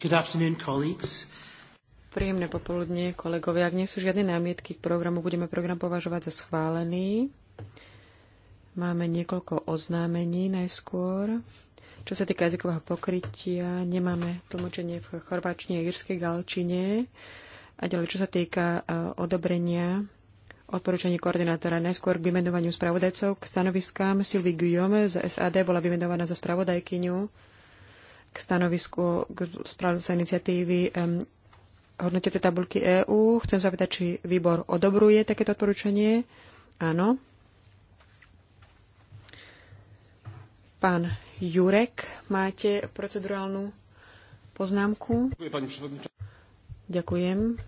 Good afternoon, colleagues. Príjemné popoludne, kolegovia. Ak nie sú žiadne námietky k programu, budeme program považovať za schválený. Máme niekoľko oznámení najskôr. Čo sa týka jazykového pokrytia, nemáme tlmočenie v chorváčine a Jírskej galčine. A ďalej, čo sa týka e, odobrenia odporúčanie koordinátora najskôr k vymenovaniu spravodajcov k stanoviskám Sylvie Guillaume z SAD bola vymenovaná za spravodajkyňu k stanovisku k sa iniciatívy um, hodnotiace tabulky EÚ. Chcem sa či výbor odobruje takéto odporúčanie. Áno. Pán Jurek, máte procedurálnu poznámku? Ďakujem, pani Ďakujem,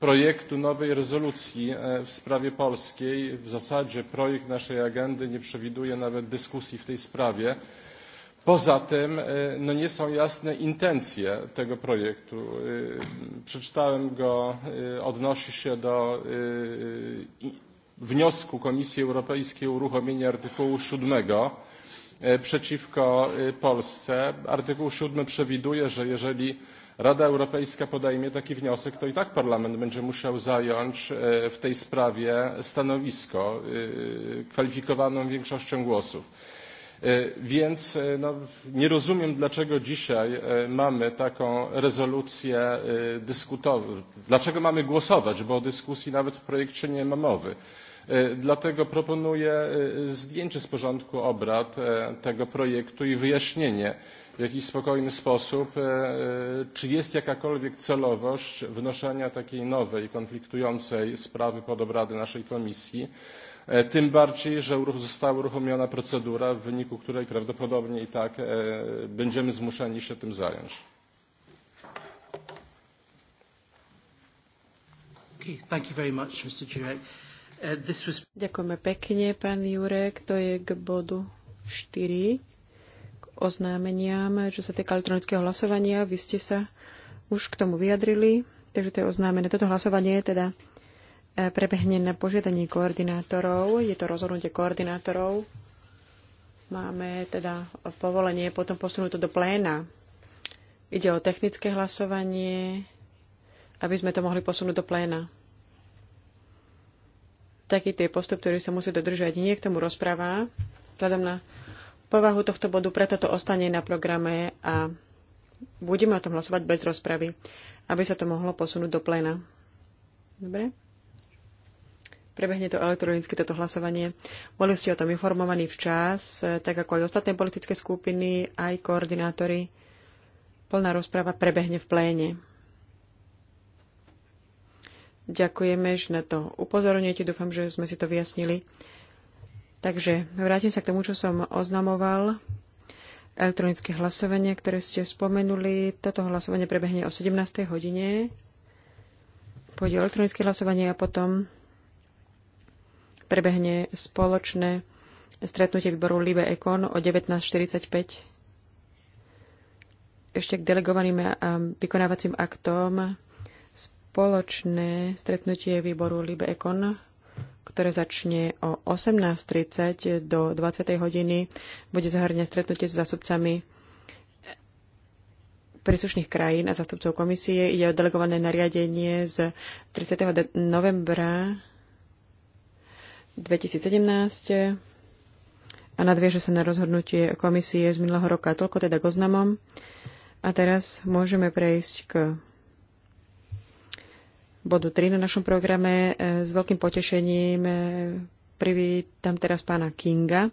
Projektu nowej rezolucji e, w sprawie polskiej, w zasadzie projekt naszej agendy nie przewiduje nawet dyskusji w tej sprawie. Poza tym e, no nie są jasne intencje tego projektu. E, przeczytałem go, odnosi się do wniosku Komisji Europejskiej o uruchomienie artykułu 7 przeciwko Polsce. Artykuł 7 przewiduje, że jeżeli rada europejska podejmie taki wniosek to i tak parlament będzie musiał zająć e, w tej sprawie stanowisko e, kwalifikowaną większością głosów. E, więc no, nie rozumiem, dlaczego dzisiaj mamy taką rezolucję dyskutować, dlaczego mamy głosować, bo o dyskusji nawet w projekcie nie ma mowy E, dlatego proponuję e, zdjęcie z porządku obrad e, tego projektu i wyjaśnienie w jakiś spokojny sposób, czy jest jakakolwiek celowość wnoszenia takiej nowej, konfliktującej sprawy pod obrady naszej komisji. Tym bardziej, że została uruchomiona procedura, w wyniku której prawdopodobnie i tak będziemy zmuszeni się tym zająć. Okay, thank you very much, Mr. Jurek. Uh, Ďakujeme pekne, pán Jurek. To je k bodu 4, k oznámeniam, čo sa týka elektronického hlasovania. Vy ste sa už k tomu vyjadrili, takže to je oznámené. Toto hlasovanie je teda eh, prebehne na požiadanie koordinátorov. Je to rozhodnutie koordinátorov. Máme teda povolenie potom posunúť to do pléna. Ide o technické hlasovanie, aby sme to mohli posunúť do pléna takýto je postup, ktorý sa musí dodržať. Nie k tomu rozpráva, vzhľadom na povahu tohto bodu, preto to ostane na programe a budeme o tom hlasovať bez rozpravy, aby sa to mohlo posunúť do pléna. Dobre? Prebehne to elektronicky, toto hlasovanie. Boli ste o tom informovaní včas, tak ako aj ostatné politické skupiny, aj koordinátori. Plná rozpráva prebehne v pléne. Ďakujeme, že na to upozorňujete. Dúfam, že sme si to vyjasnili. Takže vrátim sa k tomu, čo som oznamoval. Elektronické hlasovanie, ktoré ste spomenuli. Toto hlasovanie prebehne o 17. hodine. Pôjde elektronické hlasovanie a potom prebehne spoločné stretnutie výboru Libe Ekon o 19.45 ešte k delegovaným a vykonávacím aktom spoločné stretnutie výboru Libe Econ, ktoré začne o 18.30 do 20. hodiny. Bude zahrňať stretnutie s zástupcami príslušných krajín a zástupcov komisie. Ide o delegované nariadenie z 30. novembra 2017 a nadvieže sa na rozhodnutie komisie z minulého roka. Toľko teda k oznamom. A teraz môžeme prejsť k bodu 3 na našom programe. E, s veľkým potešením e, privítam teraz pána Kinga, e,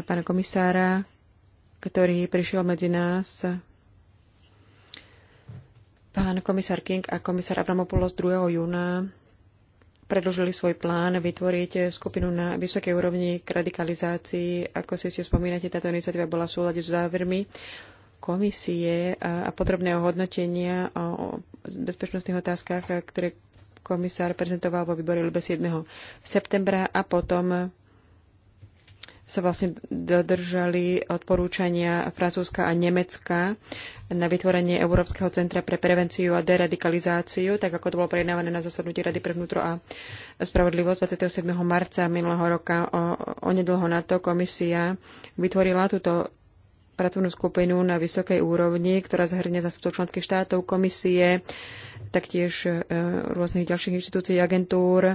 pána komisára, ktorý prišiel medzi nás. Pán komisár King a komisár Abramopoulos 2. júna predložili svoj plán vytvoriť skupinu na vysokej úrovni k radikalizácii. Ako si si spomínate, táto iniciatíva bola v súlade s závermi komisie a podrobného hodnotenia o bezpečnostných otázkach, ktoré komisár prezentoval vo výbore Libe 7. septembra a potom sa vlastne dodržali odporúčania Francúzska a Nemecka na vytvorenie Európskeho centra pre prevenciu a deradikalizáciu, tak ako to bolo prejednávané na zasadnutí Rady pre vnútro a spravodlivosť 27. marca minulého roka. O, onedlho na to komisia vytvorila túto pracovnú skupinu na vysokej úrovni, ktorá zahrňa zastupcov členských štátov, komisie, taktiež e, rôznych ďalších inštitúcií, agentúr, e,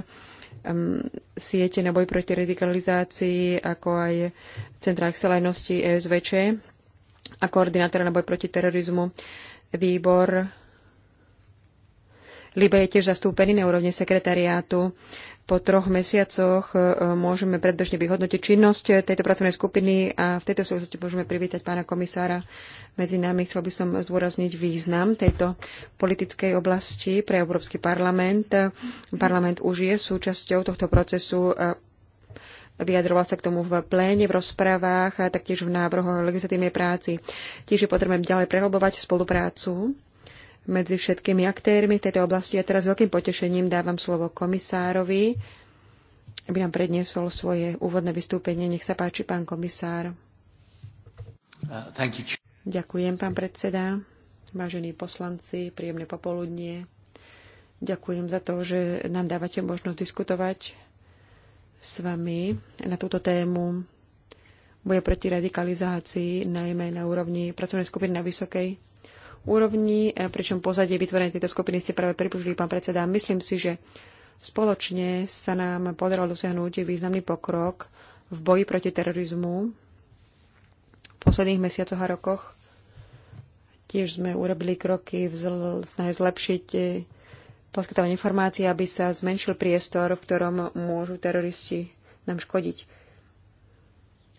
siete na boj proti radikalizácii, ako aj Centra excelajnosti ESVČ a koordinátora na boj proti terorizmu. Výbor Libe je tiež zastúpený na úrovni sekretariátu po troch mesiacoch e, e, môžeme predbežne vyhodnotiť činnosť e, tejto pracovnej skupiny a v tejto súvislosti môžeme privítať pána komisára medzi nami. Chcel by som zdôrazniť význam tejto politickej oblasti pre Európsky parlament. Parlament už je súčasťou tohto procesu Vyjadroval sa k tomu v pléne, v rozprávach a taktiež v návrhoch legislatívnej práci. Tiež je potrebné ďalej prehlbovať spoluprácu medzi všetkými aktérmi tejto oblasti. A teraz veľkým potešením dávam slovo komisárovi, aby nám predniesol svoje úvodné vystúpenie. Nech sa páči, pán komisár. Uh, Ďakujem, pán predseda. Vážení poslanci, príjemné popoludnie. Ďakujem za to, že nám dávate možnosť diskutovať s vami na túto tému boja proti radikalizácii, najmä na úrovni pracovnej skupiny na vysokej úrovni, e, pričom pozadie vytvorenie tejto skupiny ste práve pripúšili pán predseda. Myslím si, že spoločne sa nám podarilo dosiahnuť významný pokrok v boji proti terorizmu v posledných mesiacoch a rokoch. Tiež sme urobili kroky v zl- snahe zlepšiť e, poskytovanie informácií, aby sa zmenšil priestor, v ktorom môžu teroristi nám škodiť.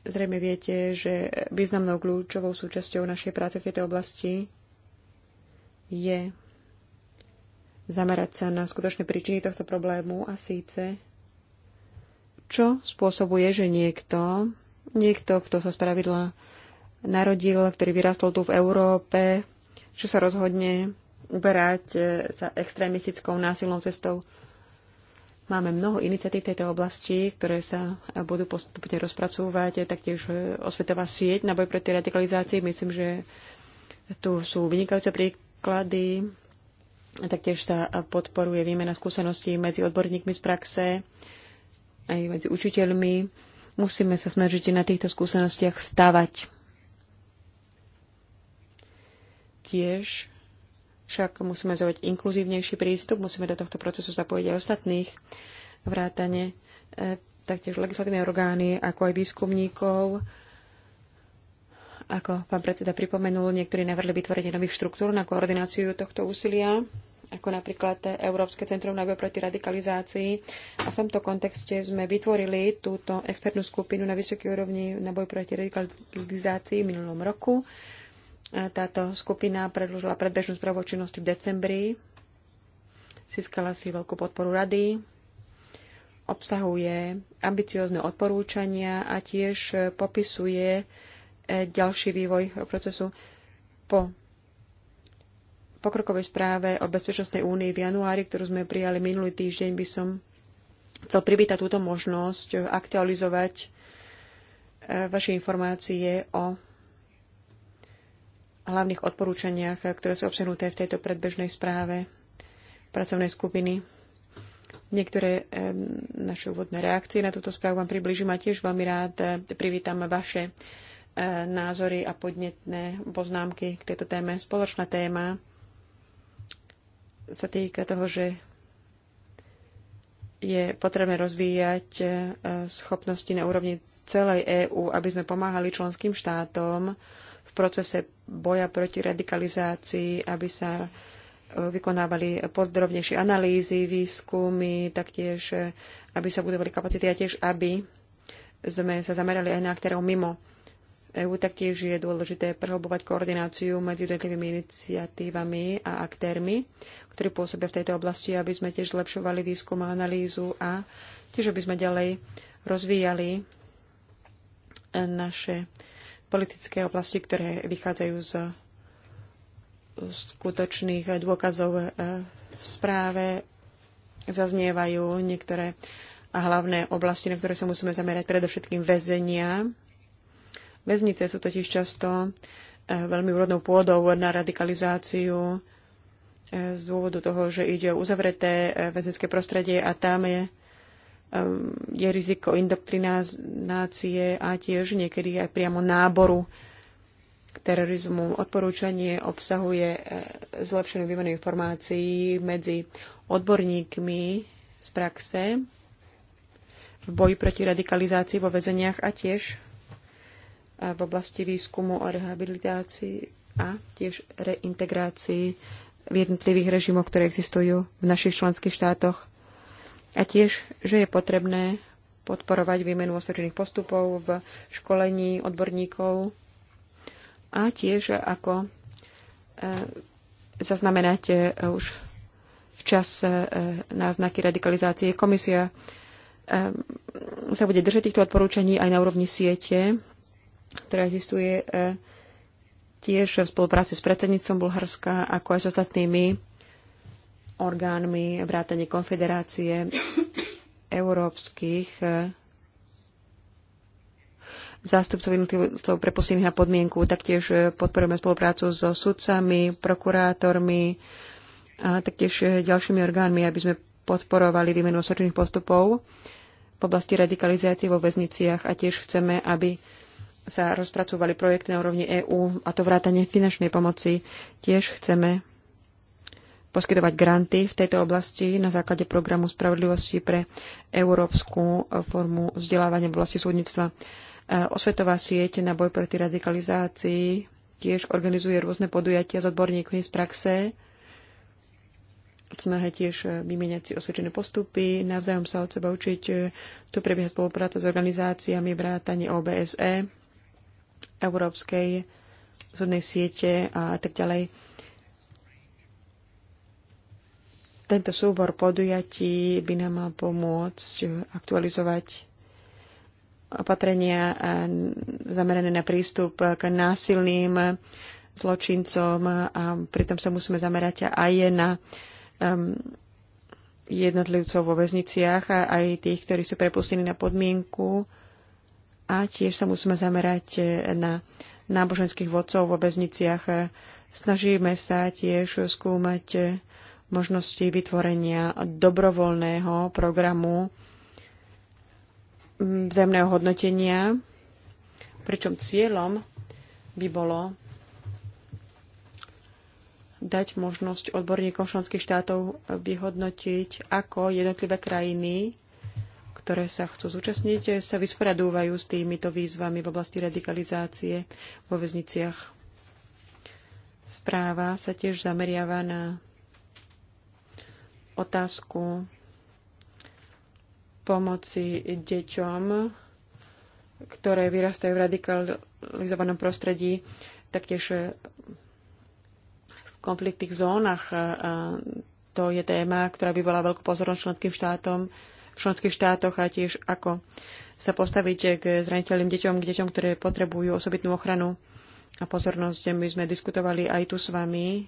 Zrejme viete, že významnou kľúčovou súčasťou našej práce v tejto oblasti je zamerať sa na skutočné príčiny tohto problému a síce čo spôsobuje, že niekto, niekto, kto sa spravidla narodil, ktorý vyrastol tu v Európe, že sa rozhodne uberať e, sa extrémistickou násilnou cestou. Máme mnoho iniciatív v tejto oblasti, ktoré sa budú postupne rozpracúvať, e, taktiež e, osvetová sieť na boj proti radikalizácii. Myslím, že tu sú vynikajúce náklady. Taktiež sa podporuje výmena skúseností medzi odborníkmi z praxe aj medzi učiteľmi. Musíme sa snažiť na týchto skúsenostiach stavať. Tiež však musíme zaujať inkluzívnejší prístup, musíme do tohto procesu zapojiť aj ostatných vrátane, e, taktiež legislatívne orgány, ako aj výskumníkov, ako pán predseda pripomenul, niektorí navrhli vytvorenie nových štruktúr na koordináciu tohto úsilia, ako napríklad Európske centrum na boj proti radikalizácii. A v tomto kontexte sme vytvorili túto expertnú skupinu na vysokej úrovni na boj proti radikalizácii v minulom roku. A táto skupina predložila predbežnú správu činnosti v decembri. Získala si veľkú podporu rady, obsahuje ambiciózne odporúčania a tiež popisuje E, ďalší vývoj procesu po pokrokovej správe o Bezpečnostnej únii v januári, ktorú sme prijali minulý týždeň, by som chcel privítať túto možnosť aktualizovať e, vaše informácie o hlavných odporúčaniach, ktoré sú obsahnuté v tejto predbežnej správe pracovnej skupiny. Niektoré e, naše úvodné reakcie na túto správu vám približím a tiež veľmi rád privítam vaše E, názory a podnetné poznámky k tejto téme. Spoločná téma sa týka toho, že je potrebné rozvíjať e, schopnosti na úrovni celej EÚ, aby sme pomáhali členským štátom v procese boja proti radikalizácii, aby sa e, vykonávali podrobnejšie analýzy, výskumy, taktiež aby sa budovali kapacity a tiež aby sme sa zamerali aj na aktérov mimo EÚ taktiež je dôležité prehlbovať koordináciu medzi jednotlivými iniciatívami a aktérmi, ktorí pôsobia v tejto oblasti, aby sme tiež zlepšovali výskum a analýzu a tiež aby sme ďalej rozvíjali e, naše politické oblasti, ktoré vychádzajú z skutočných dôkazov e, v správe. Zaznievajú niektoré hlavné oblasti, na ktoré sa musíme zamerať, predovšetkým väzenia Väznice sú totiž často eh, veľmi úrodnou pôdou na radikalizáciu eh, z dôvodu toho, že ide o uzavreté eh, väzenské prostredie a tam je, je riziko indoktrinácie a tiež niekedy aj priamo náboru k terorizmu. Odporúčanie obsahuje zlepšenú výmenu informácií medzi odborníkmi z praxe v boji proti radikalizácii vo väzeniach a tiež v oblasti výskumu o rehabilitácii a tiež reintegrácii v jednotlivých režimoch, ktoré existujú v našich členských štátoch. A tiež, že je potrebné podporovať výmenu osvedčených postupov v školení odborníkov a tiež ako e, zaznamenáte e, už včas e, náznaky radikalizácie. Komisia sa bude držať týchto odporúčaní aj na úrovni siete ktorá existuje e, tiež v spolupráci s predsedníctvom Bulharska, ako aj s ostatnými orgánmi vrátane konfederácie európskych e, zástupcov jednotlivcov prepustených na podmienku. Taktiež e, podporujeme spoluprácu so sudcami, prokurátormi a taktiež ďalšími orgánmi, aby sme podporovali výmenu osvedčených postupov v oblasti radikalizácie vo väzniciach a tiež chceme, aby sa rozpracovali projekty na úrovni EÚ a to vrátanie finančnej pomoci. Tiež chceme poskytovať granty v tejto oblasti na základe programu spravodlivosti pre európsku formu vzdelávania v oblasti súdnictva. E, osvetová sieť na boj proti radikalizácii tiež organizuje rôzne podujatia s odborníkmi z praxe Snaha snahe tiež e, vymieňať si osvedčené postupy, navzájom sa od seba učiť. E, tu prebieha spolupráca s organizáciami vrátane OBSE, európskej súdnej siete a tak ďalej. Tento súbor podujatí by nám mal pomôcť aktualizovať opatrenia zamerané na prístup k násilným zločincom a pritom sa musíme zamerať aj na um, jednotlivcov vo väzniciach a aj tých, ktorí sú prepustení na podmienku a tiež sa musíme zamerať e, na náboženských vodcov vo väzniciach. Snažíme sa tiež skúmať e, možnosti vytvorenia dobrovoľného programu vzájomného hodnotenia, pričom cieľom by bolo dať možnosť odborníkom členských štátov vyhodnotiť, ako jednotlivé krajiny ktoré sa chcú zúčastniť, eh, sa vysporadúvajú s týmito výzvami v oblasti radikalizácie vo väzniciach. Správa sa tiež zameriava na otázku pomoci deťom, ktoré vyrastajú v radikalizovanom prostredí, taktiež eh, v konfliktných zónach. Eh, to je téma, ktorá by bola veľkú pozornosť členským štátom v členských štátoch a tiež ako sa postaviť k zraniteľným deťom, k deťom, ktoré potrebujú osobitnú ochranu a pozornosť. My sme diskutovali aj tu s vami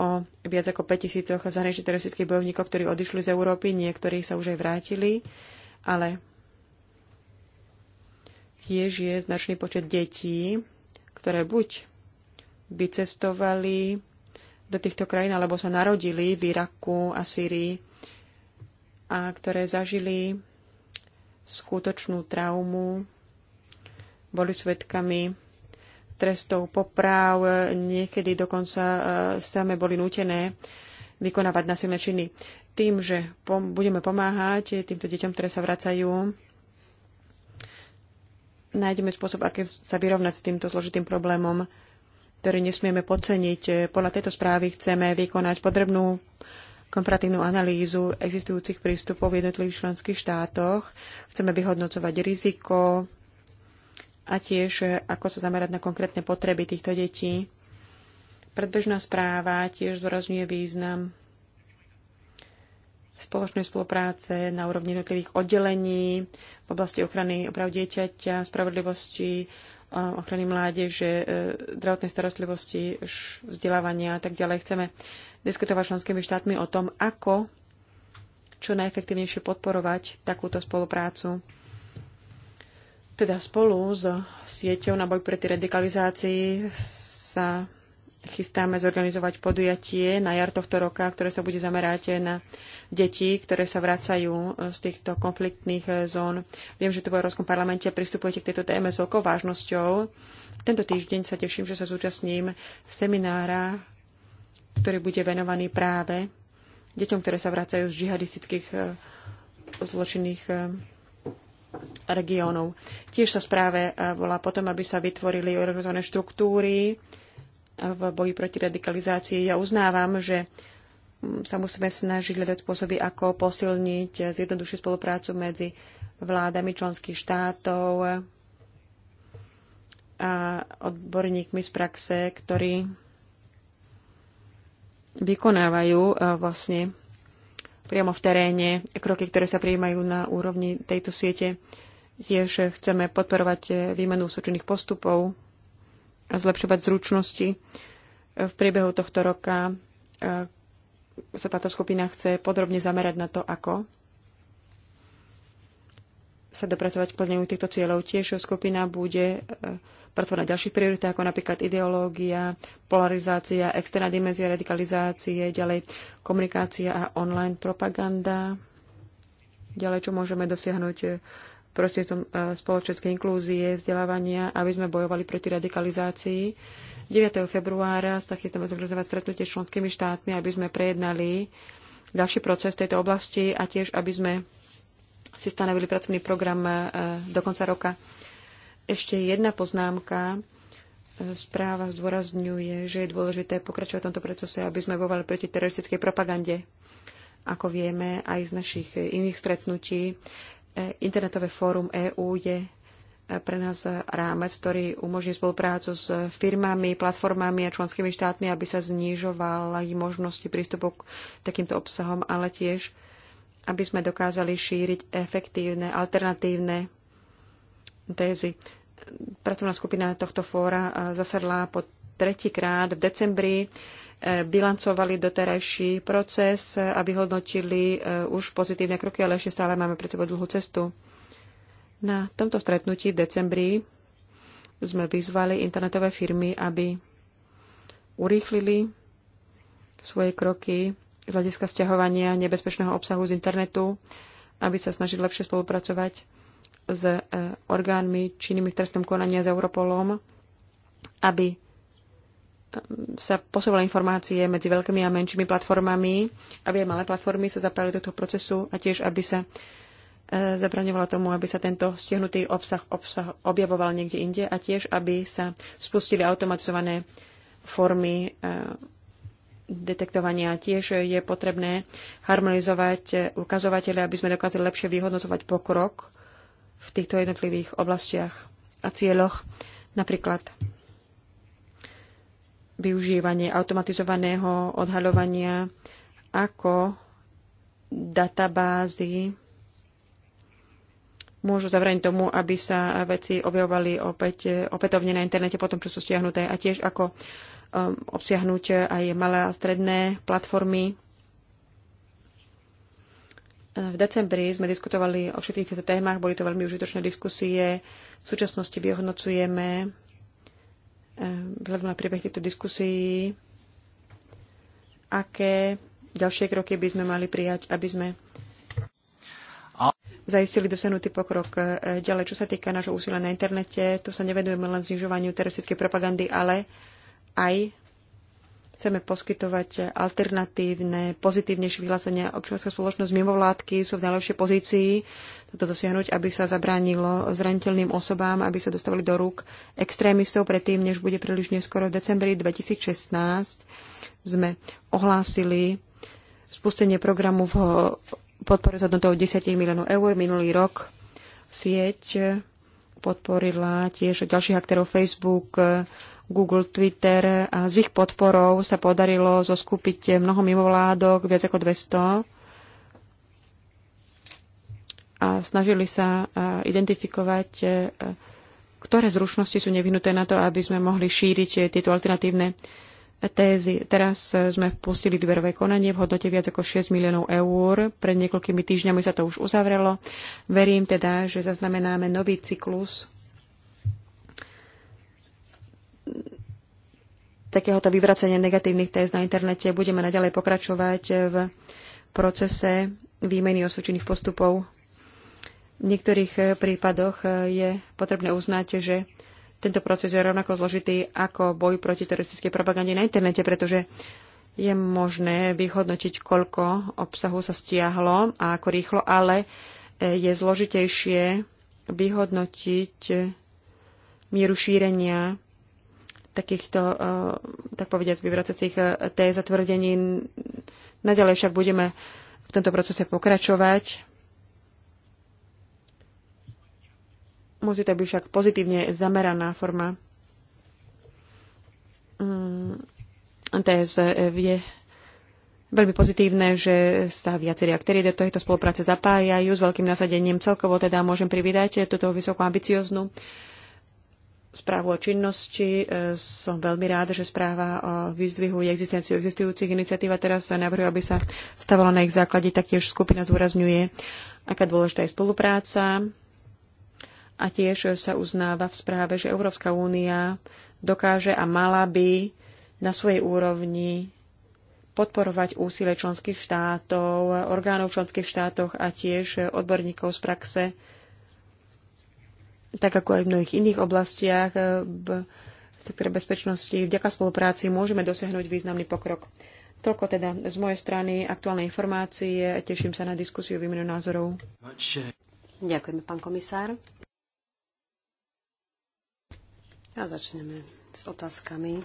o viac ako 5000 zahraničných teroristických bojovníkov, ktorí odišli z Európy, niektorí sa už aj vrátili, ale tiež je značný počet detí, ktoré buď vycestovali do týchto krajín, alebo sa narodili v Iraku a Syrii, a ktoré zažili skutočnú traumu, boli svetkami trestov popráv, niekedy dokonca e, same boli nútené vykonávať násilné činy. Tým, že pom- budeme pomáhať týmto deťom, ktoré sa vracajú, nájdeme spôsob, akým sa vyrovnať s týmto zložitým problémom, ktorý nesmieme podceniť. Podľa tejto správy chceme vykonať potrebnú komparatívnu analýzu existujúcich prístupov v jednotlivých členských štátoch. Chceme vyhodnocovať riziko a tiež eh, ako sa zamerať na konkrétne potreby týchto detí. Predbežná správa tiež zdôrazňuje význam spoločnej spolupráce na úrovni jednotlivých oddelení v oblasti ochrany oprav dieťaťa, spravodlivosti, eh, ochrany mládeže, eh, zdravotnej starostlivosti, vzdelávania a tak ďalej. Chceme diskutovať členskými štátmi o tom, ako čo najefektívnejšie podporovať takúto spoluprácu. Teda spolu s sieťou na boj proti radikalizácii sa chystáme zorganizovať podujatie na jar tohto roka, ktoré sa bude zamerať na deti, ktoré sa vracajú z týchto konfliktných zón. Viem, že tu v Európskom parlamente pristupujete k tejto téme s veľkou vážnosťou. Tento týždeň sa teším, že sa zúčastním seminára ktorý bude venovaný práve deťom, ktoré sa vracajú z džihadistických e, zločinných e, regiónov. Tiež sa správe e, volá potom, aby sa vytvorili organizované štruktúry v boji proti radikalizácii. Ja uznávam, že sa musíme snažiť hľadať spôsoby, ako posilniť, zjednodušiť spoluprácu medzi vládami členských štátov a odborníkmi z praxe, ktorí vykonávajú e, vlastne priamo v teréne kroky, ktoré sa prijímajú na úrovni tejto siete. Tiež chceme podporovať e, výmenu súčinných postupov a zlepšovať zručnosti. E, v priebehu tohto roka sa táto skupina chce podrobne zamerať na to, ako sa dopracovať k plneniu týchto cieľov. Tiež skupina bude e, pracovať na ďalších prioritách, ako napríklad ideológia, polarizácia, externá dimenzia radikalizácie, ďalej komunikácia a online propaganda, ďalej čo môžeme dosiahnuť e, prostredstvom e, spoločenskej inklúzie, vzdelávania, aby sme bojovali proti radikalizácii. 9. februára sa chystáme zorganizovať stretnutie s členskými štátmi, aby sme prejednali ďalší proces v tejto oblasti a tiež, aby sme si stanovili pracovný program e, do konca roka. Ešte jedna poznámka. E, správa zdôrazňuje, že je dôležité pokračovať v tomto procese, aby sme bojovali proti teroristickej propagande. Ako vieme aj z našich iných stretnutí, e, internetové fórum EU je pre nás rámec, ktorý umožní spoluprácu s firmami, platformami a členskými štátmi, aby sa znižovali možnosti prístupu k takýmto obsahom, ale tiež aby sme dokázali šíriť efektívne, alternatívne tézy. Pracovná skupina tohto fóra e, zasadla po tretíkrát v decembri e, bilancovali doterajší proces, e, aby hodnotili už pozitívne kroky, ale ešte stále máme pred sebou dlhú cestu. Na tomto stretnutí v decembri sme vyzvali internetové firmy, aby urýchlili svoje kroky z hľadiska stiahovania nebezpečného obsahu z internetu, aby sa snažili lepšie spolupracovať s e, orgánmi činnými v trestnom konaní a s Europolom, aby e, sa posúvali informácie medzi veľkými a menšími platformami, aby aj malé platformy sa zapájali do toho procesu a tiež, aby sa e, zabraňovala tomu, aby sa tento stiahnutý obsah, obsah objavoval niekde inde a tiež, aby sa spustili automatizované formy detektovania. Tiež je potrebné harmonizovať ukazovatele, aby sme dokázali lepšie vyhodnotovať pokrok v týchto jednotlivých oblastiach a cieľoch. Napríklad využívanie automatizovaného odhaľovania ako databázy môžu zabrániť tomu, aby sa veci objavovali opäť, opätovne na internete potom, čo sú stiahnuté a tiež ako Um, obsiahnuť aj malé a stredné platformy. Uh, v decembri sme diskutovali o všetkých týchto témach, boli to veľmi užitočné diskusie. V súčasnosti vyhodnocujeme uh, vzhľadom na priebeh týchto diskusií, aké ďalšie kroky by sme mali prijať, aby sme zaistili dosiahnutý pokrok. Uh, ďalej, čo sa týka nášho úsilia na internete, To sa nevedujeme len znižovaniu teroristickej propagandy, ale aj chceme poskytovať alternatívne, pozitívnejšie vyhlásenia. Občianská spoločnosť mimo vládky sú v najlepšej pozícii toto dosiahnuť, aby sa zabránilo zraniteľným osobám, aby sa dostavili do rúk extrémistov predtým, než bude príliš neskoro. V decembri 2016 sme ohlásili spustenie programu v podpore s hodnotou 10 miliónov eur. Minulý rok sieť podporila tiež ďalších aktérov Facebook, Google, Twitter a z ich podporou sa podarilo zoskupiť mnoho mimovládok, viac ako 200 a snažili sa identifikovať, e, ktoré zručnosti sú nevyhnuté na to, aby sme mohli šíriť tieto alternatívne tézy. Teraz sme pustili výberové konanie v hodnote viac ako 6 miliónov eur. Pred niekoľkými týždňami sa to už uzavrelo. Verím teda, že zaznamenáme nový cyklus takéhoto vyvracenia negatívnych test na internete. Budeme naďalej pokračovať v procese výmeny osvedčených postupov. V niektorých prípadoch je potrebné uznať, že tento proces je rovnako zložitý ako boj proti teroristickej propagande na internete, pretože je možné vyhodnotiť, koľko obsahu sa stiahlo a ako rýchlo, ale je zložitejšie vyhodnotiť mieru šírenia takýchto, eh, tak povediať, vyvracacích eh, téz a tvrdení. Naďalej však budeme v tomto procese pokračovať. Musí to byť však pozitívne zameraná forma mm, téz. je veľmi pozitívne, že sa viacerí aktéry do tejto spolupráce zapájajú s veľkým nasadením. Celkovo teda môžem privídať túto vysokú ambicioznú správu o činnosti. E, som veľmi rád, že správa vyzdvihuje existenciu existujúcich iniciatív a teraz sa navrhuje, aby sa stavala na ich základe. Taktiež skupina zdôrazňuje, aká dôležitá je spolupráca a tiež sa uznáva v správe, že Európska únia dokáže a mala by na svojej úrovni podporovať úsilie členských štátov, orgánov členských štátoch a tiež odborníkov z praxe tak ako aj v mnohých iných oblastiach eh, v sektore bezpečnosti, vďaka spolupráci môžeme dosiahnuť významný pokrok. Toľko teda z mojej strany aktuálne informácie a teším sa na diskusiu výmenu názorov. Ďakujeme, pán komisár. A začneme s otázkami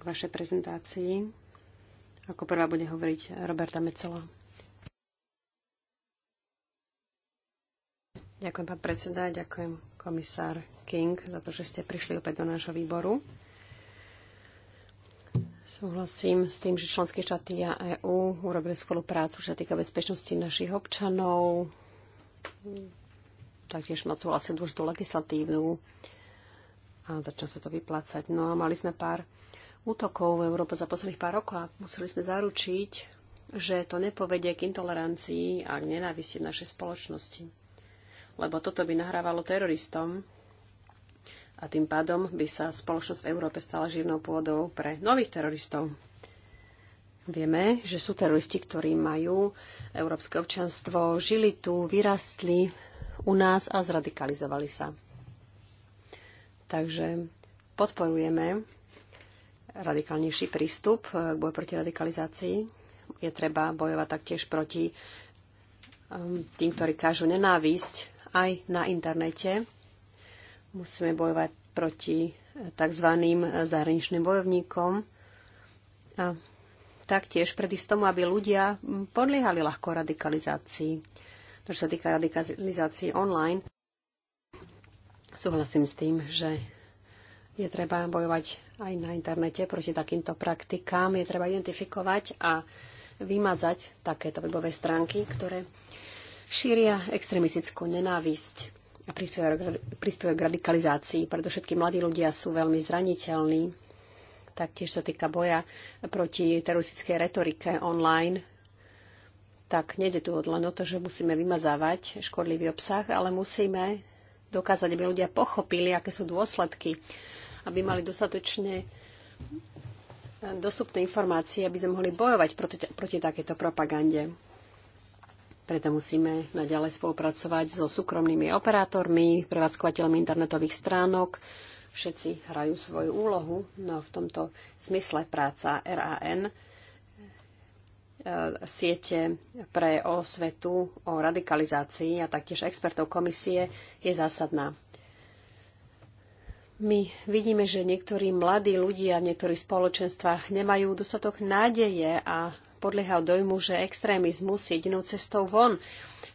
k vašej prezentácii. Ako prvá bude hovoriť Roberta Mecela. Ďakujem, pán predseda, ďakujem komisár King za to, že ste prišli opäť do nášho výboru. Súhlasím s tým, že členské štáty a EÚ urobili spoluprácu, čo sa týka bezpečnosti našich občanov. Taktiež ma súhlasí dôležitú legislatívnu a začal sa to vyplácať. No a mali sme pár útokov v Európe za posledných pár rokov a museli sme zaručiť, že to nepovedie k intolerancii a k nenávisti v našej spoločnosti lebo toto by nahrávalo teroristom a tým pádom by sa spoločnosť v Európe stala živnou pôdou pre nových teroristov. Vieme, že sú teroristi, ktorí majú európske občanstvo, žili tu, vyrastli u nás a zradikalizovali sa. Takže podporujeme radikálnejší prístup k boju proti radikalizácii. Je treba bojovať taktiež proti um, tým, ktorí kážu nenávisť aj na internete. Musíme bojovať proti tzv. zahraničným bojovníkom a taktiež predísť tomu, aby ľudia podliehali ľahko radikalizácii. To, čo sa týka radikalizácii online, súhlasím s tým, že je treba bojovať aj na internete proti takýmto praktikám. Je treba identifikovať a vymazať takéto webové stránky, ktoré šíria extremistickú nenávisť a prispievajú k radikalizácii. Preto všetky mladí ľudia sú veľmi zraniteľní. Taktiež sa týka boja proti teroristickej retorike online. Tak nejde tu len o to, že musíme vymazávať škodlivý obsah, ale musíme dokázať, aby ľudia pochopili, aké sú dôsledky, aby mali dostatočne e, dostupné informácie, aby sme mohli bojovať proti, proti takéto propagande. Preto musíme naďalej spolupracovať so súkromnými operátormi, prevádzkovateľmi internetových stránok. Všetci hrajú svoju úlohu, no v tomto smysle práca RAN e, siete pre osvetu o radikalizácii a taktiež expertov komisie je zásadná. My vidíme, že niektorí mladí ľudia v niektorých spoločenstvách nemajú dostatok nádeje a podliehal dojmu, že extrémizmus jedinou cestou von.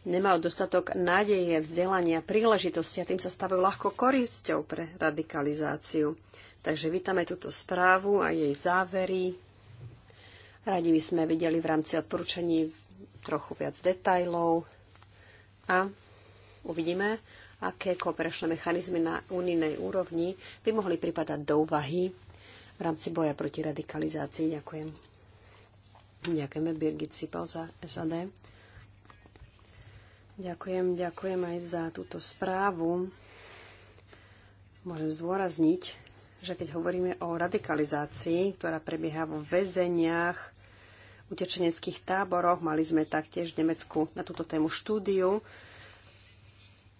nemal dostatok nádeje, vzdelania, príležitosti a tým sa stavil ľahko korisťou pre radikalizáciu. Takže vítame túto správu a jej závery. Radi by sme videli v rámci odporúčaní trochu viac detajlov a uvidíme, aké kooperačné mechanizmy na unijnej úrovni by mohli pripadať do úvahy v rámci boja proti radikalizácii. Ďakujem. Ďakujeme Birgit Sipal za SAD. Ďakujem, ďakujem aj za túto správu. Môžem zdôrazniť, že keď hovoríme o radikalizácii, ktorá prebieha vo väzeniach, utečeneckých táboroch, mali sme taktiež v Nemecku na túto tému štúdiu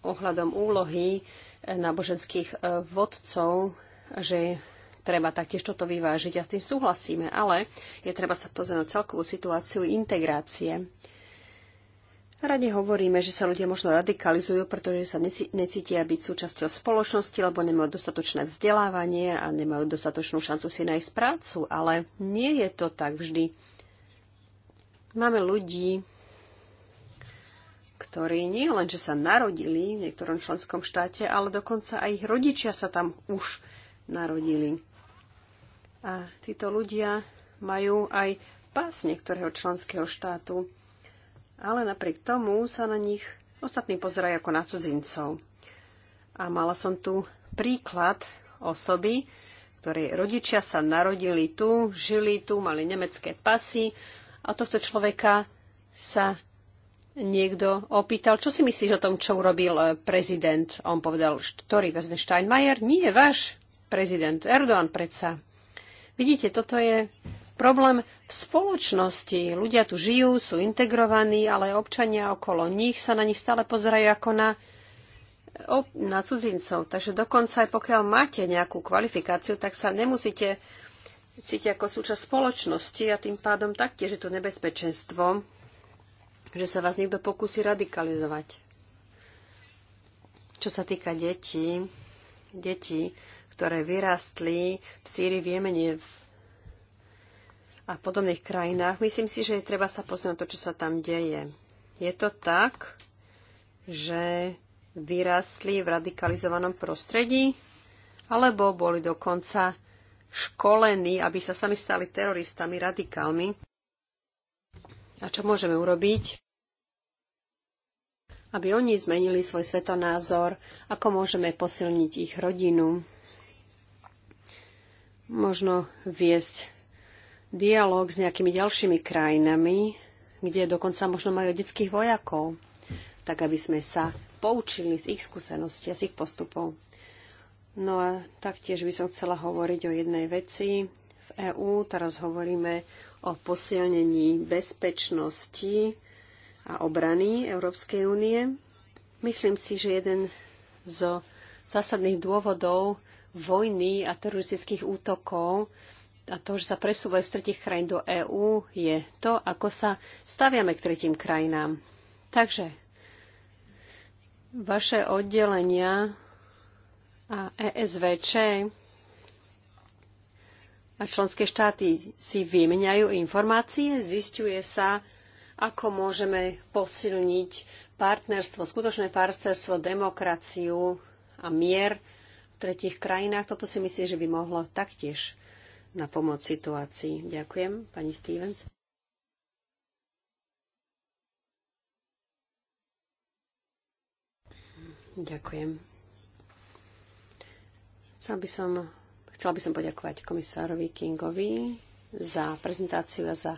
ohľadom úlohy náboženských eh, vodcov, že treba taktiež toto vyvážiť a tým súhlasíme, ale je treba sa pozrieť na celkovú situáciu integrácie. Rade hovoríme, že sa ľudia možno radikalizujú, pretože sa necítia byť súčasťou spoločnosti, lebo nemajú dostatočné vzdelávanie a nemajú dostatočnú šancu si nájsť prácu, ale nie je to tak vždy. Máme ľudí, ktorí nie len, že sa narodili v niektorom členskom štáte, ale dokonca aj ich rodičia sa tam už narodili. A títo ľudia majú aj pás niektorého členského štátu, ale napriek tomu sa na nich ostatní pozerajú ako na cudzincov. A mala som tu príklad osoby, ktorej rodičia sa narodili tu, žili tu, mali nemecké pasy a tohto človeka sa niekto opýtal, čo si myslíš o tom, čo urobil eh, prezident. On povedal, ktorý prezident Steinmeier? Nie, váš prezident Erdogan predsa. Vidíte, toto je problém v spoločnosti. Ľudia tu žijú, sú integrovaní, ale občania okolo nich sa na nich stále pozerajú ako na, na cudzincov. Takže dokonca aj pokiaľ máte nejakú kvalifikáciu, tak sa nemusíte cítiť ako súčasť spoločnosti a tým pádom taktiež je tu nebezpečenstvo, že sa vás niekto pokusí radikalizovať. Čo sa týka detí, deti ktoré vyrastli v Sýrii, v Jemene v a podobných krajinách. Myslím si, že je treba sa pozrieť na to, čo sa tam deje. Je to tak, že vyrastli v radikalizovanom prostredí, alebo boli dokonca školení, aby sa sami stali teroristami, radikálmi. A čo môžeme urobiť? Aby oni zmenili svoj svetonázor, ako môžeme posilniť ich rodinu, možno viesť dialog s nejakými ďalšími krajinami, kde dokonca možno majú detských vojakov, tak aby sme sa poučili z ich skúseností a z ich postupov. No a taktiež by som chcela hovoriť o jednej veci. V EÚ teraz hovoríme o posilnení bezpečnosti a obrany Európskej únie. Myslím si, že jeden zo zásadných dôvodov, vojny a teroristických útokov a to, že sa presúvajú z tretich krajín do EÚ, je to, ako sa staviame k tretím krajinám. Takže vaše oddelenia a ESVČ a členské štáty si vymeniajú informácie, zistuje sa, ako môžeme posilniť partnerstvo, skutočné partnerstvo, demokraciu a mier tretich krajinách. Toto si myslím, že by mohlo taktiež na pomoc situácii. Ďakujem, pani Stevens. Ďakujem. Chcel by som, chcela by som poďakovať komisárovi Kingovi za prezentáciu a za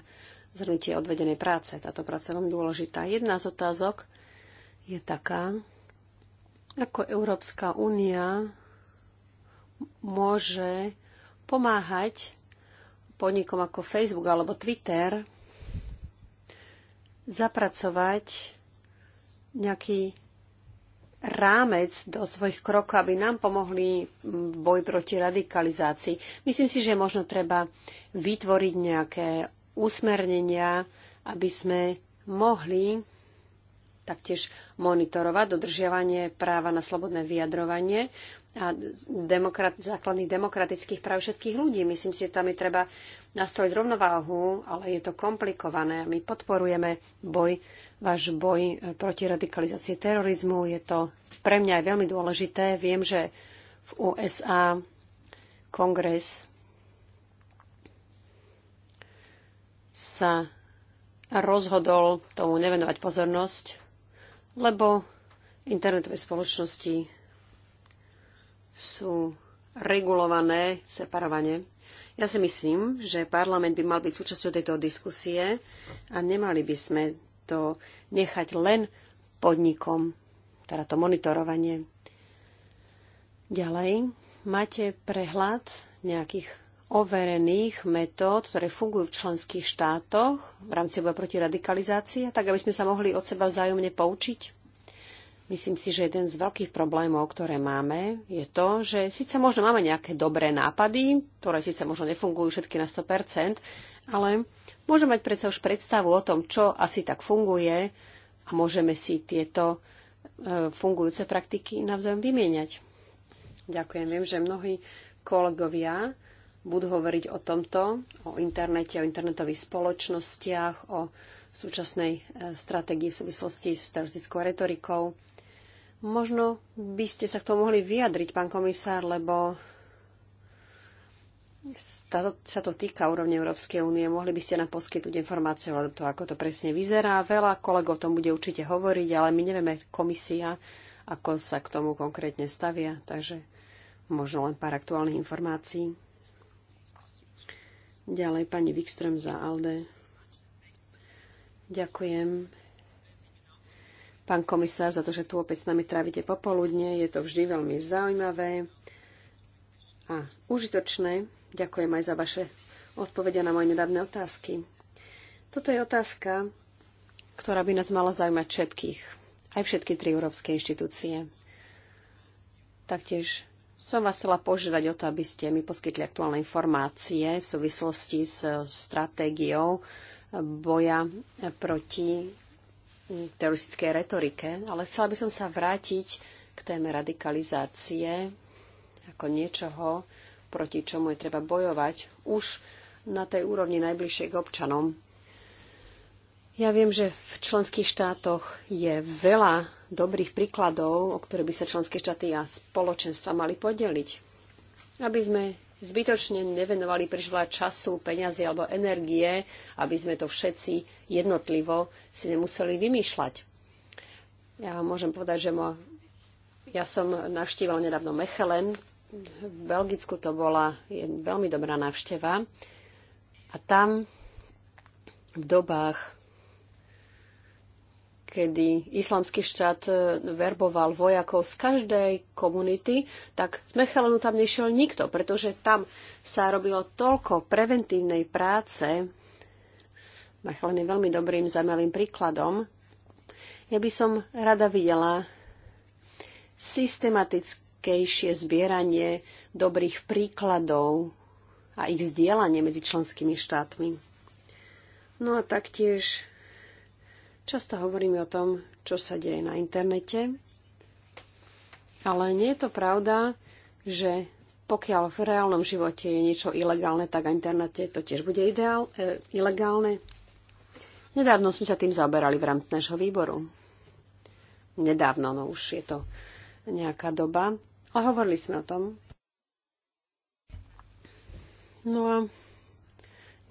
zhrnutie odvedenej práce. Táto práca je veľmi dôležitá. Jedna z otázok je taká, ako Európska únia môže pomáhať podnikom ako Facebook alebo Twitter zapracovať nejaký rámec do svojich krokov, aby nám pomohli v boji proti radikalizácii. Myslím si, že možno treba vytvoriť nejaké usmernenia, aby sme mohli taktiež monitorovať dodržiavanie práva na slobodné vyjadrovanie a demokrat, základných demokratických práv všetkých ľudí. Myslím si, že tam je treba nastrojiť rovnováhu, ale je to komplikované. My podporujeme boj, váš boj e, proti radikalizácii terorizmu. Je to pre mňa aj veľmi dôležité. Viem, že v USA kongres sa rozhodol tomu nevenovať pozornosť, lebo internetové spoločnosti sú regulované separovane. Ja si myslím, že parlament by mal byť súčasťou tejto diskusie a nemali by sme to nechať len podnikom, teda to monitorovanie. Ďalej, máte prehľad nejakých overených metód, ktoré fungujú v členských štátoch v rámci boja proti radikalizácii, tak aby sme sa mohli od seba vzájomne poučiť? Myslím si, že jeden z veľkých problémov, ktoré máme, je to, že síce možno máme nejaké dobré nápady, ktoré síce možno nefungujú všetky na 100%, ale môžeme mať predsa už predstavu o tom, čo asi tak funguje a môžeme si tieto e, fungujúce praktiky navzájom vymieňať. Ďakujem. Viem, že mnohí kolegovia budú hovoriť o tomto, o internete, o internetových spoločnostiach, o súčasnej e, stratégii v súvislosti s teroristickou retorikou. Možno by ste sa k tomu mohli vyjadriť, pán komisár, lebo táto, sa to týka úrovne Európskej únie. Mohli by ste nám poskytnúť informácie o to, ako to presne vyzerá. Veľa kolegov o tom bude určite hovoriť, ale my nevieme komisia, ako sa k tomu konkrétne stavia. Takže možno len pár aktuálnych informácií. Ďalej pani Wikström za ALDE. Ďakujem pán komisár, za to, že tu opäť s nami trávite popoludne. Je to vždy veľmi zaujímavé a užitočné. Ďakujem aj za vaše odpovede na moje nedávne otázky. Toto je otázka, ktorá by nás mala zaujímať všetkých, aj všetky tri európske inštitúcie. Taktiež som vás chcela požiadať o to, aby ste mi poskytli aktuálne informácie v súvislosti s stratégiou boja proti teroristickej retorike, ale chcela by som sa vrátiť k téme radikalizácie ako niečoho, proti čomu je treba bojovať už na tej úrovni najbližšie k občanom. Ja viem, že v členských štátoch je veľa dobrých príkladov, o ktoré by sa členské štáty a spoločenstva mali podeliť, aby sme zbytočne nevenovali príliš veľa času, peňazí alebo energie, aby sme to všetci jednotlivo si nemuseli vymýšľať. Ja môžem povedať, že mo... ja som navštívala nedávno Mechelen. V Belgicku to bola veľmi dobrá návšteva. A tam v dobách kedy islamský štát e, verboval vojakov z každej komunity, tak z Mechelenu tam nešiel nikto, pretože tam sa robilo toľko preventívnej práce. Mechelen je veľmi dobrým, zaujímavým príkladom. Ja by som rada videla systematickejšie zbieranie dobrých príkladov a ich zdieľanie medzi členskými štátmi. No a taktiež Často hovoríme o tom, čo sa deje na internete, ale nie je to pravda, že pokiaľ v reálnom živote je niečo ilegálne, tak na internete to tiež bude ideál, e, ilegálne. Nedávno sme sa tým zaoberali v rámci nášho výboru. Nedávno, no už je to nejaká doba. Ale hovorili sme o tom. No a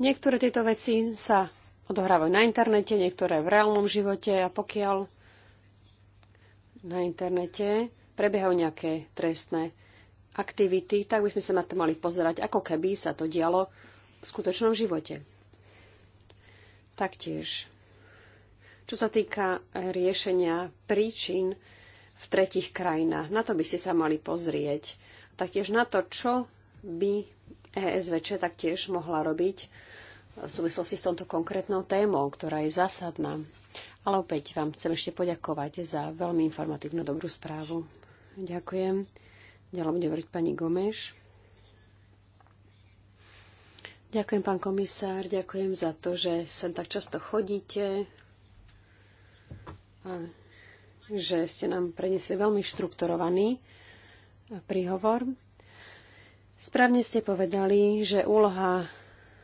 niektoré tieto veci sa odohrávajú na internete, niektoré v reálnom živote a pokiaľ na internete prebiehajú nejaké trestné aktivity, tak by sme sa na to mali pozerať, ako keby sa to dialo v skutočnom živote. Taktiež, čo sa týka riešenia príčin v tretich krajinách, na to by ste sa mali pozrieť. Taktiež na to, čo by ESVČ taktiež mohla robiť v súvislosti s touto konkrétnou témou, ktorá je zásadná. Ale opäť vám chcem ešte poďakovať za veľmi informatívnu dobrú správu. Ďakujem. Ďalej bude hovoriť pani Gomeš. Ďakujem, pán komisár, ďakujem za to, že sem tak často chodíte a že ste nám preniesli veľmi štrukturovaný príhovor. Správne ste povedali, že úloha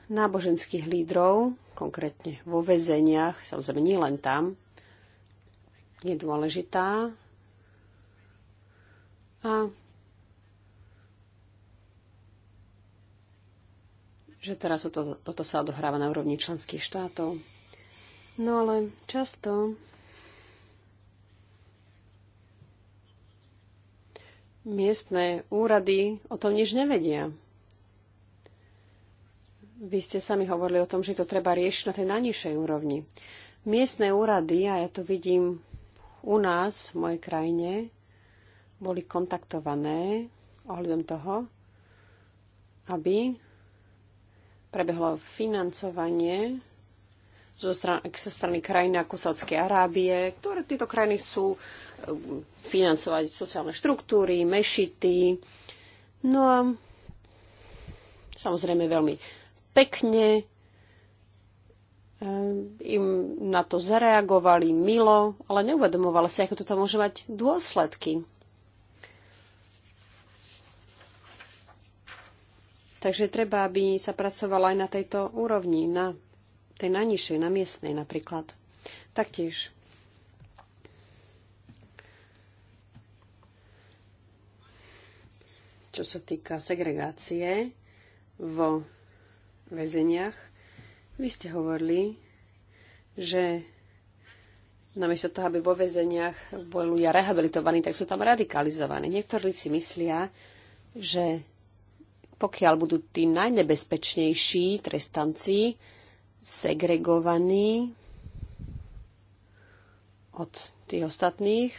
náboženských lídrov, konkrétne vo väzeniach, samozrejme nie len tam, je dôležitá. A že teraz toto, toto sa odohráva na úrovni členských štátov. No ale často miestne úrady o tom nič nevedia. Vy ste sami hovorili o tom, že to treba riešiť na tej najnižšej úrovni. Miestne úrady, a ja to vidím u nás, v mojej krajine, boli kontaktované ohľadom toho, aby prebehlo financovanie zo strany, zo strany krajiny ako Saudskej Arábie, ktoré tieto krajiny chcú e, financovať sociálne štruktúry, mešity. No a samozrejme veľmi pekne, eh, im na to zareagovali milo, ale neuvedomovala si, ako toto môže mať dôsledky. Takže treba, aby sa pracovala aj na tejto úrovni, na tej najnižšej, na miestnej napríklad. Taktiež. Čo sa týka segregácie vo väzeniach. Vy ste hovorili, že namiesto toho, aby vo väzeniach boli ľudia rehabilitovaní, tak sú tam radikalizovaní. Niektorí si myslia, že pokiaľ budú tí najnebezpečnejší trestanci segregovaní od tých ostatných,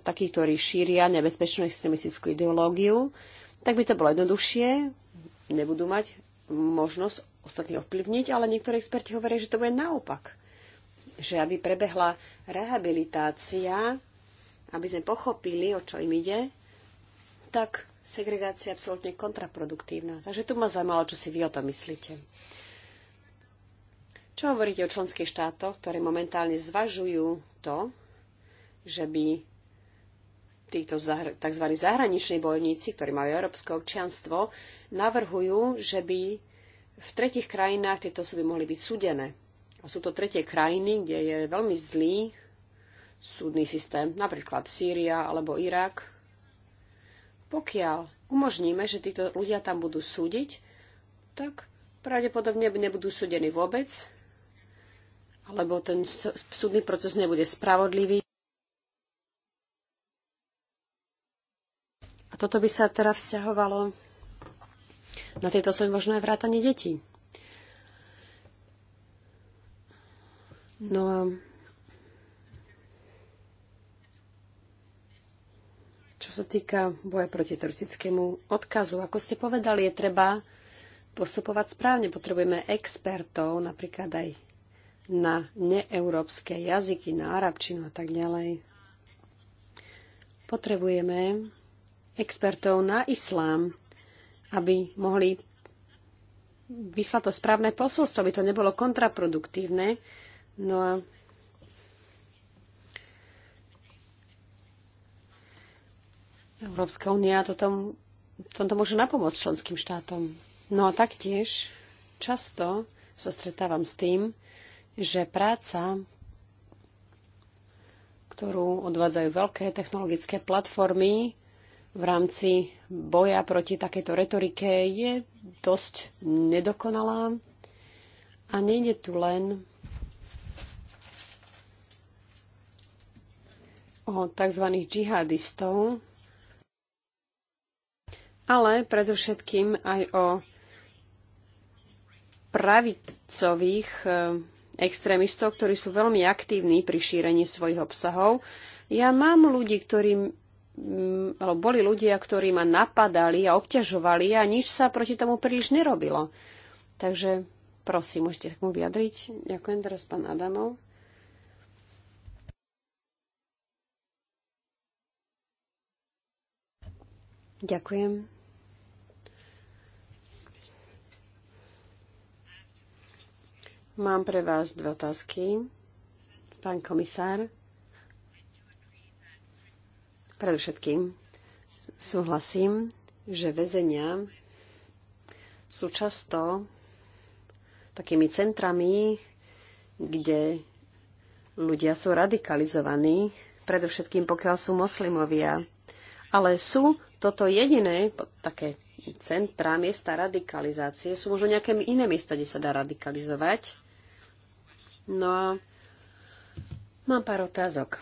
takí, ktorí šíria nebezpečnú extremistickú ideológiu, tak by to bolo jednoduchšie, nebudú mať možnosť ostatní ovplyvniť, ale niektorí experti hovoria, že to bude naopak. Že aby prebehla rehabilitácia, aby sme pochopili, o čo im ide, tak segregácia je absolútne kontraproduktívna. Takže tu ma zaujímalo, čo si vy o tom myslíte. Čo hovoríte o členských štátoch, ktoré momentálne zvažujú to, že by títo tzv. zahraniční bojovníci, ktorí majú európske občianstvo, navrhujú, že by v tretich krajinách tieto osoby mohli byť súdené. A sú to tretie krajiny, kde je veľmi zlý súdny systém, napríklad Sýria alebo Irak. Pokiaľ umožníme, že títo ľudia tam budú súdiť, tak pravdepodobne nebudú súdení vôbec, alebo ten súdny proces nebude spravodlivý. toto by sa teda vzťahovalo na tieto svoje možné vrátanie detí. No a čo sa týka boja proti teroristickému odkazu, ako ste povedali, je treba postupovať správne. Potrebujeme expertov, napríklad aj na neeurópske jazyky, na arabčinu a tak ďalej. Potrebujeme expertov na islám, aby mohli vyslať to správne posolstvo, aby to nebolo kontraproduktívne. No a Európska únia to tomto môže napomôcť členským štátom. No a taktiež často sa stretávam s tým, že práca, ktorú odvádzajú veľké technologické platformy, v rámci boja proti takejto retorike je dosť nedokonalá a nejde tu len o tzv. džihadistov, ale predovšetkým aj o pravicových eh, extrémistov, ktorí sú veľmi aktívni pri šírení svojich obsahov. Ja mám ľudí, ktorí Mm, boli ľudia, ktorí ma napadali a obťažovali a nič sa proti tomu príliš nerobilo. Takže prosím, môžete sa k tomu vyjadriť. Ďakujem teraz pán Adamov. Ďakujem. Mám pre vás dve otázky, pán komisár. Predovšetkým súhlasím, že väzenia sú často takými centrami, kde ľudia sú radikalizovaní, predovšetkým pokiaľ sú moslimovia. Ale sú toto jediné také centra, miesta radikalizácie, sú možno nejaké iné miesta, kde sa dá radikalizovať. No a mám pár otázok.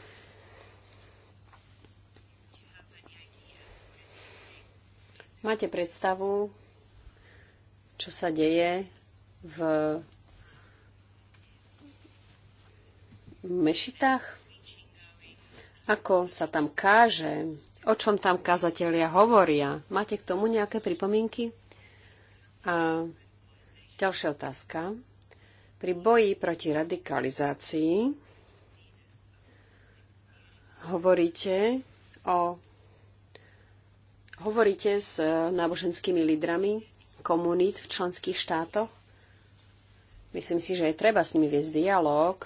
Máte predstavu, čo sa deje v mešitách? Ako sa tam káže? O čom tam kazatelia hovoria? Máte k tomu nejaké pripomienky? A ďalšia otázka. Pri boji proti radikalizácii hovoríte o Hovoríte s e, náboženskými lídrami komunít v členských štátoch? Myslím si, že je treba s nimi viesť dialog,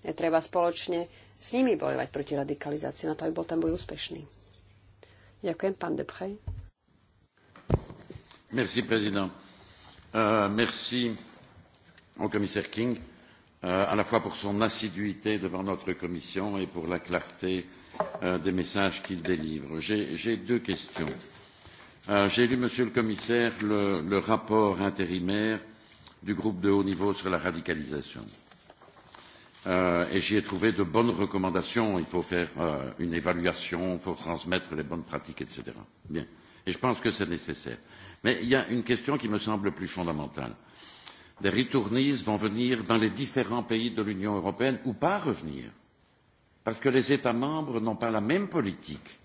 je treba spoločne s nimi bojovať proti radikalizácii, na to, aby bol ten boj úspešný. Ďakujem, pán Debchej. Merci, prezident. Uh, merci au commissaire King, uh, à la fois pour son assiduité devant notre commission et pour la clarté uh, Euh, des messages qu'il délivre. J'ai deux questions. Euh, j'ai lu, Monsieur le Commissaire, le, le rapport intérimaire du groupe de haut niveau sur la radicalisation. Euh, et j'y ai trouvé de bonnes recommandations. Il faut faire euh, une évaluation, il faut transmettre les bonnes pratiques, etc. Bien. Et je pense que c'est nécessaire. Mais il y a une question qui me semble plus fondamentale. Des retournistes vont venir dans les différents pays de l'Union européenne ou pas revenir parce que les États membres n'ont pas la même politique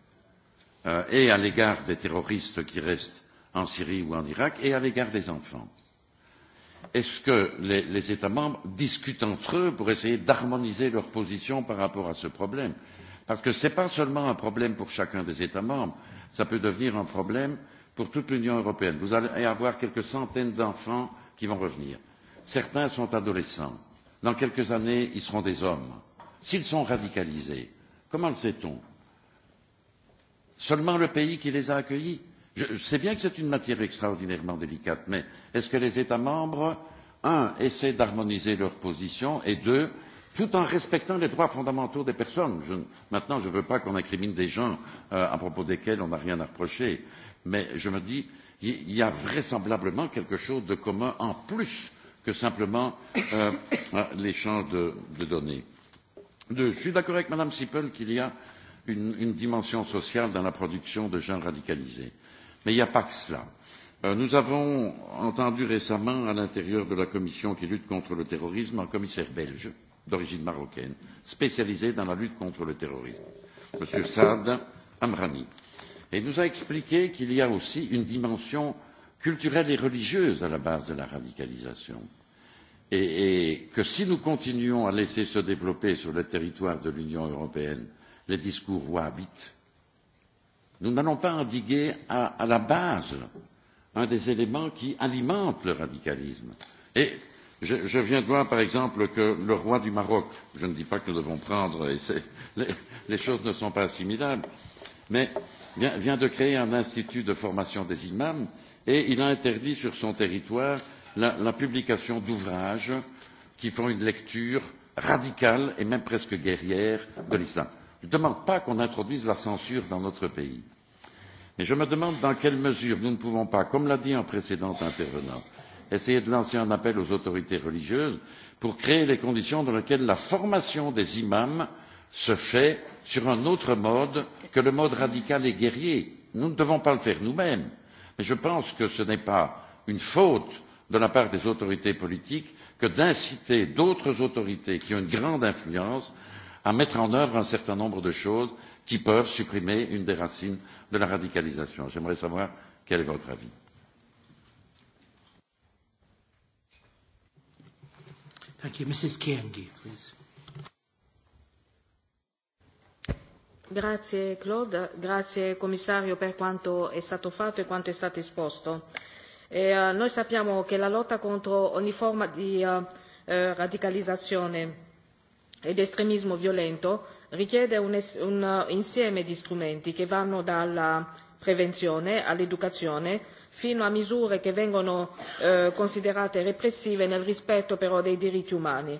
euh, et à l'égard des terroristes qui restent en Syrie ou en Irak et à l'égard des enfants. Est-ce que les, les États membres discutent entre eux pour essayer d'harmoniser leur position par rapport à ce problème Parce que ce n'est pas seulement un problème pour chacun des États membres, ça peut devenir un problème pour toute l'Union européenne. Vous allez avoir quelques centaines d'enfants qui vont revenir. Certains sont adolescents. Dans quelques années, ils seront des hommes S'ils sont radicalisés, comment le sait-on Seulement le pays qui les a accueillis je, je sais bien que c'est une matière extraordinairement délicate, mais est-ce que les États membres, un, essaient d'harmoniser leur position et deux, tout en respectant les droits fondamentaux des personnes. Je, maintenant, je ne veux pas qu'on incrimine des gens euh, à propos desquels on n'a rien à reprocher, mais je me dis, il y, y a vraisemblablement quelque chose de commun en plus que simplement euh, euh l'échange de, de données je suis d'accord avec Mme Sippel qu'il y a une, une dimension sociale dans la production de gens radicalisés. Mais il n'y a pas que cela. Euh, nous avons entendu récemment à l'intérieur de la commission qui lutte contre le terrorisme un commissaire belge d'origine marocaine spécialisé dans la lutte contre le terrorisme, M. Saad Amrani. Et il nous a expliqué qu'il y a aussi une dimension culturelle et religieuse à la base de la radicalisation. Euh, et, et que si nous continuons à laisser se développer sur le territoire de l'Union européenne les discours wahhabites, nous n'allons pas endiguer à, à la base un des éléments qui alimentent le radicalisme. Et je, je viens de voir, par exemple, que le roi du Maroc, je ne dis pas que nous devons prendre, et les, les choses ne sont pas assimilables, mais vient, vient de créer un institut de formation des imams et il a interdit sur son territoire la, la publication d'ouvrages qui font une lecture radicale et même presque guerrière de l'islam. Je ne demande pas qu'on introduise la censure dans notre pays, mais je me demande dans quelle mesure nous ne pouvons pas, comme l'a dit un précédent intervenant, essayer de lancer un appel aux autorités religieuses pour créer les conditions dans lesquelles la formation des imams se fait sur un autre mode que le mode radical et guerrier. Nous ne devons pas le faire nous-mêmes, mais je pense que ce n'est pas une faute de la part des autorités politiques que d'inciter d'autres autorités qui ont une grande influence à mettre en œuvre un certain nombre de choses qui peuvent supprimer une des racines de la radicalisation. J'aimerais savoir quel est votre avis. Thank you. Mrs. please. Grazie Claude, grazie Commissario per quanto è stato fatto e quanto è stato esposto E, eh, noi sappiamo che la lotta contro ogni forma di eh, eh, radicalizzazione ed estremismo violento richiede un, un insieme di strumenti che vanno dalla prevenzione all'educazione fino a misure che vengono eh, considerate repressive nel rispetto però dei diritti umani.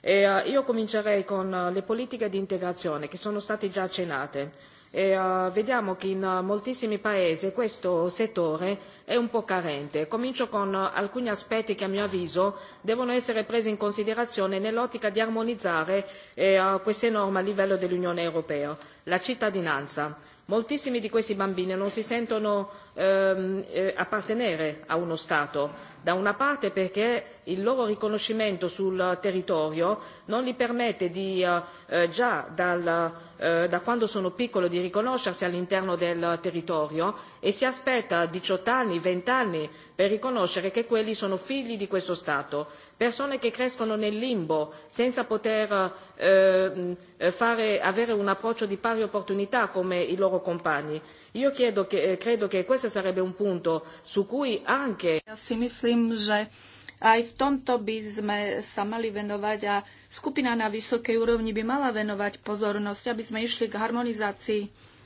E, io comincerei con le politiche di integrazione che sono state già accennate e uh, vediamo che in uh, moltissimi paesi questo settore è un po' carente. Comincio con uh, alcuni aspetti che a mio avviso devono essere presi in considerazione nell'ottica di armonizzare eh, queste norme a livello dell'Unione Europea. La cittadinanza moltissimi di questi bambini non si sentono ehm, eh, appartenere a uno stato da una parte perché il loro riconoscimento sul territorio non gli permette di, eh, eh già dal, eh, da quando sono piccoli di riconoscersi all'interno del territorio e si aspetta diciotto anni venti anni per riconoscere che quelli sono figli di questo Stato, persone che crescono nel limbo senza poter eh, fare, avere un approccio di pari opportunità come i loro compagni Io credo che, eh, credo che questo sarebbe un punto su cui anche... Ja si myslím, že aj v tomto by sme sa mali venovať a skupina na vysokej úrovni by mala venovať pozornosť, aby sme išli k harmonizácii.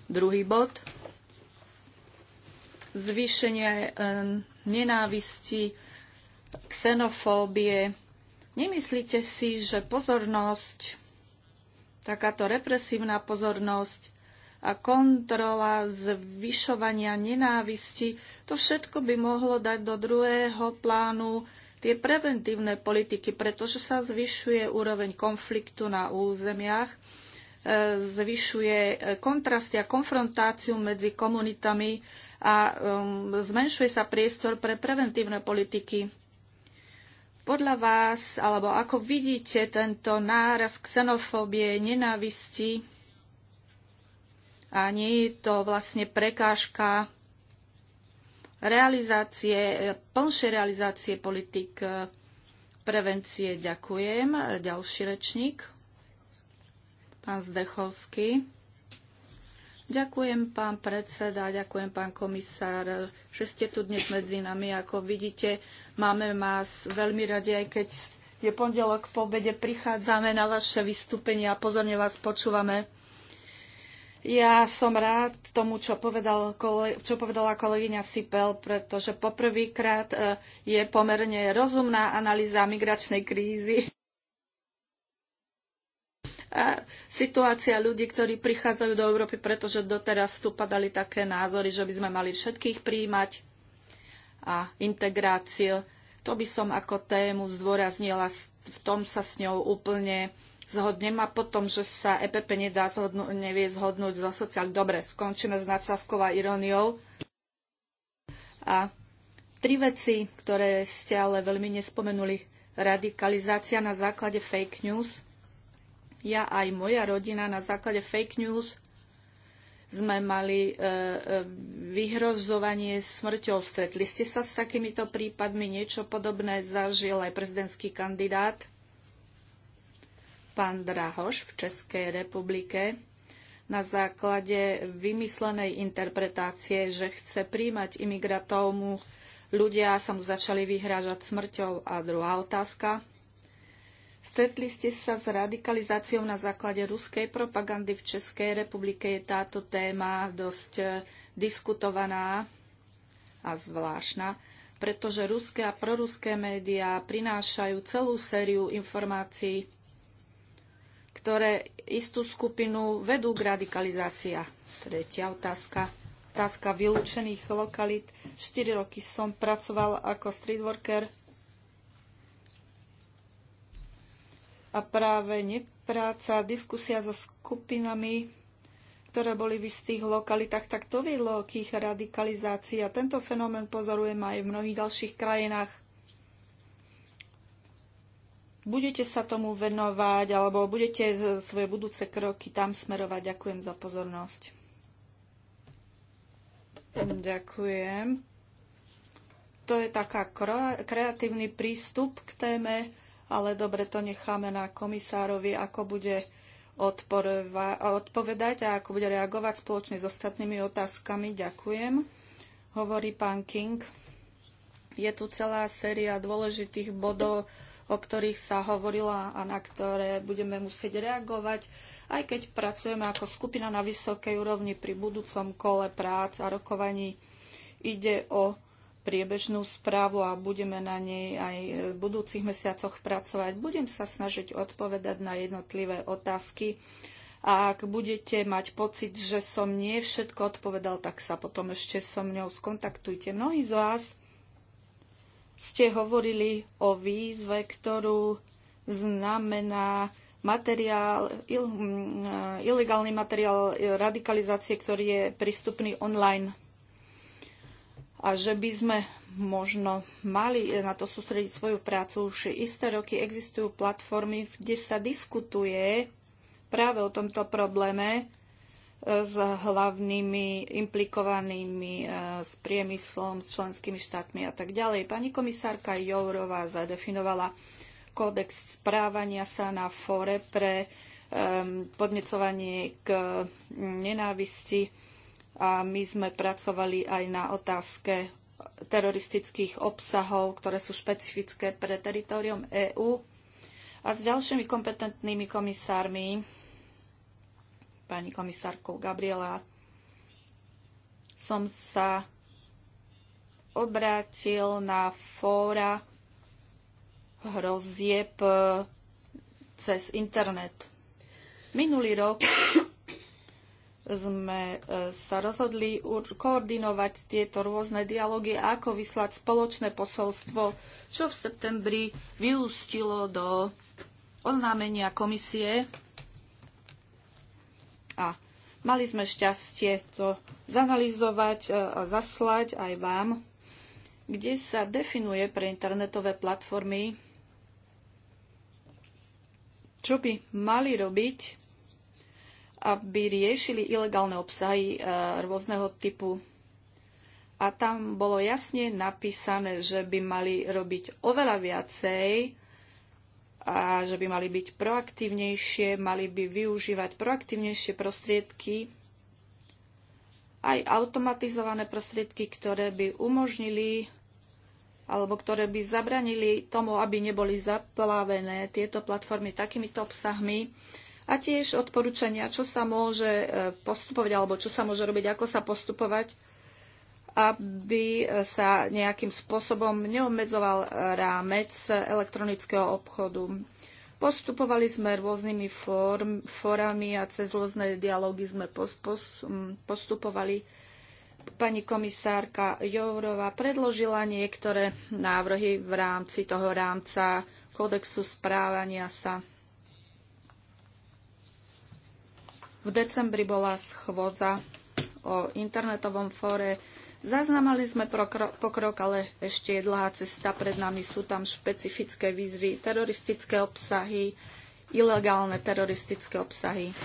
Druhý bod. Zvýšenie eh, nenávisti, xenofóbie. Nemyslíte si, že pozornosť, takáto represívna pozornosť a kontrola zvyšovania nenávisti, to všetko by mohlo dať do druhého plánu tie preventívne politiky, pretože sa zvyšuje úroveň konfliktu na územiach, e, zvyšuje kontrasty a konfrontáciu medzi komunitami a um, zmenšuje sa priestor pre preventívne politiky. Podľa vás, alebo ako vidíte tento náraz ksenofóbie, nenávisti, a nie je to vlastne prekážka realizácie, plnšie realizácie politik e, prevencie. Ďakujem. Ďalší rečník, pán Zdechovský. Ďakujem, pán predseda, ďakujem, pán komisár, že ste tu dnes medzi nami. Ako vidíte, máme vás veľmi radi, aj keď je pondelok po obede, prichádzame na vaše vystúpenie a pozorne vás počúvame. Ja som rád tomu, čo, povedal, čo povedala kolegyňa Sipel, pretože poprvýkrát e, je pomerne rozumná analýza migračnej krízy. A situácia ľudí, ktorí prichádzajú do Európy, pretože doteraz tu padali také názory, že by sme mali všetkých príjmať a integráciu. To by som ako tému zdôraznila, v tom sa s ňou úplne zhodnem a potom, že sa EPP nedá zhodnú, nevie zhodnúť so sociál. Dobre, skončíme s nadsázkou a iróniou. A tri veci, ktoré ste ale veľmi nespomenuli. Radikalizácia na základe fake news. Ja aj moja rodina na základe fake news sme mali e, e vyhrozovanie smrťou. Stretli ste sa s takýmito prípadmi? Niečo podobné zažil aj prezidentský kandidát pán Drahoš v Českej republike na základe vymyslenej interpretácie, že chce príjmať imigratov mu ľudia sa mu začali vyhrážať smrťou. A druhá otázka. Stretli ste sa s radikalizáciou na základe ruskej propagandy v Českej republike. Je táto téma dosť e, diskutovaná a zvláštna, pretože ruské a proruské médiá prinášajú celú sériu informácií ktoré istú skupinu vedú k radikalizácia. Tretia otázka. Otázka vylúčených lokalít. 4 roky som pracoval ako street worker a práve nepráca, diskusia so skupinami, ktoré boli v istých lokalitách, tak to viedlo k ich radikalizácii. A tento fenomén pozorujem aj v mnohých ďalších krajinách budete sa tomu venovať alebo budete svoje budúce kroky tam smerovať. Ďakujem za pozornosť. Ďakujem. To je taká kreatívny prístup k téme, ale dobre to necháme na komisárovi, ako bude odpovedať a ako bude reagovať spoločne s ostatnými otázkami. Ďakujem. Hovorí pán King. Je tu celá séria dôležitých bodov, o ktorých sa hovorila a na ktoré budeme musieť reagovať, aj keď pracujeme ako skupina na vysokej úrovni pri budúcom kole prác a rokovaní. Ide o priebežnú správu a budeme na nej aj v budúcich mesiacoch pracovať. Budem sa snažiť odpovedať na jednotlivé otázky a ak budete mať pocit, že som nie všetko odpovedal, tak sa potom ešte so mňou skontaktujte. Mnohí z vás ste hovorili o výzve, ktorú znamená materiál, il, mm, eh, ilegálny materiál radikalizácie, ktorý je prístupný online. A že by sme možno mali na to sústrediť svoju prácu. Už isté roky existujú platformy, kde sa diskutuje práve o tomto probléme s hlavnými implikovanými e, s priemyslom, s členskými štátmi a tak ďalej. Pani komisárka Jourová zadefinovala kódex správania sa na fóre pre podnecovanie k nenávisti a my sme pracovali aj na otázke teroristických obsahov, ktoré sú špecifické pre teritorium EÚ a s ďalšími kompetentnými komisármi pani komisárkou Gabriela, som sa obrátil na fóra hrozieb e, cez internet. Minulý rok sme e, sa rozhodli koordinovať tieto rôzne dialógy a ako vyslať spoločné posolstvo, čo v septembri vyústilo do oznámenia komisie a mali sme šťastie to zanalizovať e, a zaslať aj vám, kde sa definuje pre internetové platformy, čo by mali robiť, aby riešili ilegálne obsahy e, rôzneho typu. A tam bolo jasne napísané, že by mali robiť oveľa viacej, a že by mali byť proaktívnejšie, mali by využívať proaktívnejšie prostriedky, aj automatizované prostriedky, ktoré by umožnili alebo ktoré by zabranili tomu, aby neboli zaplavené tieto platformy takýmito obsahmi a tiež odporúčania, čo sa môže eh, postupovať alebo čo sa môže robiť, ako sa postupovať aby sa nejakým spôsobom neobmedzoval eh, rámec eh, elektronického obchodu. Postupovali sme rôznymi form, forami a cez rôzne dialógy sme pos, pos, mm, postupovali. Pani komisárka Jourova predložila niektoré návrhy v rámci toho rámca kódexu správania sa. V decembri bola schôdza o internetovom fóre Zaznamali sme pokrok, ale ešte je dlhá cesta pred nami. Sú tam špecifické výzvy, teroristické obsahy, ilegálne teroristické obsahy.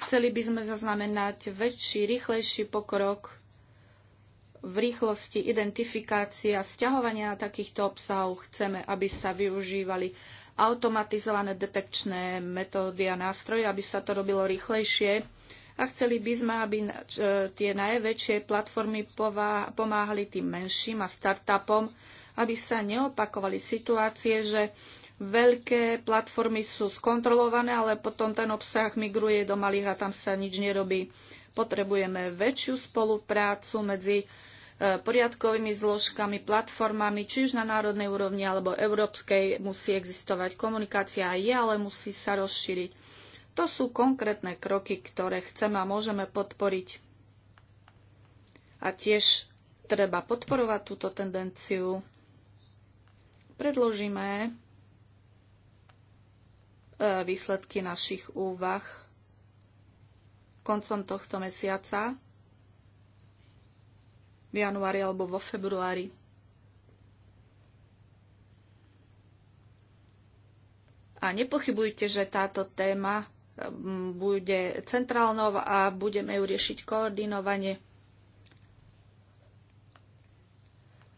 Chceli by sme zaznamenať väčší, rýchlejší pokrok v rýchlosti identifikácie a sťahovania takýchto obsahov chceme, aby sa využívali automatizované detekčné metódy a nástroje, aby sa to robilo rýchlejšie a chceli by sme, aby e, tie najväčšie platformy pomáhali tým menším a startupom, aby sa neopakovali situácie, že veľké platformy sú skontrolované, ale potom ten obsah migruje do malých a tam sa nič nerobí. Potrebujeme väčšiu spoluprácu medzi e, poriadkovými zložkami, platformami, či už na národnej úrovni alebo európskej musí existovať komunikácia, je, ale musí sa rozšíriť. To sú konkrétne kroky, ktoré chceme a môžeme podporiť. A tiež treba podporovať túto tendenciu. Predložíme e, výsledky našich úvah koncom tohto mesiaca, v januári alebo vo februári. A nepochybujte, že táto téma bude centrálnou a budeme ju riešiť koordinovane.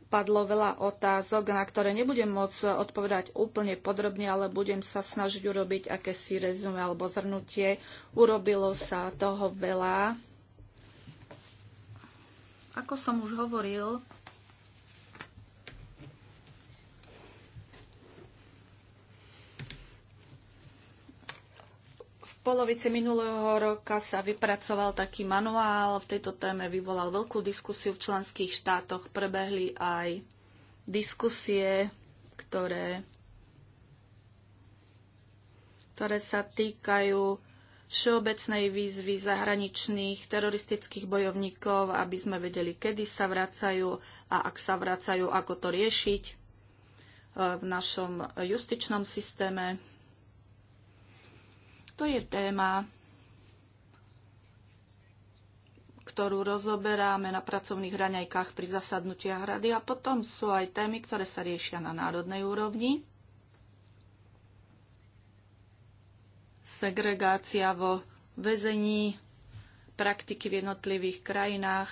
Padlo veľa otázok, na ktoré nebudem môcť odpovedať úplne podrobne, ale budem sa snažiť urobiť akési rezume alebo zhrnutie. Urobilo sa toho veľa. Ako som už hovoril, polovici minulého roka sa vypracoval taký manuál. V tejto téme vyvolal veľkú diskusiu v členských štátoch. Prebehli aj diskusie, ktoré, ktoré sa týkajú všeobecnej výzvy zahraničných teroristických bojovníkov, aby sme vedeli, kedy sa vracajú a ak sa vracajú, ako to riešiť eh, v našom justičnom systéme. To je téma, ktorú rozoberáme na pracovných raňajkách pri zasadnutiach rady a potom sú aj témy, ktoré sa riešia na národnej úrovni. Segregácia vo väzení, praktiky v jednotlivých krajinách,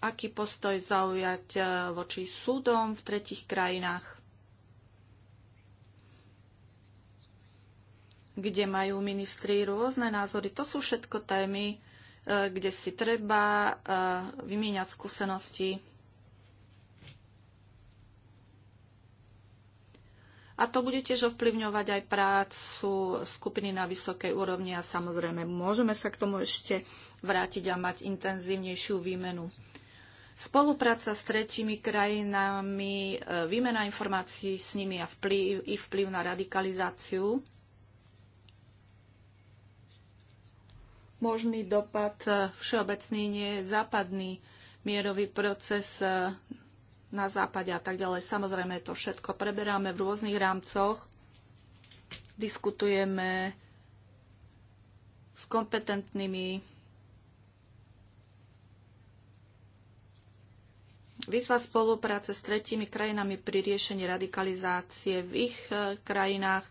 aký postoj zaujať eh, voči súdom v tretich krajinách. kde majú ministri rôzne názory. To sú všetko témy, e, kde si treba e, vymieňať skúsenosti. A to bude tiež ovplyvňovať aj prácu skupiny na vysokej úrovni a samozrejme môžeme sa k tomu ešte vrátiť a mať intenzívnejšiu výmenu. Spolupráca s tretimi krajinami, e, výmena informácií s nimi a vplyv, i vplyv na radikalizáciu možný dopad e, všeobecný nie je západný mierový proces e, na západe a tak ďalej. Samozrejme, to všetko preberáme v rôznych rámcoch, diskutujeme s kompetentnými. Výzva spolupráce s tretími krajinami pri riešení radikalizácie v ich e, krajinách,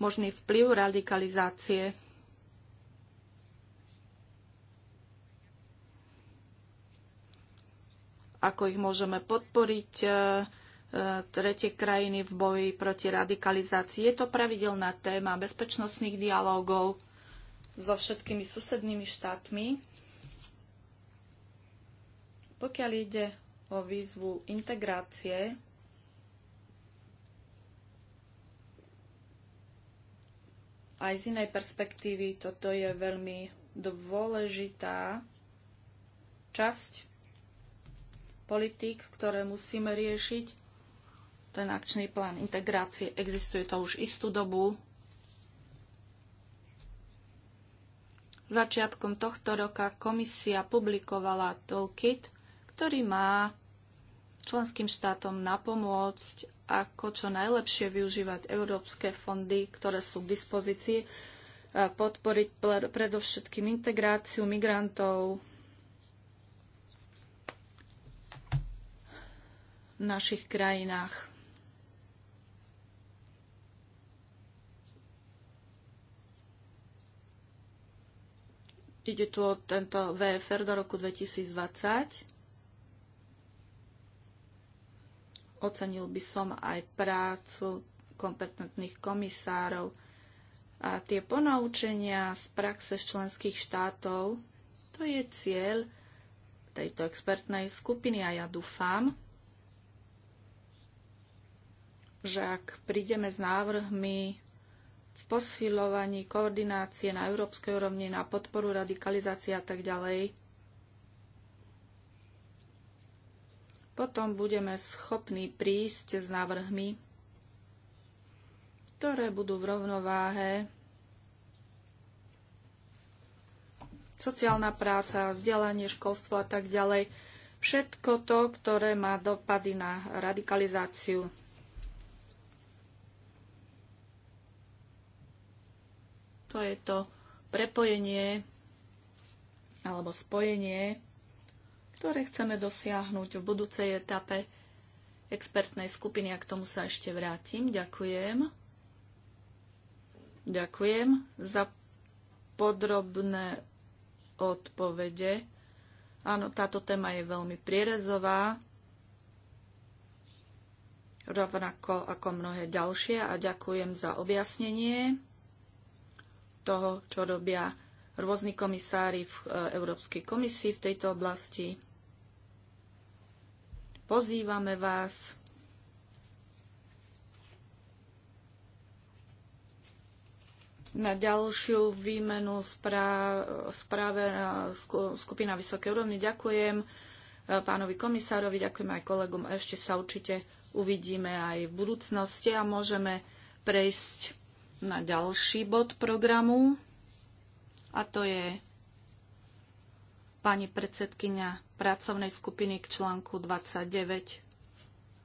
možný vplyv radikalizácie ako ich môžeme podporiť e, e, tretie krajiny v boji proti radikalizácii. Je to pravidelná téma bezpečnostných dialógov so všetkými susednými štátmi. Pokiaľ ide o výzvu integrácie, aj z inej perspektívy toto je veľmi dôležitá časť politík, ktoré musíme riešiť. Ten akčný plán integrácie existuje to už istú dobu. Začiatkom tohto roka komisia publikovala toolkit, ktorý má členským štátom napomôcť, ako čo najlepšie využívať európske fondy, ktoré sú k dispozícii, podporiť predovšetkým integráciu migrantov, v našich krajinách. Ide tu o tento VFR do roku 2020. Ocenil by som aj prácu kompetentných komisárov a tie ponaučenia z praxe z členských štátov. To je cieľ tejto expertnej skupiny a ja dúfam, že ak prídeme s návrhmi v posilovaní koordinácie na európskej úrovni na podporu radikalizácie a tak ďalej, potom budeme schopní prísť s návrhmi, ktoré budú v rovnováhe sociálna práca, vzdelanie, školstvo a tak ďalej. Všetko to, ktoré má dopady na radikalizáciu. To je to prepojenie alebo spojenie, ktoré chceme dosiahnuť v budúcej etape expertnej skupiny a k tomu sa ešte vrátim. Ďakujem. Ďakujem za podrobné odpovede. Áno, táto téma je veľmi prierezová, rovnako ako mnohé ďalšie a ďakujem za objasnenie toho, čo robia rôzni komisári v e, Európskej komisii v tejto oblasti. Pozývame vás. Na ďalšiu výmenu správe e, skupina Vysoké úrovny. ďakujem e, pánovi komisárovi, ďakujem aj kolegom. Ešte sa určite uvidíme aj v budúcnosti a môžeme prejsť na ďalší bod programu a to je pani predsedkynia pracovnej skupiny k článku 29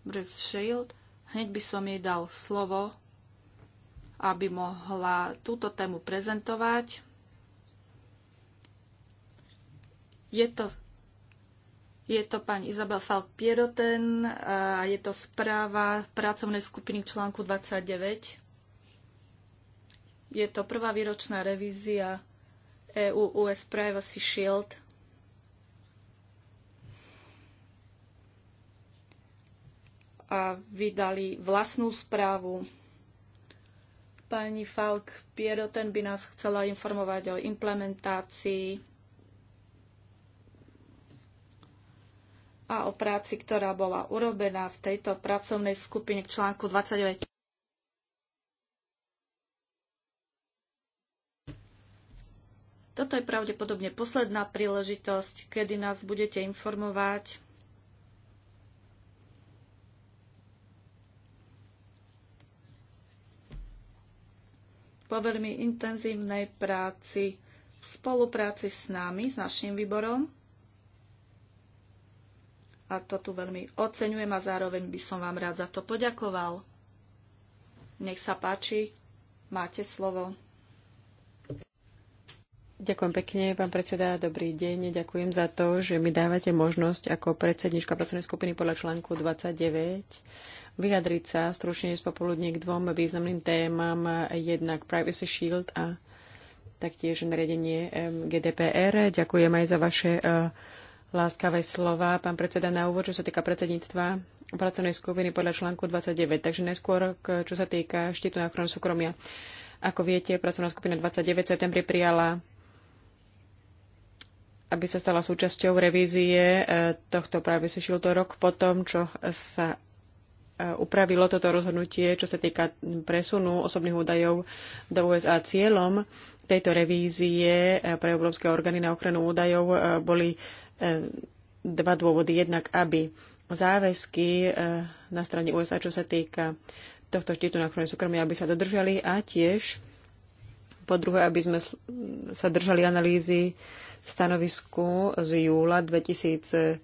Bruce Shield. Hneď by som jej dal slovo, aby mohla túto tému prezentovať. Je to, je to pani Izabel Falk-Pieroten a je to správa pracovnej skupiny k článku 29. Je to prvá výročná revízia EU-US Privacy Shield. A vydali vlastnú správu. Pani Falk Pieroten by nás chcela informovať o implementácii a o práci, ktorá bola urobená v tejto pracovnej skupine k článku 29. Toto je pravdepodobne posledná príležitosť, kedy nás budete informovať po veľmi intenzívnej práci v spolupráci s nami, s našim výborom. A to tu veľmi oceňujem a zároveň by som vám rád za to poďakoval. Nech sa páči, máte slovo. Ďakujem pekne, pán predseda. Dobrý deň. Ďakujem za to, že mi dávate možnosť ako predsednička pracovnej skupiny podľa článku 29 vyjadriť sa stručne z popoludne k dvom významným témam, jednak Privacy Shield a taktiež nariadenie GDPR. Ďakujem aj za vaše eh, láskavé slova. Pán predseda, na úvod, čo sa týka predsedníctva pracovnej skupiny podľa článku 29. Takže najskôr, čo sa týka štítu na ochranu súkromia. Ako viete, pracovná skupina 29 v septembri prijala aby sa stala súčasťou revízie e, tohto práve si šiel to rok po tom, čo sa e, upravilo toto rozhodnutie, čo sa týka presunu osobných údajov do USA cieľom tejto revízie e, pre európske orgány na ochranu údajov boli dva dôvody. Jednak, aby záväzky na strane USA, čo sa týka tohto štítu na ochranu súkromia, aby sa dodržali a tiež po druhé, aby sme sa držali analýzy stanovisku z júla 2016,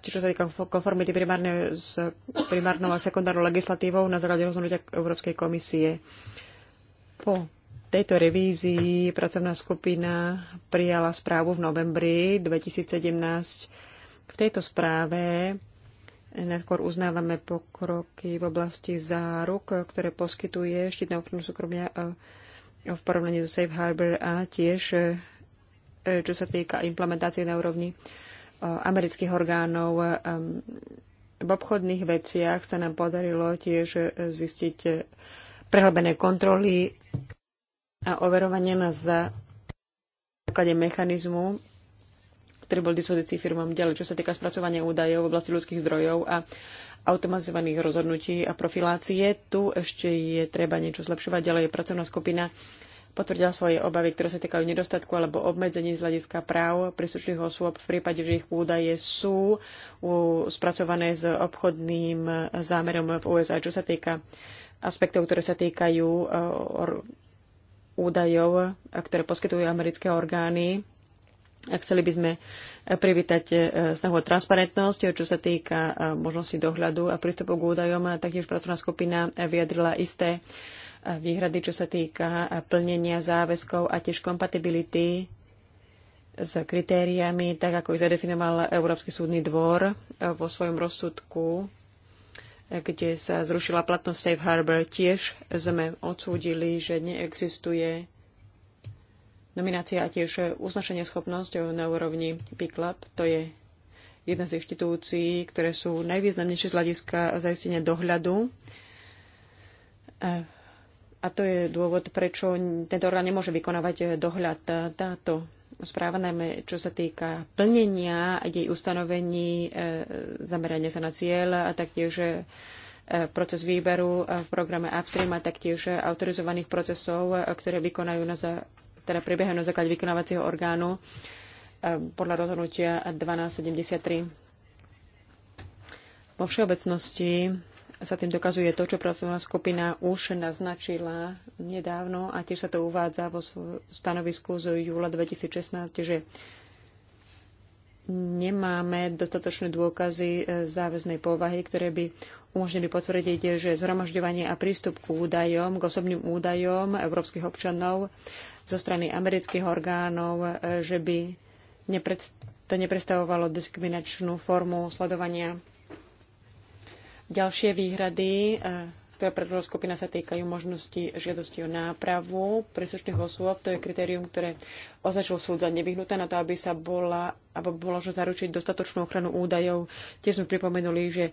čo sa týka konformity primárne s primárnou a sekundárnou legislatívou na základe rozhodnutia Európskej komisie. Po tejto revízii pracovná skupina prijala správu v novembri 2017. V tejto správe Najskôr uznávame pokroky v oblasti záruk, ktoré poskytuje štítna na ochranu súkromia e, v porovnaní so Safe Harbor a tiež, e, čo sa týka implementácie na úrovni e, amerických orgánov. V obchodných veciach sa nám podarilo tiež zistiť prehlbené kontroly a overovanie na základe mechanizmu ktorý bol v dispozícii firmám ďalej, čo sa týka spracovania údajov v oblasti ľudských zdrojov a automatizovaných rozhodnutí a profilácie. Tu ešte je treba niečo zlepšovať. Ďalej pracovná skupina potvrdila svoje obavy, ktoré sa týkajú nedostatku alebo obmedzení z hľadiska práv príslušných osôb v prípade, že ich údaje sú spracované s obchodným zámerom v USA, čo sa týka aspektov, ktoré sa týkajú eh, údajov, eh, ktoré poskytujú americké orgány a chceli by sme eh, privítať eh, snahu o transparentnosť, eh, čo sa týka možnosti dohľadu a prístupu k údajom. taktiež pracovná skupina vyjadrila isté výhrady, čo sa týka plnenia záväzkov a tiež kompatibility s kritériami, tak ako ich zadefinoval Európsky súdny dvor vo svojom rozsudku, kde sa zrušila platnosť Safe Harbor. Tiež sme odsúdili, že neexistuje nominácia a tiež uznašenie schopnosť na úrovni PICLAB. To je jedna z inštitúcií, ktoré sú najvýznamnejšie z hľadiska zaistenia dohľadu. A to je dôvod, prečo tento orgán nemôže vykonávať dohľad. Táto správa, najmä čo sa týka plnenia jej ustanovení, e, zamerania sa na cieľ a taktiež e, proces výberu v programe Upstream a taktiež autorizovaných procesov, e, ktoré vykonajú na teda prebiehajú na základe vykonávacieho orgánu e, podľa rozhodnutia 1273. Vo všeobecnosti sa tým dokazuje to, čo pracovná skupina už naznačila nedávno a tiež sa to uvádza vo stanovisku z júla 2016, že nemáme dostatočné dôkazy e, záväznej povahy, ktoré by umožnili potvrdiť, že zhromažďovanie a prístup k údajom, k osobným údajom európskych občanov zo strany amerických orgánov, e, že by to neprestavovalo diskriminačnú formu sledovania. Ďalšie výhrady, e, ktoré predložila skupina, sa týkajú možnosti žiadosti o nápravu príslušných osôb. To je kritérium, ktoré označil súd za nevyhnuté na to, aby sa bola, aby bolo zaručiť dostatočnú ochranu údajov. Tiež sme pripomenuli, že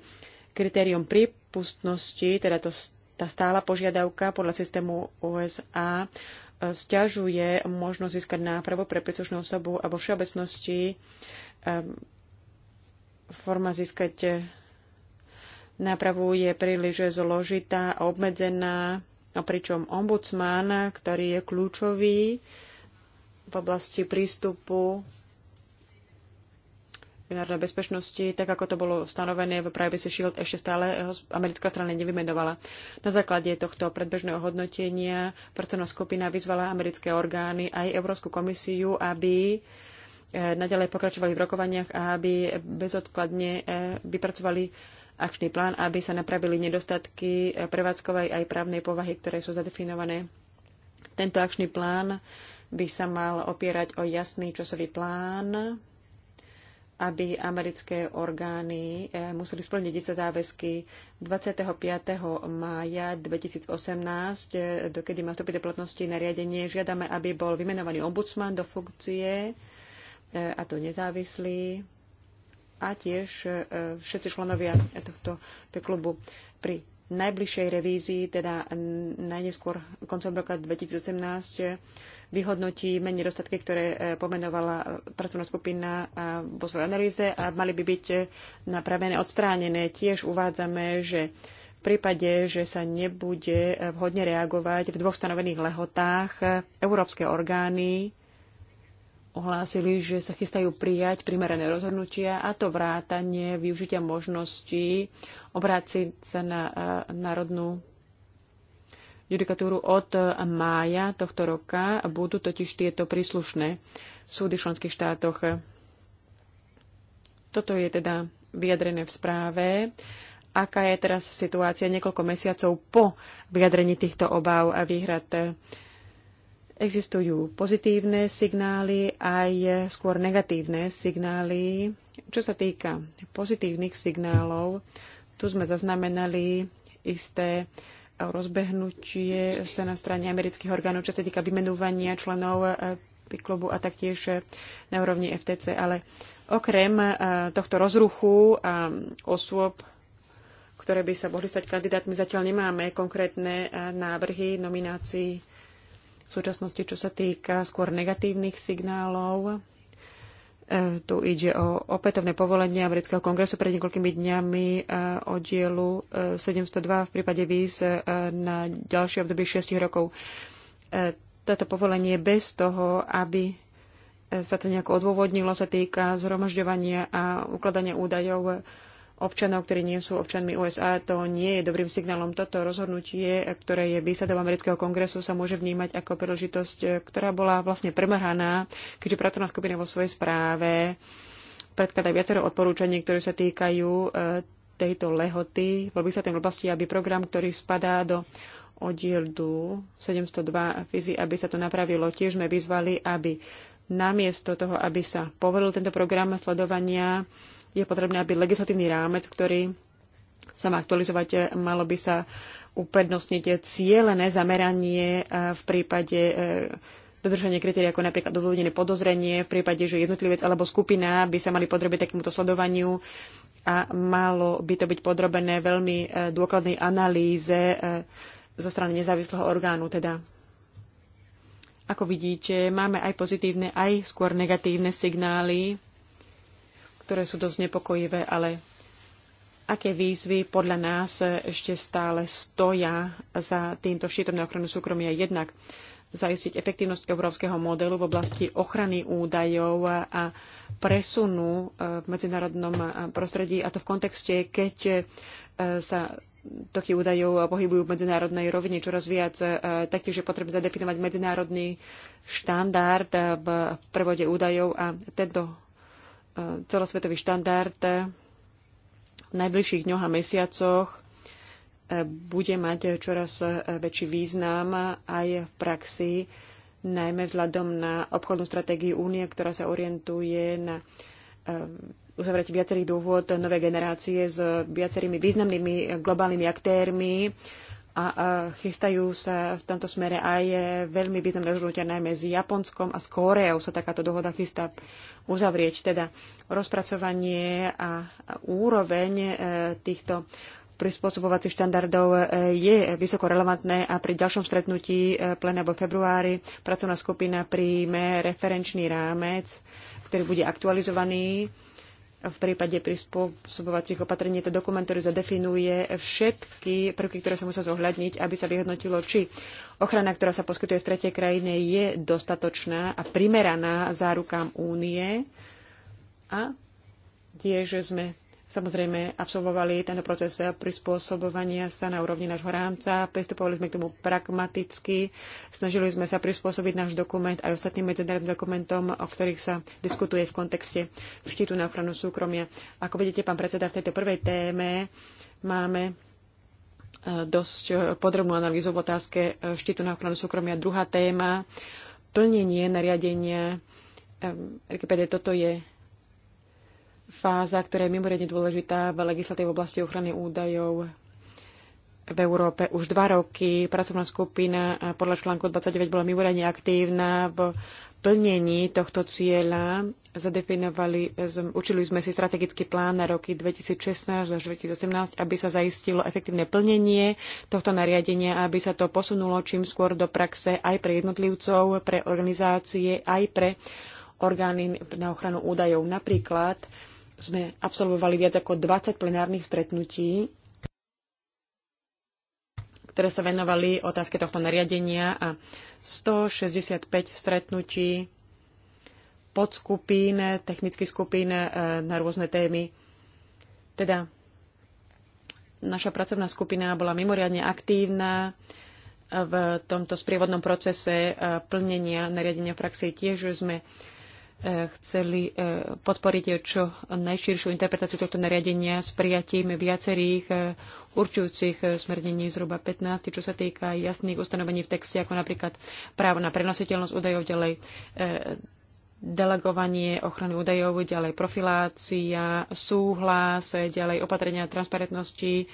kritérium prípustnosti, teda to, tá stála požiadavka podľa systému USA stiažuje možnosť získať nápravu pre príslušnú osobu a vo všeobecnosti ehm, forma získať eh, nápravu je príliš zložitá a obmedzená, no pričom ombudsman, ktorý je kľúčový v oblasti prístupu národnej bezpečnosti, tak ako to bolo stanovené v Privacy Shield, ešte stále eh, americká strana nevymenovala. Na základe tohto predbežného hodnotenia pracovná skupina vyzvala americké orgány aj Európsku komisiu, aby eh, nadalej pokračovali v rokovaniach a aby bezodkladne eh, vypracovali akčný plán, aby sa napravili nedostatky prevádzkovej aj právnej povahy, ktoré sú zadefinované. Tento akčný plán by sa mal opierať o jasný časový plán aby americké orgány eh, museli splniť isté záväzky 25. mája 2018, eh, dokedy má vstúpiť do platnosti nariadenie. Žiadame, aby bol vymenovaný ombudsman do funkcie, eh, a to nezávislý, a tiež všetci členovia tohto klubu pri najbližšej revízii, teda najneskôr koncom roka 2018, vyhodnotí menej nedostatky, ktoré e, pomenovala e, pracovná skupina e, vo svojej analýze a mali by byť napravené, odstránené. Tiež uvádzame, že v prípade, že sa nebude vhodne reagovať v dvoch stanovených lehotách, európske orgány ohlásili, že sa chystajú prijať primerané rozhodnutia a to vrátanie využitia možností obrátiť sa na národnú judikatúru od mája tohto roka. a Budú totiž tieto príslušné súdy v členských štátoch. Toto je teda vyjadrené v správe. Aká je teraz situácia niekoľko mesiacov po vyjadrení týchto obáv a výhrad? Existujú pozitívne signály aj skôr negatívne signály. Čo sa týka pozitívnych signálov, tu sme zaznamenali isté rozbehnutie na strane amerických orgánov, čo sa týka vymenovania členov eh, klubu a taktiež eh, na úrovni FTC. Ale okrem eh, tohto rozruchu a osôb, ktoré by sa mohli stať kandidátmi, zatiaľ nemáme konkrétne návrhy nominácií v súčasnosti, čo sa týka skôr negatívnych signálov E, tu ide o opätovné povolenie amerického kongresu pred niekoľkými dňami o dielu 702 v prípade víz e, na ďalšie obdobie 6 rokov. E, toto povolenie bez toho, aby sa to nejako odôvodnilo, sa týka zhromažďovania a ukladania údajov občanov, ktorí nie sú občanmi USA, to nie je dobrým signálom. Toto rozhodnutie, ktoré je výsledom amerického kongresu, sa môže vnímať ako príležitosť, ktorá bola vlastne premrhaná, keďže pracovná skupina vo svojej správe predkladá viacero odporúčaní, ktoré sa týkajú e, tejto lehoty v legislatívnej oblasti, aby program, ktorý spadá do oddielu 702 FIZI, aby sa to napravilo. Tiež sme vyzvali, aby namiesto toho, aby sa povolil tento program sledovania je potrebné, aby legislatívny rámec, ktorý sa má aktualizovať, malo by sa uprednostniť cieľené zameranie e, v prípade e, dodržanie kritérií ako napríklad odôvodnené podozrenie v prípade, že jednotlivec alebo skupina by sa mali podrobiť takémuto sledovaniu a malo by to byť podrobené veľmi e, dôkladnej analýze zo strany nezávislého orgánu. Teda, ako vidíte, máme aj pozitívne, aj skôr negatívne signály ktoré sú dosť nepokojivé, ale aké výzvy podľa nás ešte stále stoja za týmto štítom na ochranu súkromia jednak zajistiť efektívnosť európskeho modelu v oblasti ochrany údajov a presunu eh, v medzinárodnom eh, prostredí, a to v kontexte, keď eh, sa toky údajov pohybujú v medzinárodnej rovine čoraz viac. Taktiež je potrebné zadefinovať medzinárodný štandard v prevode údajov a tento celosvetový štandard v najbližších dňoch a mesiacoch e, bude mať čoraz e, väčší význam aj v praxi, najmä vzhľadom na obchodnú stratégiu únie, ktorá sa orientuje na e, uzavretie viacerých dôvod nové generácie s viacerými významnými globálnymi aktérmi, a chystajú sa v tomto smere aj e, veľmi významné rozhodnutia, najmä s Japonskom a s Kóreou sa takáto dohoda chystá uzavrieť. Teda rozpracovanie a úroveň e, týchto prispôsobovacích štandardov e, je vysoko relevantné a pri ďalšom stretnutí plena vo februári pracovná skupina príjme referenčný rámec, ktorý bude aktualizovaný v prípade prispôsobovacích opatrení to dokument, ktorý zadefinuje všetky prvky, ktoré sa musia zohľadniť, aby sa vyhodnotilo, či ochrana, ktorá sa poskytuje v tretej krajine, je dostatočná a primeraná zárukám únie. A tiež sme Samozrejme, absolvovali tento proces prispôsobovania sa na úrovni nášho rámca, pristupovali sme k tomu pragmaticky, snažili sme sa prispôsobiť náš dokument aj ostatným medzinárodným dokumentom, o ktorých sa diskutuje v kontexte štítu na ochranu súkromia. Ako vidíte, pán predseda, v tejto prvej téme máme e, dosť e, podrobnú analýzu v otázke e, štítu na ochranu súkromia. Druhá téma, plnenie nariadenia. RKPD, toto je fáza, ktorá je mimoriadne dôležitá v legislatíve v oblasti ochrany údajov v Európe už dva roky. Pracovná skupina podľa článku 29 bola mimoriadne aktívna v plnení tohto cieľa. Zadefinovali, učili sme si strategický plán na roky 2016 až 2018, aby sa zaistilo efektívne plnenie tohto nariadenia, aby sa to posunulo čím skôr do praxe aj pre jednotlivcov, pre organizácie, aj pre orgány na ochranu údajov. Napríklad sme absolvovali viac ako 20 plenárnych stretnutí, ktoré sa venovali otázke tohto nariadenia a 165 stretnutí podskupín, technických skupín eh, na rôzne témy. Teda naša pracovná skupina bola mimoriadne aktívna v tomto sprievodnom procese eh, plnenia nariadenia v praxi. Tiež sme E, chceli e, podporiť čo najširšiu interpretáciu tohto nariadenia s prijatím viacerých e, určujúcich smernení zhruba 15, čo sa týka jasných ustanovení v texte, ako napríklad právo na prenositeľnosť údajov, ďalej delegovanie ochrany údajov, ďalej profilácia, súhlas, ďalej opatrenia transparentnosti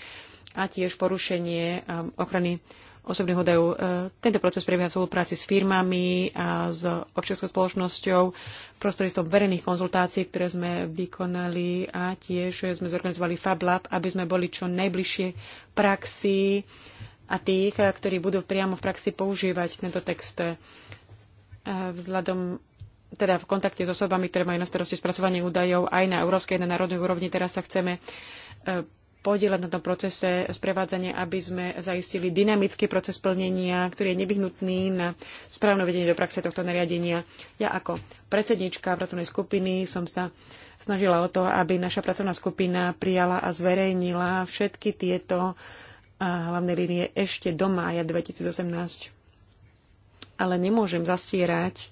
a tiež porušenie ochrany osobných údajov. E, tento proces prebieha v spolupráci s firmami a s občianskou spoločnosťou prostredstvom verejných konzultácií, ktoré sme vykonali a tiež sme zorganizovali Fab Lab, aby sme boli čo najbližšie praxi a tých, ktorí budú priamo v praxi používať tento text e, vzhľadom teda v kontakte s osobami, ktoré majú na starosti spracovanie údajov aj na európskej, aj na národnej úrovni. Teraz sa chceme e, podielať na tom procese sprevádzania, aby sme zaistili dynamický proces plnenia, ktorý je nevyhnutný na správne vedenie do praxe tohto nariadenia. Ja ako predsednička pracovnej skupiny som sa snažila o to, aby naša pracovná skupina prijala a zverejnila všetky tieto hlavné línie ešte do mája 2018. Ale nemôžem zastierať,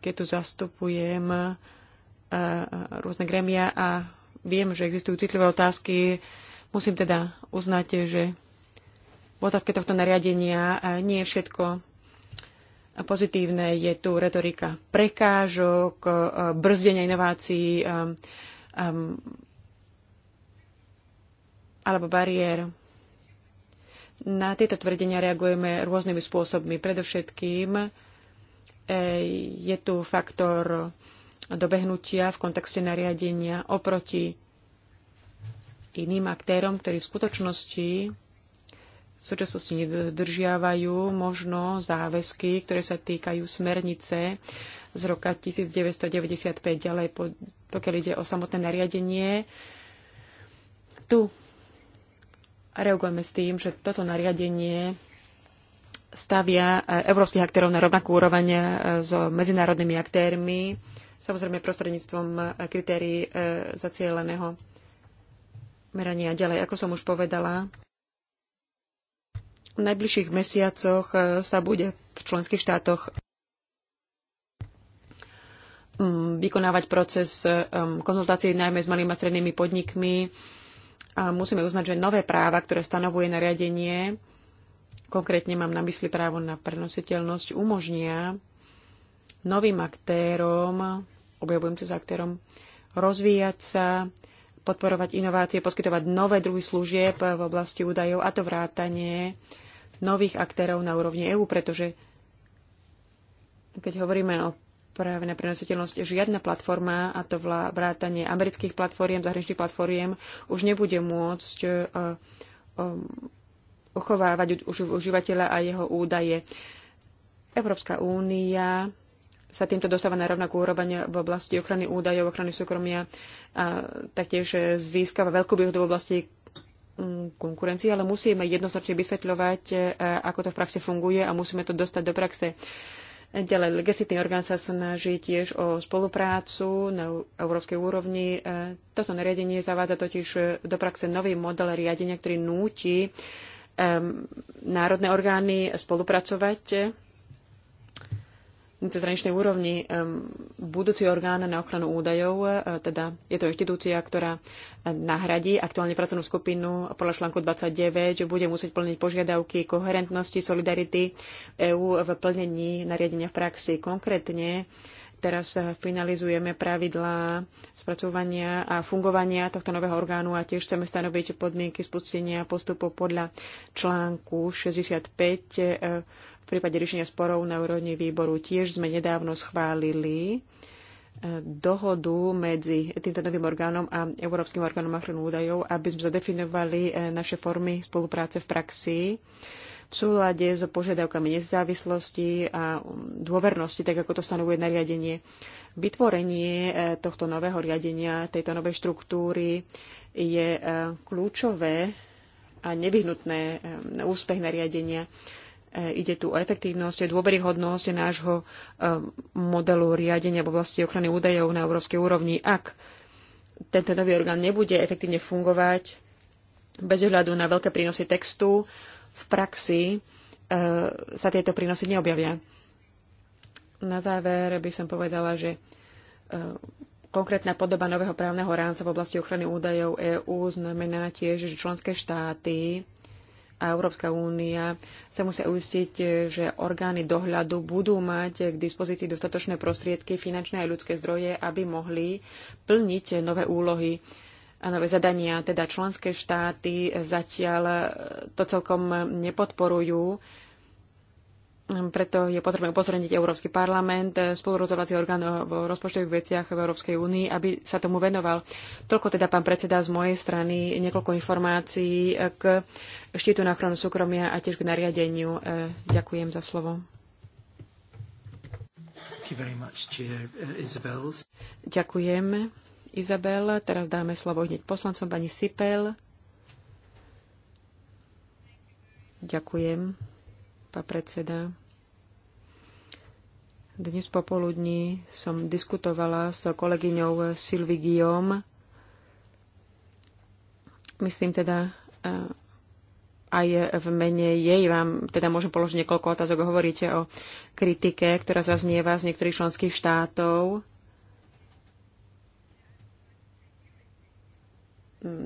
keď tu zastupujem rôzne gremia a viem, že existujú citlivé otázky. Musím teda uznať, že v otázke tohto nariadenia nie je všetko pozitívne. Je tu retorika prekážok, brzdenia inovácií alebo bariér. Na tieto tvrdenia reagujeme rôznymi spôsobmi. Predovšetkým e, je tu faktor dobehnutia v kontexte nariadenia oproti iným aktérom, ktorí v skutočnosti v súčasnosti nedodržiavajú možno záväzky, ktoré sa týkajú smernice z roka 1995, ale pokiaľ ide o samotné nariadenie, tu reagujeme s tým, že toto nariadenie stavia e, európskych aktérov na rovnakú úroveň e, s medzinárodnými aktérmi, samozrejme prostredníctvom e, kritérií e, zacieleného merania ďalej. Ako som už povedala, v najbližších mesiacoch e, sa bude v členských štátoch mm, vykonávať proces konzultácií najmä s malými a strednými podnikmi. A musíme uznať, že nové práva, ktoré stanovuje nariadenie, konkrétne mám na mysli právo na prenositeľnosť, umožnia novým aktérom objavujúcim sa aktérom rozvíjať sa, podporovať inovácie, poskytovať nové druhy služieb v oblasti údajov a to vrátanie nových aktérov na úrovni EÚ, pretože keď hovoríme o práve na prenositeľnosť, žiadna platforma, a to vrátanie amerických platformiem, zahraničných platformiem, už nebude môcť e, e, uchovávať užívateľa a jeho údaje. Európska únia sa týmto dostáva na rovnakú úroveň v oblasti ochrany údajov, ochrany súkromia a taktiež získava veľkú výhodu v oblasti mm, konkurencii, ale musíme jednoznačne vysvetľovať, e, ako to v praxi funguje a musíme to dostať do praxe. Ďalej, legislatívny orgán sa snaží tiež o spoluprácu na európskej úrovni. E, toto nariadenie zavádza totiž e, do praxe nový model riadenia, ktorý núti národné orgány spolupracovať cezhraničnej úrovni budúci orgán na ochranu údajov, e, teda je to inštitúcia, ktorá e, nahradí aktuálne pracovnú skupinu podľa článku 29, že bude musieť plniť požiadavky koherentnosti, solidarity EÚ v plnení nariadenia v praxi. Konkrétne teraz e, finalizujeme pravidlá spracovania a fungovania tohto nového orgánu a tiež chceme stanoviť podmienky spustenia postupov podľa článku 65 v prípade riešenia sporov na úrovni výboru tiež sme nedávno schválili e, dohodu medzi týmto novým orgánom a Európskym orgánom ochrany údajov, aby sme zadefinovali e, naše formy spolupráce v praxi v súlade so požiadavkami nezávislosti a um, dôvernosti, tak ako to stanovuje nariadenie. Vytvorenie e, tohto nového riadenia, tejto novej štruktúry je kľúčové a nevyhnutné na úspech nariadenia. Ide tu o efektívnosť, dôveryhodnosť nášho e, modelu riadenia v oblasti ochrany údajov na európskej úrovni. Ak tento nový orgán nebude efektívne fungovať, bez ohľadu na veľké prínosy textu, v praxi e, sa tieto prínosy neobjavia. Na záver by som povedala, že e, konkrétna podoba nového právneho rámca v oblasti ochrany údajov EÚ znamená tiež, že členské štáty a Európska únia sa musia uistiť, že orgány dohľadu budú mať k dispozícii dostatočné prostriedky, finančné aj ľudské zdroje, aby mohli plniť nové úlohy a nové zadania. Teda členské štáty zatiaľ to celkom nepodporujú preto je potrebné upozorniť Európsky parlament, eh, spolurozhodovací orgán v rozpočtových veciach v Európskej únii, aby sa tomu venoval. Toľko teda, pán predseda, z mojej strany niekoľko informácií eh, k štítu na ochranu súkromia a tiež k nariadeniu. Eh, ďakujem za slovo. Ďakujem, Izabel. Teraz dáme slovo hneď poslancom pani Sipel. Ďakujem pán predseda. Dnes popoludní som diskutovala s kolegyňou Sylvie Guillaume. Myslím teda, eh, aj v mene jej vám teda môžem položiť niekoľko otázok. Hovoríte o kritike, ktorá zaznieva z niektorých členských štátov.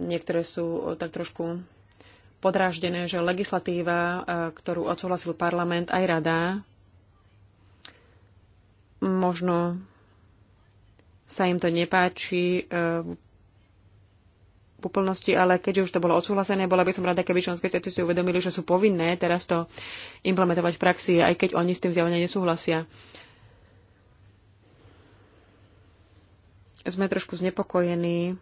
Niektoré sú tak trošku podráždené, že legislatíva, e, ktorú odsúhlasil parlament aj rada, možno sa im to nepáči e, v úplnosti, ale keďže už to bolo odsúhlasené, bola by som rada, keby členské štáty si uvedomili, že sú povinné teraz to implementovať v praxi, aj keď oni s tým zjavne nesúhlasia. Sme trošku znepokojení,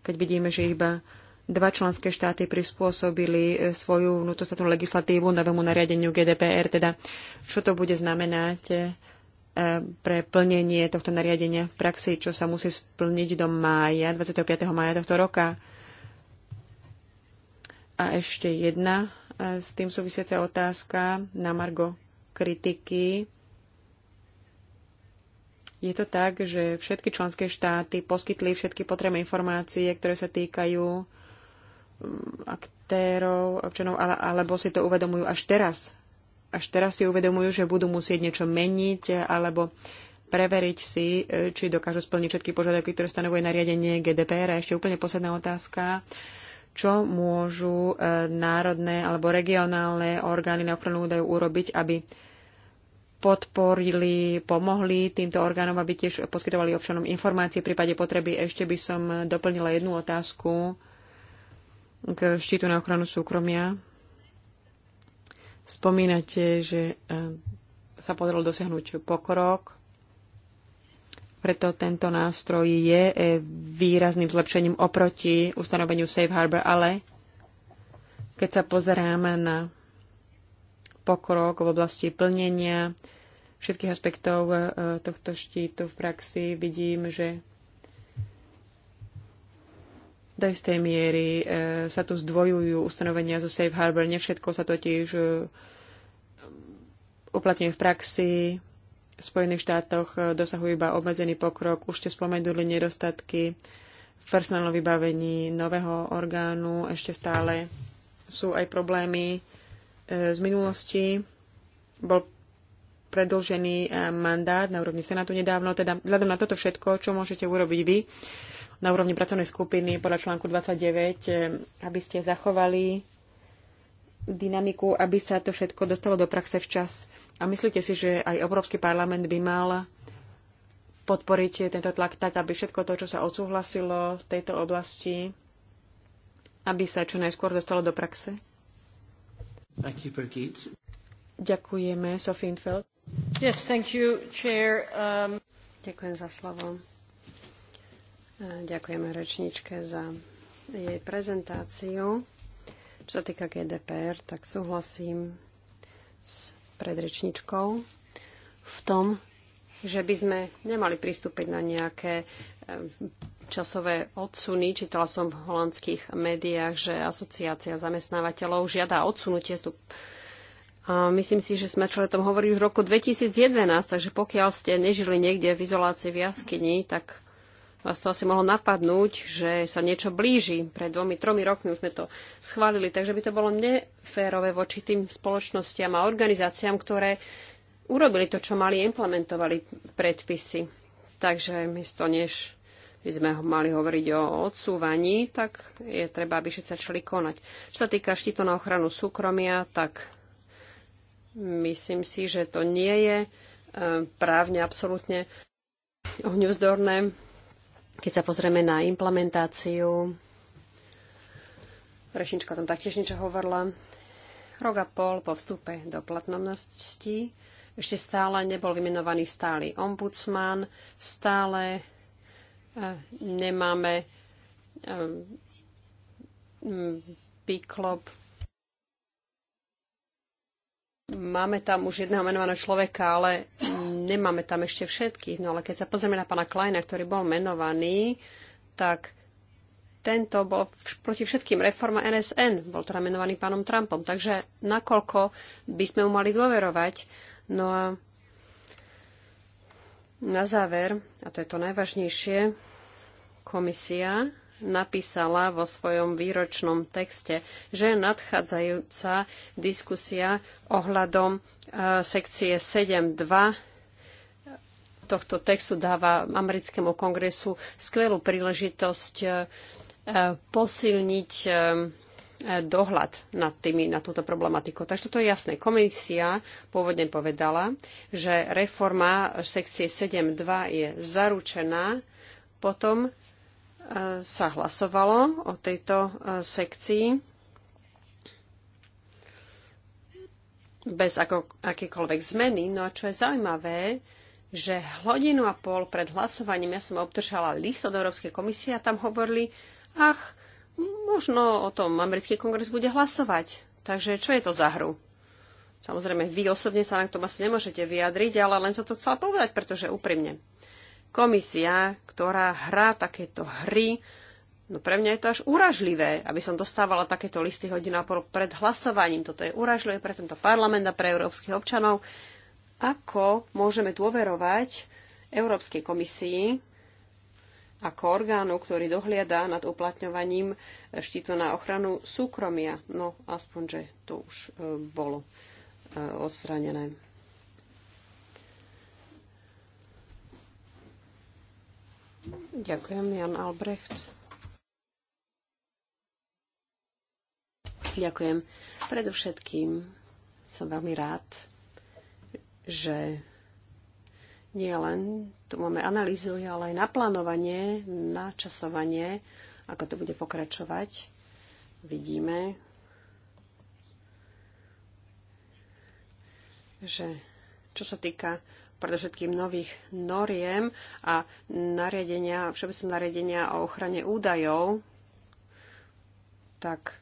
keď vidíme, že iba Dva členské štáty prispôsobili e, svoju vnútrostatnú legislatívu novému nariadeniu GDPR, teda čo to bude znamenať e, pre plnenie tohto nariadenia v praxi, čo sa musí splniť do mája, 25. mája tohto roka. A ešte jedna e, s tým súvisiaca otázka na Margo kritiky. Je to tak, že všetky členské štáty poskytli všetky potrebné informácie, ktoré sa týkajú aktérov, občanov, ale, alebo si to uvedomujú až teraz. Až teraz si uvedomujú, že budú musieť niečo meniť alebo preveriť si, či dokážu splniť všetky požiadavky, ktoré stanovuje nariadenie GDPR. A ešte úplne posledná otázka. Čo môžu e, národné alebo regionálne orgány na ochranu údajov urobiť, aby podporili, pomohli týmto orgánom, aby tiež poskytovali občanom informácie v prípade potreby. Ešte by som doplnila jednu otázku k štítu na ochranu súkromia. Spomínate, že e, sa podarilo dosiahnuť pokrok, preto tento nástroj je e, výrazným zlepšením oproti ustanoveniu Safe Harbor, ale keď sa pozeráme na pokrok v oblasti plnenia všetkých aspektov e, tohto štítu v praxi, vidím, že do istej miery e, sa tu zdvojujú ustanovenia zo Safe Harbor. Nevšetko sa totiž e, uplatňuje v praxi. V Spojených štátoch e, dosahujú iba obmedzený pokrok. Už ste spomenuli nedostatky v personálnom vybavení nového orgánu. Ešte stále sú aj problémy z minulosti. Bol predlžený mandát na úrovni Senátu nedávno. Teda vzhľadom na toto všetko, čo môžete urobiť vy, na úrovni pracovnej skupiny podľa článku 29, eh, aby ste zachovali dynamiku, aby sa to všetko dostalo do praxe včas. A myslíte si, že aj Európsky parlament by mal podporiť tento tlak tak, aby všetko to, čo sa odsúhlasilo v tejto oblasti, aby sa čo najskôr dostalo do praxe? You, Ďakujeme, Sophie Infeld. Yes, you, um... Ďakujem za slovo. Ďakujeme rečničke za jej prezentáciu. Čo sa týka GDPR, tak súhlasím s predrečničkou v tom, že by sme nemali pristúpiť na nejaké e, časové odsuny. Čítala som v holandských médiách, že asociácia zamestnávateľov žiada odsunutie a myslím si, že sme čo tom hovorili už v roku 2011, takže pokiaľ ste nežili niekde v izolácii v jaskyni, tak vás to asi mohlo napadnúť, že sa niečo blíži. Pred dvomi, tromi rokmi už sme to schválili, takže by to bolo neférové voči tým spoločnostiam a organizáciám, ktoré urobili to, čo mali, implementovali predpisy. Takže miesto než by sme mali hovoriť o odsúvaní, tak je treba, aby všetci začali konať. Čo sa týka štítu na ochranu súkromia, tak myslím si, že to nie je eh, právne absolútne ohňovzdorné keď sa pozrieme na implementáciu, Rešnička tam taktiež niečo hovorila, rok a pol po vstupe do platnosti ešte stále nebol vymenovaný stály ombudsman, stále eh, nemáme výklop eh, máme tam už jedného menovaného človeka, ale nemáme tam ešte všetkých. No ale keď sa pozrieme na pána Kleina, ktorý bol menovaný, tak tento bol proti všetkým reforma NSN, bol teda menovaný pánom Trumpom. Takže nakoľko by sme mu mali dôverovať? No a na záver, a to je to najvažnejšie, komisia napísala vo svojom výročnom texte, že nadchádzajúca diskusia ohľadom e, sekcie 7.2 tohto textu dáva americkému kongresu skvelú príležitosť e, posilniť e, dohľad nad, tými, na túto problematiku. Takže toto je jasné. Komisia pôvodne povedala, že reforma sekcie 7.2 je zaručená potom, sa hlasovalo o tejto e, sekcii bez ako, akékoľvek zmeny. No a čo je zaujímavé, že hodinu a pol pred hlasovaním ja som obdržala list od Európskej komisie a tam hovorili, ach, možno o tom americký kongres bude hlasovať. Takže čo je to za hru? Samozrejme, vy osobne sa na tom asi nemôžete vyjadriť, ale len som to chcela povedať, pretože úprimne komisia, ktorá hrá takéto hry, No pre mňa je to až uražlivé, aby som dostávala takéto listy hodina pred hlasovaním. Toto je uražlivé pre tento parlament a pre európskych občanov. Ako môžeme dôverovať Európskej komisii ako orgánu, ktorý dohliada nad uplatňovaním štítu na ochranu súkromia? No, aspoň, že to už e, bolo e, odstranené. Ďakujem, Jan Albrecht. Ďakujem. Predovšetkým som veľmi rád, že nie len tu máme analýzu, ale aj naplánovanie, načasovanie, ako to bude pokračovať. Vidíme, že čo sa týka predovšetkým nových noriem a nariadenia, všeobecné nariadenia o ochrane údajov, tak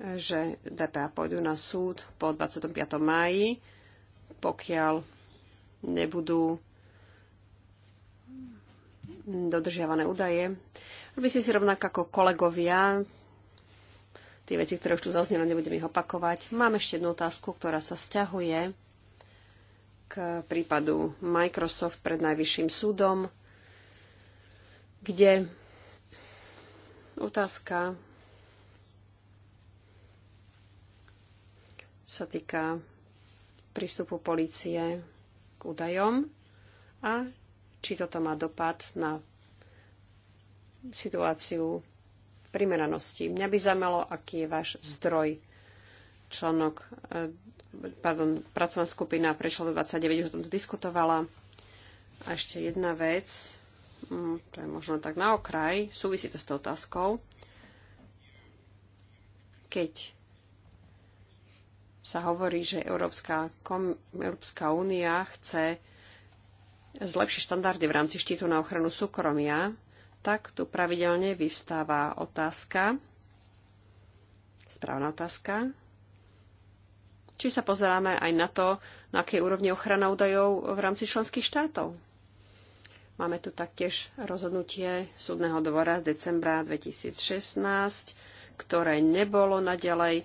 že DPA pôjdu na súd po 25. máji, pokiaľ nebudú dodržiavané údaje. Robí si si rovnako ako kolegovia. Tie veci, ktoré už tu zaznelo, nebudem ich opakovať. Mám ešte jednu otázku, ktorá sa vzťahuje k prípadu Microsoft pred Najvyšším súdom, kde otázka sa týka prístupu policie k údajom a či toto má dopad na situáciu primeranosti. Mňa by zaujímalo, aký je váš zdroj. Článok e, pardon, pracovná skupina prešla do 29 už o tomto diskutovala. A ešte jedna vec, mm, to je možno tak na okraj, súvisí to s tou otázkou. Keď sa hovorí, že Európska, kom, Európska únia chce zlepšiť štandardy v rámci štítu na ochranu súkromia, tak tu pravidelne vyvstáva otázka, správna otázka, či sa pozeráme aj na to, na aké úrovni ochrana údajov v rámci členských štátov. Máme tu taktiež rozhodnutie súdneho dvora z decembra 2016, ktoré nebolo nadalej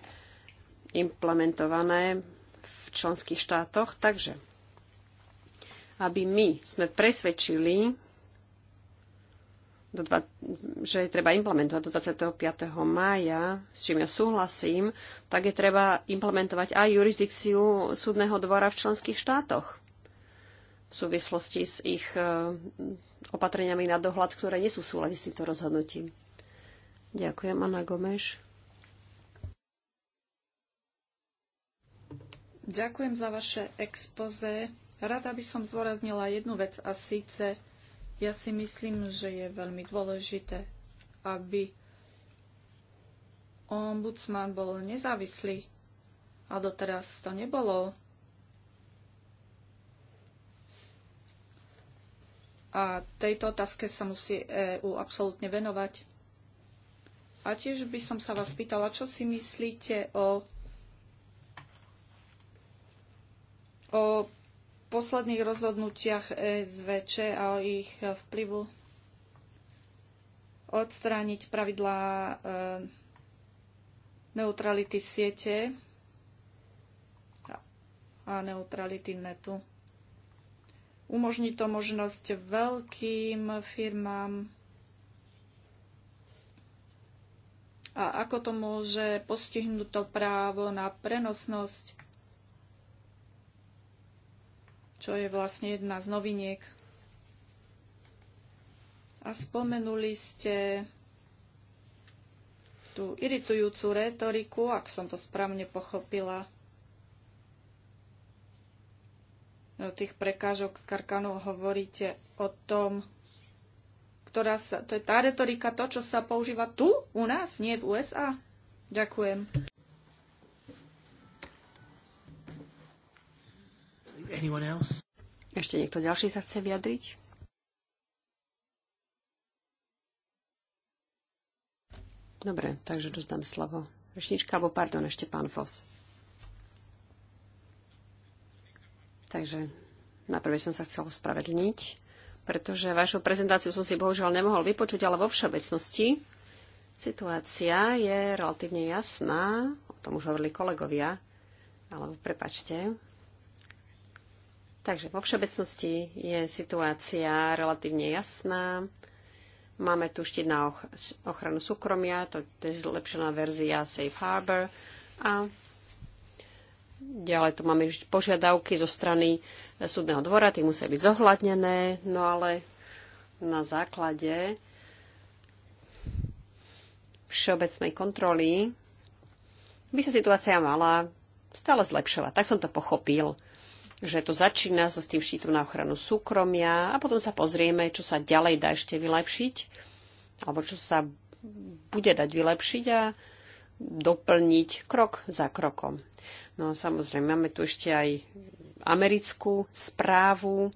implementované v členských štátoch. Takže, aby my sme presvedčili do dva, že je treba implementovať do 25. mája, s čím ja súhlasím, tak je treba implementovať aj jurisdikciu súdneho dvora v členských štátoch v súvislosti s ich e, opatreniami na dohľad, ktoré nie sú v súlade s týmto rozhodnutím. Ďakujem, Anna Gomeš. Ďakujem za vaše expoze. Rada by som zdôraznila jednu vec a síce ja si myslím, že je veľmi dôležité, aby ombudsman bol nezávislý. A doteraz to nebolo. A tejto otázke sa musí EU absolútne venovať. A tiež by som sa vás pýtala, čo si myslíte o, o posledných rozhodnutiach e SVČ a o ich vplyvu odstrániť pravidlá e, neutrality siete a neutrality netu. Umožní to možnosť veľkým firmám. A ako to môže postihnúť to právo na prenosnosť čo je vlastne jedna z noviniek. A spomenuli ste tú iritujúcu rétoriku, ak som to správne pochopila, no, tých prekážok z Karkanov hovoríte o tom, ktorá sa, to je tá retorika, to, čo sa používa tu, u nás, nie v USA. Ďakujem. Anyone else? Ešte niekto ďalší sa chce vyjadriť? Dobre, takže dostám slovo. rešnička alebo pardon, ešte pán Fos. Takže najprv som sa chcel ospravedlniť, pretože vašu prezentáciu som si bohužiaľ nemohol vypočuť, ale vo všeobecnosti situácia je relatívne jasná, o tom už hovorili kolegovia, alebo prepačte, Takže vo všeobecnosti je situácia relatívne jasná. Máme tu štít na ochranu súkromia, to, to je zlepšená verzia Safe Harbor a ďalej tu máme požiadavky zo strany eh, súdneho dvora, tie musia byť zohľadnené, no ale na základe všeobecnej kontroly by sa situácia mala stále zlepšovať. Tak som to pochopil že to začína so tým štítom na ochranu súkromia a potom sa pozrieme, čo sa ďalej dá ešte vylepšiť alebo čo sa bude dať vylepšiť a doplniť krok za krokom. No samozrejme, máme tu ešte aj americkú správu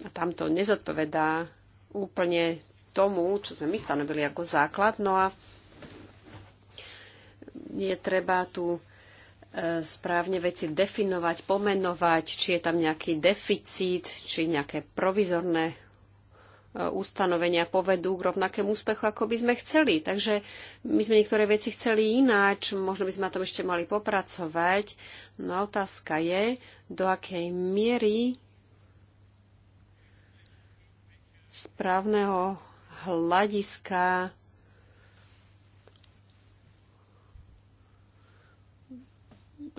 a tam to nezodpovedá úplne tomu, čo sme my stanovili ako základ. No a je treba tu E, správne veci definovať, pomenovať, či je tam nejaký deficit, či nejaké provizorné e, ustanovenia povedú k rovnakému úspechu, ako by sme chceli. Takže my sme niektoré veci chceli ináč, možno by sme na tom ešte mali popracovať. No a otázka je, do akej miery správneho hľadiska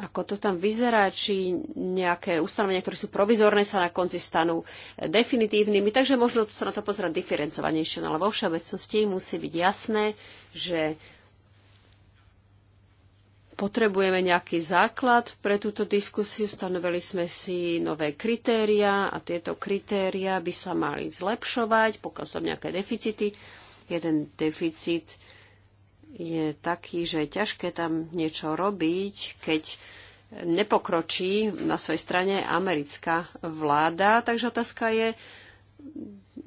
ako to tam vyzerá, či nejaké ustanovenia, ktoré sú provizorné, sa na konci stanú definitívnymi, takže možno sa na to pozerať diferencovanejšie, no ale vo všeobecnosti musí byť jasné, že potrebujeme nejaký základ pre túto diskusiu, stanovili sme si nové kritéria a tieto kritéria by sa mali zlepšovať, pokiaľ sú tam nejaké deficity. Jeden deficit je taký, že je ťažké tam niečo robiť, keď nepokročí na svojej strane americká vláda. Takže otázka je,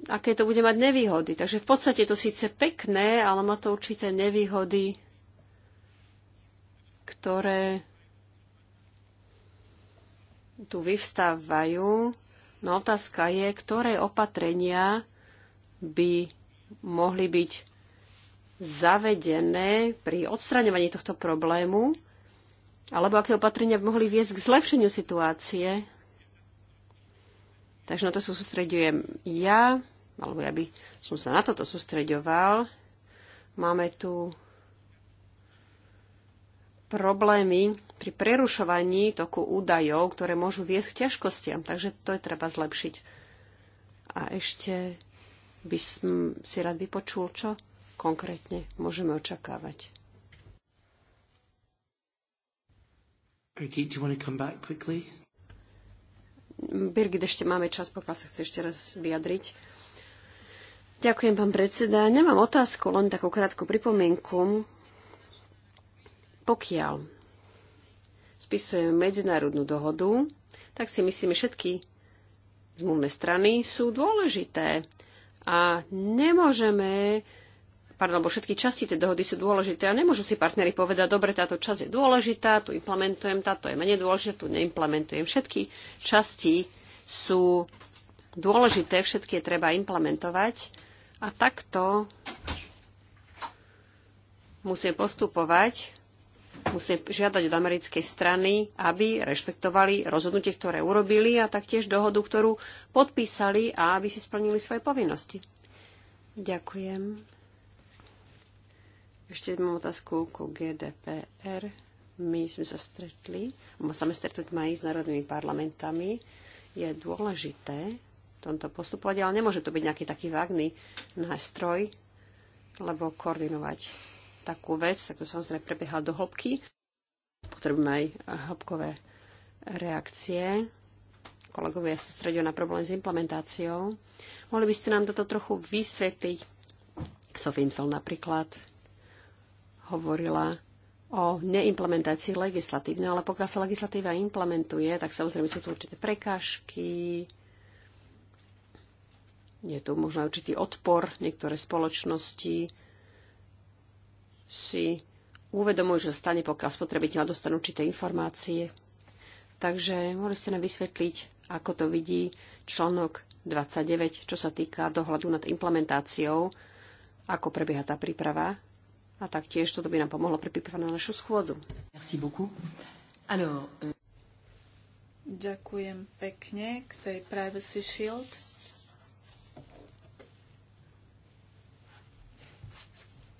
aké to bude mať nevýhody. Takže v podstate je to síce pekné, ale má to určité nevýhody, ktoré tu vyvstávajú. No otázka je, ktoré opatrenia by mohli byť zavedené pri odstraňovaní tohto problému, alebo aké opatrenia by mohli viesť k zlepšeniu situácie. Takže na to sa sústredujem ja, alebo ja by som sa na toto sústreďoval. Máme tu problémy pri prerušovaní toku údajov, ktoré môžu viesť k ťažkostiam, takže to je treba zlepšiť. A ešte by som si rád vypočul, čo konkrétne môžeme očakávať? Birgit, do you want to come back quickly? Birgit, ešte máme čas, pokiaľ sa chce ešte raz vyjadriť. Ďakujem, pán predseda. Nemám otázku, len takú krátku pripomienku. Pokiaľ spisujeme medzinárodnú dohodu, tak si myslím, že všetky zmluvné strany sú dôležité a nemôžeme pardon, lebo všetky časti tej dohody sú dôležité a nemôžu si partnery povedať, dobre, táto časť je dôležitá, tu implementujem, táto je menej dôležitá, tu neimplementujem. Všetky časti sú dôležité, všetky je treba implementovať a takto musím postupovať, musím žiadať od americkej strany, aby rešpektovali rozhodnutie, ktoré urobili a taktiež dohodu, ktorú podpísali a aby si splnili svoje povinnosti. Ďakujem. Ešte mám otázku ku GDPR. My sme sa stretli, máme stretnúť aj s národnými parlamentami. Je dôležité tomto postupovať, ale nemôže to byť nejaký taký vágný nástroj, lebo koordinovať takú vec, tak to samozrejme prebieha do hĺbky. Potrebujeme aj hĺbkové reakcie. Kolegovia stredujú na problém s implementáciou. Mohli by ste nám toto trochu vysvetliť? Sofinfel napríklad, hovorila o neimplementácii legislatívne, no ale pokiaľ sa legislatíva implementuje, tak samozrejme sú tu určité prekážky, je tu možno určitý odpor, niektoré spoločnosti si uvedomujú, že stane, pokiaľ spotrebiteľ dostanú určité informácie. Takže mohli ste nám vysvetliť, ako to vidí článok 29, čo sa týka dohľadu nad implementáciou, ako prebieha tá príprava a taktiež toto by nám pomohlo pripravať na našu schôdzu. Merci beaucoup. Alors, euh... Ďakujem pekne k tej Privacy Shield.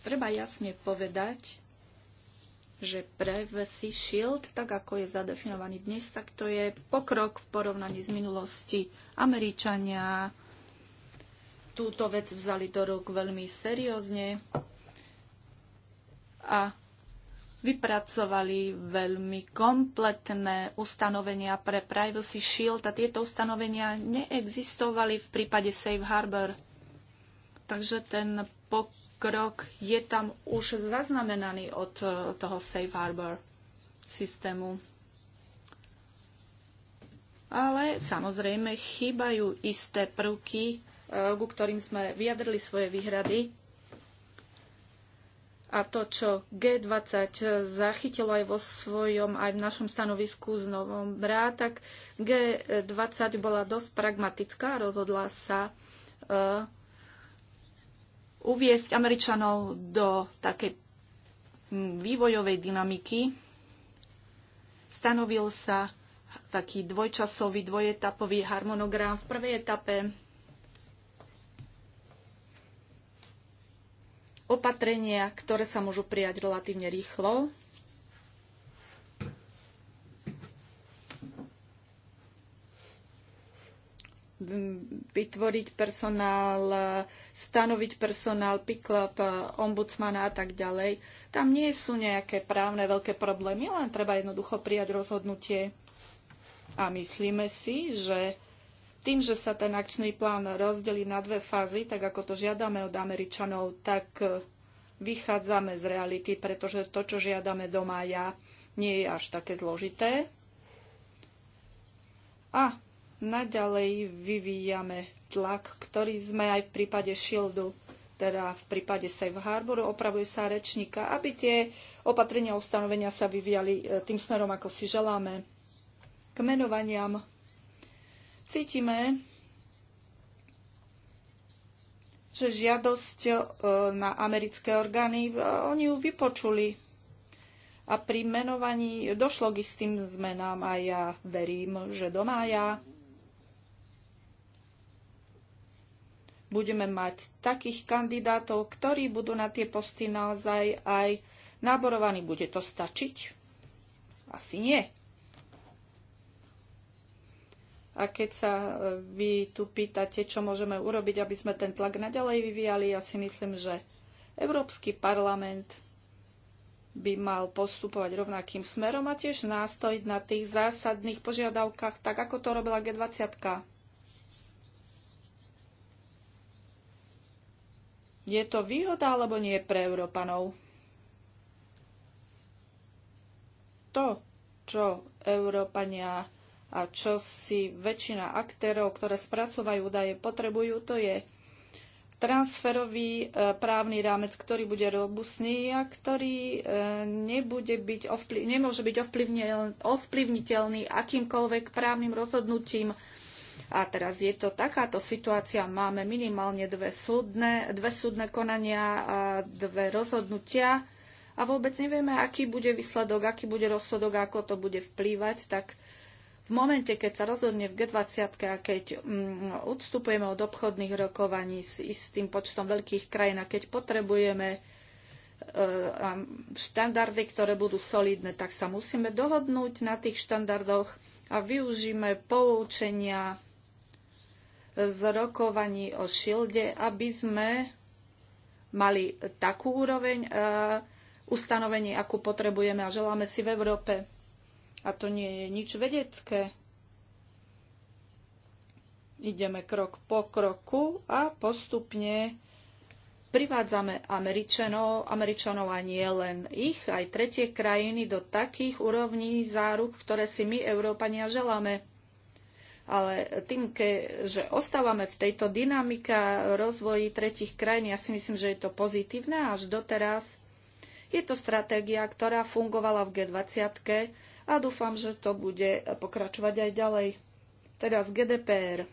Treba jasne povedať, že Privacy Shield, tak ako je zadefinovaný dnes, tak to je pokrok v porovnaní s minulosti. Američania túto vec vzali do rúk veľmi seriózne a vypracovali veľmi kompletné ustanovenia pre Privacy Shield a tieto ustanovenia neexistovali v prípade Safe Harbor. Takže ten pokrok je tam už zaznamenaný od eh, toho Safe Harbor systému. Ale samozrejme chýbajú isté prvky, eh, ku ktorým sme vyjadrili svoje výhrady a to, čo G20 zachytilo aj vo svojom, aj v našom stanovisku z brá, tak G20 bola dosť pragmatická a rozhodla sa e, uviesť Američanov do takej vývojovej dynamiky. Stanovil sa taký dvojčasový, dvojetapový harmonogram. V prvej etape opatrenia, ktoré sa môžu prijať relatívne rýchlo. vytvoriť personál, stanoviť personál, pick-up, ombudsmana a tak ďalej. Tam nie sú nejaké právne veľké problémy, len treba jednoducho prijať rozhodnutie. A myslíme si, že tým, že sa ten akčný plán rozdelí na dve fázy, tak ako to žiadame od Američanov, tak e, vychádzame z reality, pretože to, čo žiadame doma ja, nie je až také zložité. A naďalej vyvíjame tlak, ktorý sme aj v prípade Shieldu, teda v prípade Safe Harboru, opravuje sa rečníka, aby tie opatrenia a ustanovenia sa vyvíjali e, tým smerom, ako si želáme. K menovaniam cítime, že žiadosť e, na americké orgány, e, oni ju vypočuli. A pri menovaní došlo k istým zmenám a ja verím, že do mája budeme mať takých kandidátov, ktorí budú na tie posty naozaj aj náborovaní. Bude to stačiť? Asi nie. A keď sa e, vy tu pýtate, čo môžeme urobiť, aby sme ten tlak naďalej vyvíjali, ja si myslím, že Európsky parlament by mal postupovať rovnakým smerom a tiež nástojiť na tých zásadných požiadavkách, tak ako to robila G20. Je to výhoda alebo nie pre Európanov? To, čo Európania a čo si väčšina aktérov, ktoré spracovajú údaje, potrebujú, to je transferový e, právny rámec, ktorý bude robustný a ktorý e, nebude byť ovplyv- nemôže byť ovplyvniteľný akýmkoľvek právnym rozhodnutím. A teraz je to takáto situácia. Máme minimálne dve súdne, dve súdne konania a dve rozhodnutia a vôbec nevieme, aký bude výsledok, aký bude rozsudok, ako to bude vplývať, tak v momente, keď sa rozhodne v G20 a keď mm, odstupujeme od obchodných rokovaní s istým počtom veľkých krajín a keď potrebujeme e, štandardy, ktoré budú solidné, tak sa musíme dohodnúť na tých štandardoch a využíme poučenia z rokovaní o šilde, aby sme mali takú úroveň e, ustanovení, akú potrebujeme a želáme si v Európe. A to nie je nič vedecké. Ideme krok po kroku a postupne privádzame Američanov, Američanov a nie len ich, aj tretie krajiny do takých úrovní záruk, ktoré si my, Európania, želáme. Ale tým, ke, že ostávame v tejto dynamika rozvoji tretich krajín, ja si myslím, že je to pozitívne až doteraz. Je to stratégia, ktorá fungovala v G20, a dúfam, že to bude pokračovať aj ďalej. Teraz GDPR.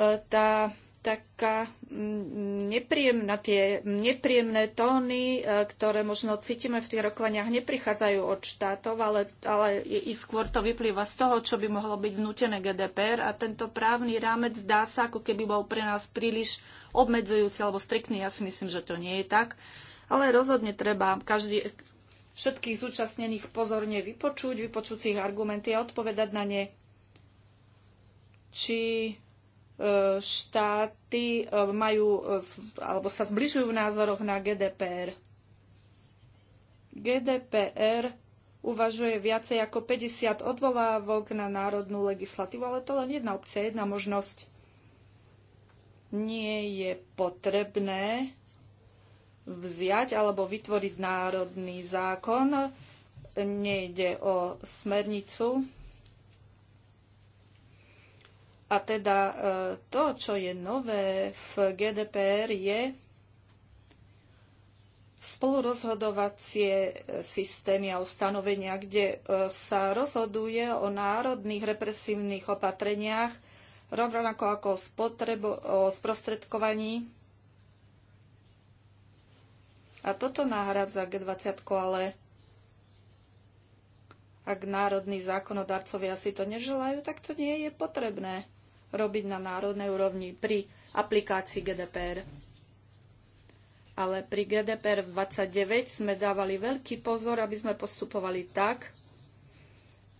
E, tá taká mm, nepríjemná, tie nepríjemné tóny, e, ktoré možno cítime v tých rokovaniach, neprichádzajú od štátov, ale, ale i skôr to vyplýva z toho, čo by mohlo byť vnútené GDPR a tento právny rámec dá sa, ako keby bol pre nás príliš obmedzujúci alebo striktný. Ja si myslím, že to nie je tak. Ale rozhodne treba každý, všetkých zúčastnených pozorne vypočuť, vypočuť si ich argumenty a odpovedať na ne. Či štáty e, majú e, alebo sa zbližujú v názoroch na GDPR. GDPR uvažuje viacej ako 50 odvolávok na národnú legislatívu, ale to len jedna opcia, jedna možnosť. Nie je potrebné vziať alebo vytvoriť národný zákon. Nejde o smernicu, a teda e, to, čo je nové v GDPR, je spolurozhodovacie e, systémy a ustanovenia, kde e, sa rozhoduje o národných represívnych opatreniach, rovnako ako o, spotrebo, o sprostredkovaní. A toto nahrádza G20, ale ak národní zákonodarcovia si to neželajú, tak to nie je potrebné robiť na národnej úrovni pri aplikácii GDPR. Ale pri GDPR 29 sme dávali veľký pozor, aby sme postupovali tak,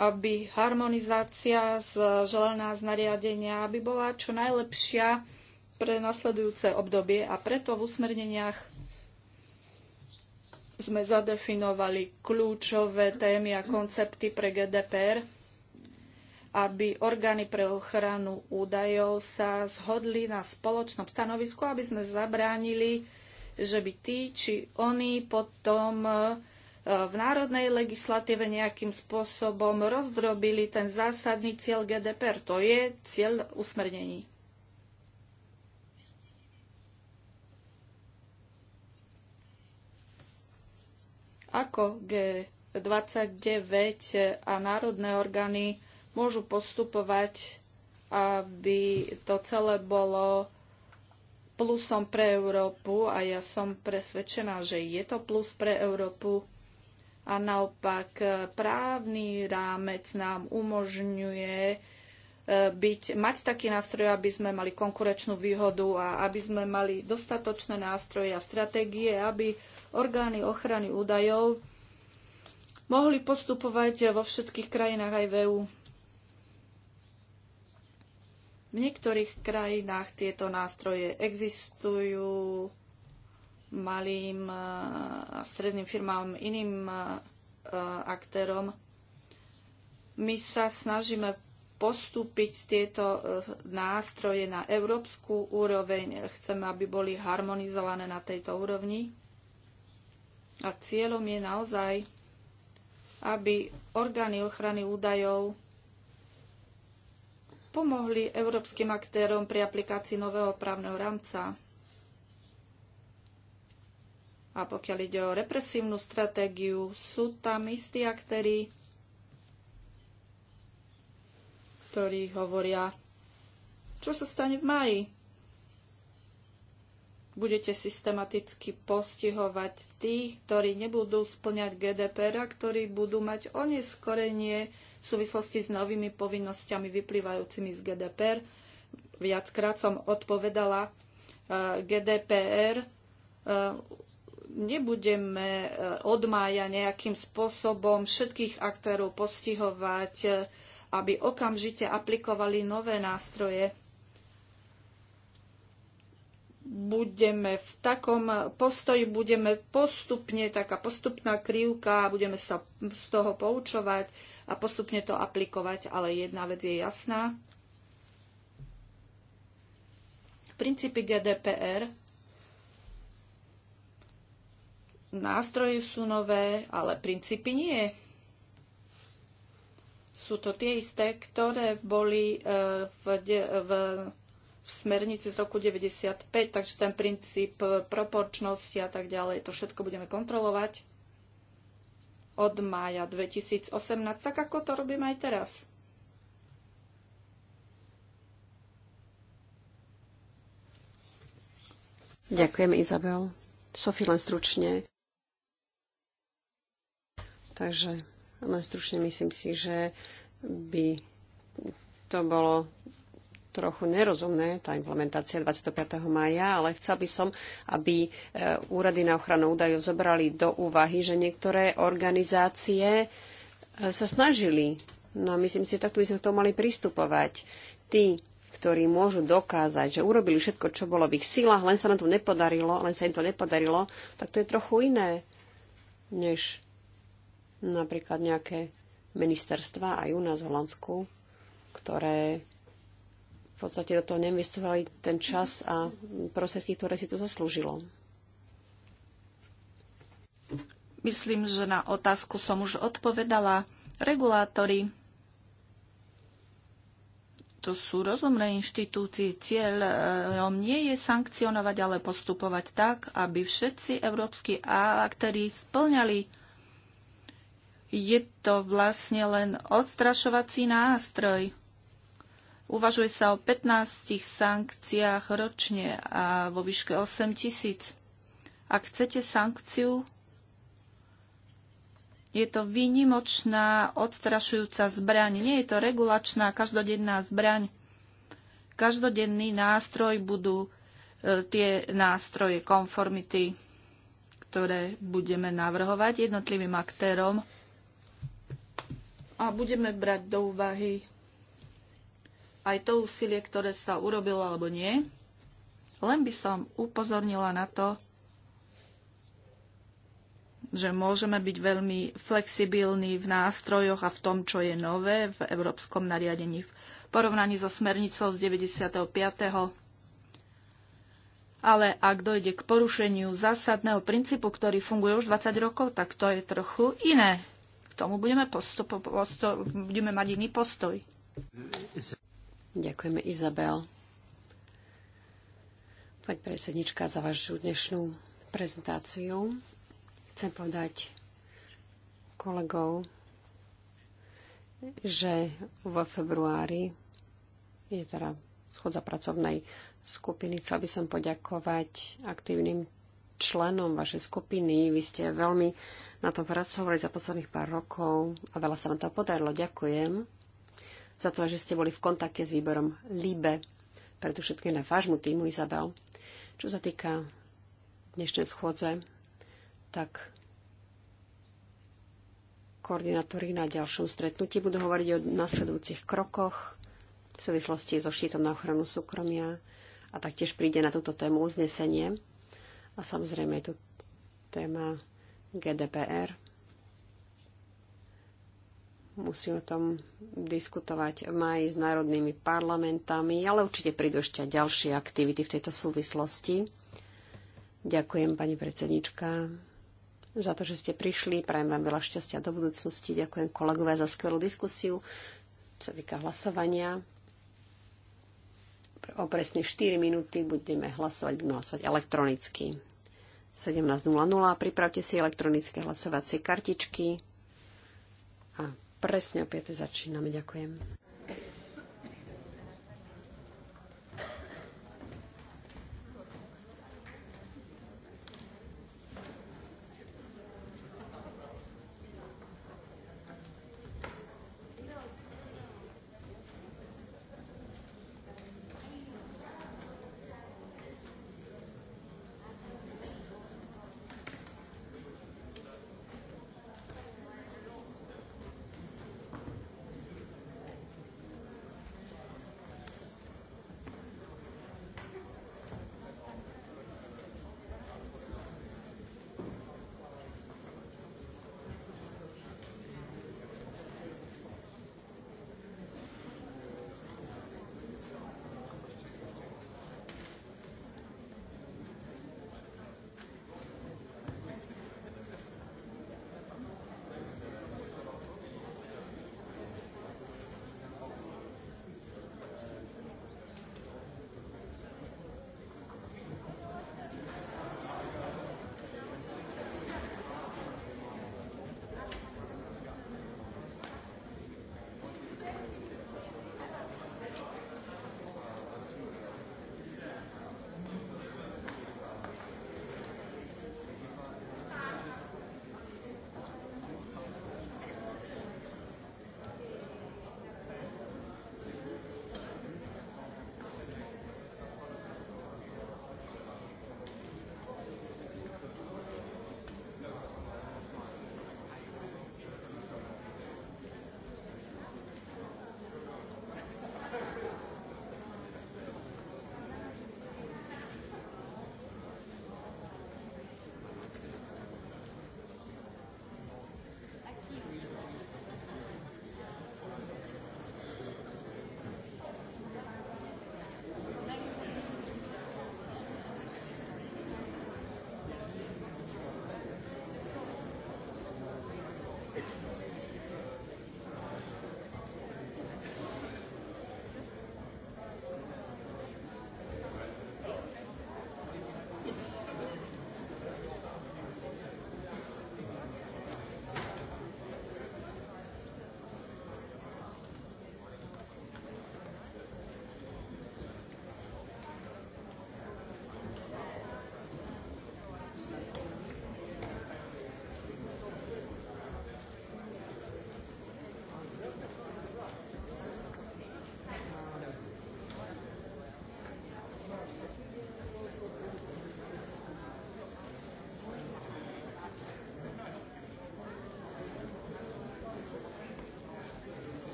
aby harmonizácia z želená z nariadenia aby bola čo najlepšia pre nasledujúce obdobie a preto v usmerneniach sme zadefinovali kľúčové témy a koncepty pre GDPR aby orgány pre ochranu údajov sa zhodli na spoločnom stanovisku, aby sme zabránili, že by tí či oni potom e, v národnej legislatíve nejakým spôsobom rozdrobili ten zásadný cieľ GDPR. To je cieľ usmernení. Ako G29 a národné orgány môžu postupovať, aby to celé bolo plusom pre Európu a ja som presvedčená, že je to plus pre Európu a naopak e, právny rámec nám umožňuje e, byť, mať taký nástroj, aby sme mali konkurečnú výhodu a aby sme mali dostatočné nástroje a stratégie, aby orgány ochrany údajov mohli postupovať vo všetkých krajinách aj v EU. V niektorých krajinách tieto nástroje existujú, malým eh, a stredným firmám, iným eh, eh, aktérom. My sa snažíme postúpiť tieto nástroje na európsku úroveň. Chceme, aby boli harmonizované na tejto úrovni. A cieľom je naozaj, aby orgány ochrany údajov pomohli európskym aktérom pri aplikácii nového právneho rámca. A pokiaľ ide o represívnu stratégiu, sú tam istí aktéry, ktorí hovoria, čo sa stane v maji. Budete systematicky postihovať tých, ktorí nebudú splňať GDPR a ktorí budú mať oneskorenie v súvislosti s novými povinnosťami vyplývajúcimi z GDPR. Viackrát som odpovedala e, GDPR. E, nebudeme e, od mája nejakým spôsobom všetkých aktérov postihovať, aby okamžite aplikovali nové nástroje budeme v takom postoji, budeme postupne, taká postupná krivka, budeme sa z toho poučovať a postupne to aplikovať, ale jedna vec je jasná. Princípy GDPR nástroje sú nové, ale princípy nie. Sú to tie isté, ktoré boli e, v, v v smernici z roku 95, takže ten princíp e, proporčnosti a tak ďalej, to všetko budeme kontrolovať od mája 2018, tak ako to robím aj teraz. Ďakujem, Izabel. Sofie, len stručne. Takže len stručne myslím si, že by to bolo trochu nerozumné, tá implementácia 25. maja, ale chcel by som, aby eh, úrady na ochranu údajov zobrali do úvahy, že niektoré organizácie eh, sa snažili. No myslím si, že takto by sme k tomu mali pristupovať. Tí, ktorí môžu dokázať, že urobili všetko, čo bolo v ich silách, len sa nám to nepodarilo, len sa im to nepodarilo, tak to je trochu iné, než napríklad nejaké ministerstva aj u nás v Holandsku, ktoré podstate do toho neinvestovali ten čas a prostriedky, ktoré si to zaslúžilo. Myslím, že na otázku som už odpovedala. Regulátory to sú rozumné inštitúcie. Cieľom e, nie je sankcionovať, ale postupovať tak, aby všetci európsky aktéry splňali. Je to vlastne len odstrašovací nástroj. Uvažuje sa o 15 sankciách ročne a vo výške 8 tisíc. Ak chcete sankciu, je to výnimočná, odstrašujúca zbraň. Nie je to regulačná, každodenná zbraň. Každodenný nástroj budú e, tie nástroje konformity, ktoré budeme navrhovať jednotlivým aktérom a budeme brať do úvahy aj to úsilie, ktoré sa urobilo alebo nie. Len by som upozornila na to, že môžeme byť veľmi flexibilní v nástrojoch a v tom, čo je nové v európskom nariadení v porovnaní so smernicou z 95. Ale ak dojde k porušeniu zásadného princípu, ktorý funguje už 20 rokov, tak to je trochu iné. K tomu budeme, postup, postup, budeme mať iný postoj. Ďakujeme, Izabel. Pani predsednička, za vašu dnešnú prezentáciu. Chcem povedať kolegov, že vo februári je teda schodza pracovnej skupiny. Chcel by som poďakovať aktívnym členom vašej skupiny. Vy ste veľmi na tom pracovali za posledných pár rokov a veľa sa vám to podarilo. Ďakujem za to, že ste boli v kontakte s výborom LIBE, preto všetko na vášmu týmu, Izabel. Čo sa týka dnešnej schôdze, tak koordinátori na ďalšom stretnutí budú hovoriť o nasledujúcich krokoch v súvislosti so štítom na ochranu súkromia a taktiež príde na túto tému uznesenie. A samozrejme je tu téma GDPR. Musí o tom diskutovať v s národnými parlamentami, ale určite prídu ešte ďalšie aktivity v tejto súvislosti. Ďakujem, pani predsednička, za to, že ste prišli. Prajem vám veľa šťastia do budúcnosti. Ďakujem kolegové za skvelú diskusiu, čo týka hlasovania o presne 4 minúty budeme hlasovať, budeme hlasovať elektronicky. 17.00. Pripravte si elektronické hlasovacie kartičky a presne o 5. začíname. Ďakujem.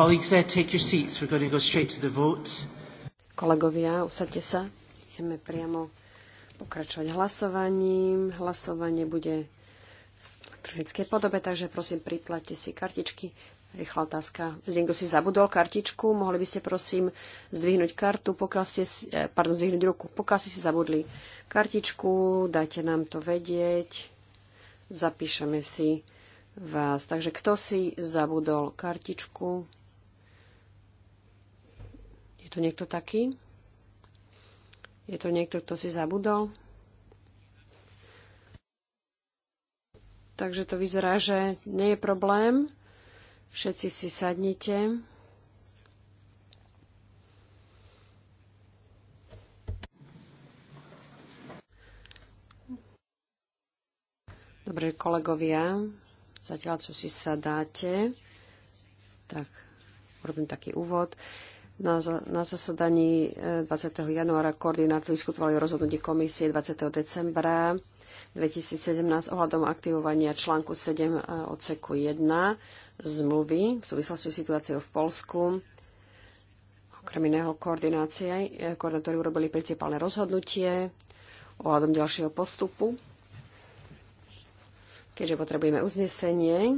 Colleagues, uh, take your seats. We're going to go straight to the vote. Kolegovia, usadte sa. Ideme priamo pokračovať hlasovaním. Hlasovanie bude v elektronickej podobe, takže prosím, priplatte si kartičky. Rýchla otázka. Niekto si zabudol kartičku? Mohli by ste prosím zdvihnúť kartu, pokiaľ ste, eh, pardon, zdvihnúť ruku. Pokiaľ ste si zabudli kartičku, dajte nám to vedieť. Zapíšeme si vás. Takže kto si zabudol kartičku? Je tu niekto taký? Je to niekto, kto si zabudol? Takže to vyzerá, že nie je problém. Všetci si sadnite. Dobre, kolegovia, zatiaľ čo si sadáte, tak robím taký úvod. Na, na zasadaní 20. E, januára koordinátori diskutovali rozhodnutie komisie 20. decembra 2017 ohľadom aktivovania článku 7 e, odseku 1 zmluvy v súvislosti s situáciou v Polsku. Okrem iného koordinácie, e, koordinátori urobili principálne rozhodnutie ohľadom ďalšieho postupu. Keďže potrebujeme uznesenie,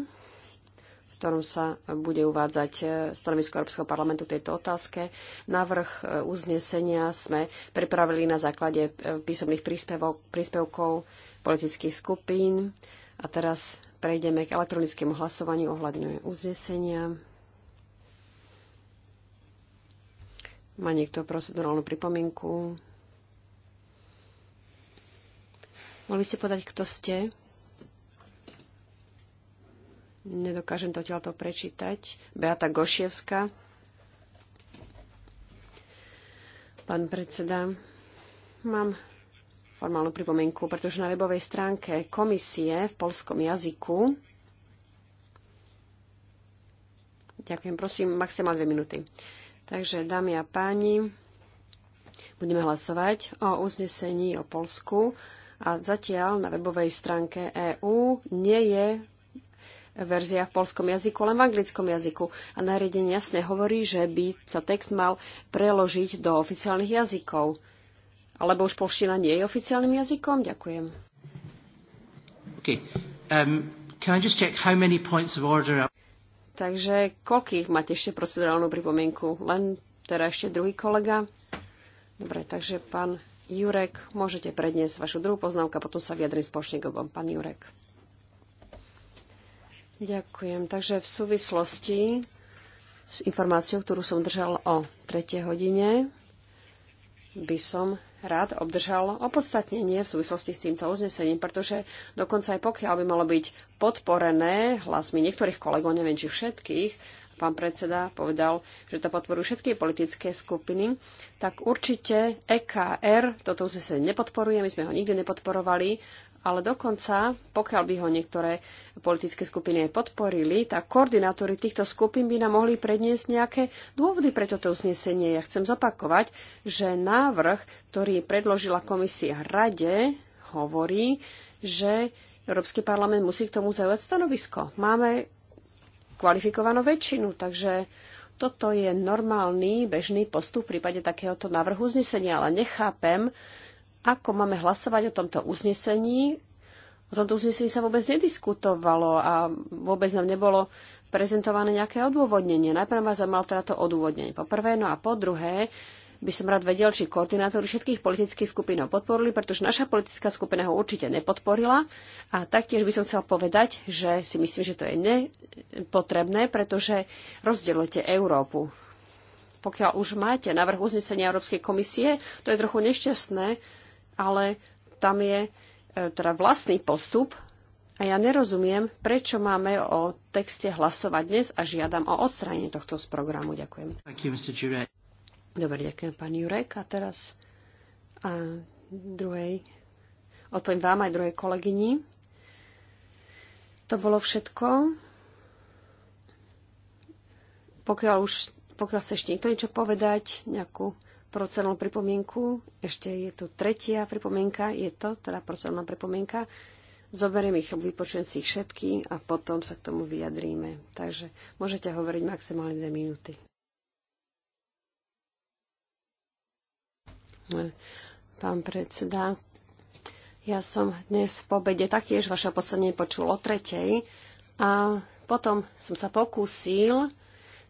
ktorom sa bude uvádzať e, stanovisko Európskeho parlamentu k tejto otázke. Navrh e, uznesenia sme pripravili na základe e, písomných príspevok, príspevkov politických skupín. A teraz prejdeme k elektronickému hlasovaniu ohľadne uznesenia. Má niekto procedurálnu pripomienku? Mohli ste podať, kto ste? Nedokážem to to prečítať. Beata Gošievska. Pán predseda, mám formálnu pripomienku, pretože na webovej stránke komisie v polskom jazyku Ďakujem, prosím, maximálne dve minúty. Takže, dámy a páni, budeme hlasovať o uznesení o Polsku a zatiaľ na webovej stránke EÚ nie je verzia v polskom jazyku, len v anglickom jazyku. A nariadenie jasne hovorí, že by sa text mal preložiť do oficiálnych jazykov. Alebo už polština nie je oficiálnym jazykom? Ďakujem. Okay. Um, can I just check how many points of order... Takže koľkých máte ešte procedurálnu pripomienku? Len teda ešte druhý kolega. Dobre, takže pán Jurek, môžete predniesť vašu druhú poznámku a potom sa vyjadrím spoločne k obom. Pán Jurek. Ďakujem. Takže v súvislosti s informáciou, ktorú som držal o 3. hodine, by som rád obdržal opodstatnenie v súvislosti s týmto uznesením, pretože dokonca aj pokiaľ by malo byť podporené hlasmi niektorých kolegov, neviem či všetkých, pán predseda povedal, že to podporujú všetky politické skupiny, tak určite EKR toto uznesenie nepodporuje, my sme ho nikdy nepodporovali ale dokonca, pokiaľ by ho niektoré politické skupiny aj podporili, tak koordinátori týchto skupín by nám mohli predniesť nejaké dôvody pre toto uznesenie. Ja chcem zopakovať, že návrh, ktorý predložila komisia rade, hovorí, že Európsky parlament musí k tomu zaujať stanovisko. Máme kvalifikovanú väčšinu, takže toto je normálny, bežný postup v prípade takéhoto návrhu uznesenia, ale nechápem, ako máme hlasovať o tomto uznesení. O tomto uznesení sa vôbec nediskutovalo a vôbec nám nebolo prezentované nejaké odôvodnenie. Najprv ma zaujímalo teda to odôvodnenie. Po prvé, no a po druhé, by som rád vedel, či koordinátori všetkých politických skupín ho podporili, pretože naša politická skupina ho určite nepodporila. A taktiež by som chcel povedať, že si myslím, že to je nepotrebné, pretože rozdielujete Európu. Pokiaľ už máte návrh uznesenia Európskej komisie, to je trochu nešťastné, ale tam je e, teda vlastný postup a ja nerozumiem, prečo máme o texte hlasovať dnes a žiadam o odstránenie tohto z programu. Ďakujem. Dobre, ďakujem, pán Jurek. A teraz a druhej, odpoviem vám aj druhej kolegyni. To bolo všetko. Pokiaľ už pokiaľ chceš niekto niečo povedať, nejakú procelnú pripomienku. Ešte je tu tretia pripomienka, je to teda procelná pripomienka. Zoberiem ich, vypočujem si ich všetky a potom sa k tomu vyjadríme. Takže môžete hovoriť maximálne dve minúty. Pán predseda, ja som dnes po obede taktiež vaše posledne počul o tretej a potom som sa pokúsil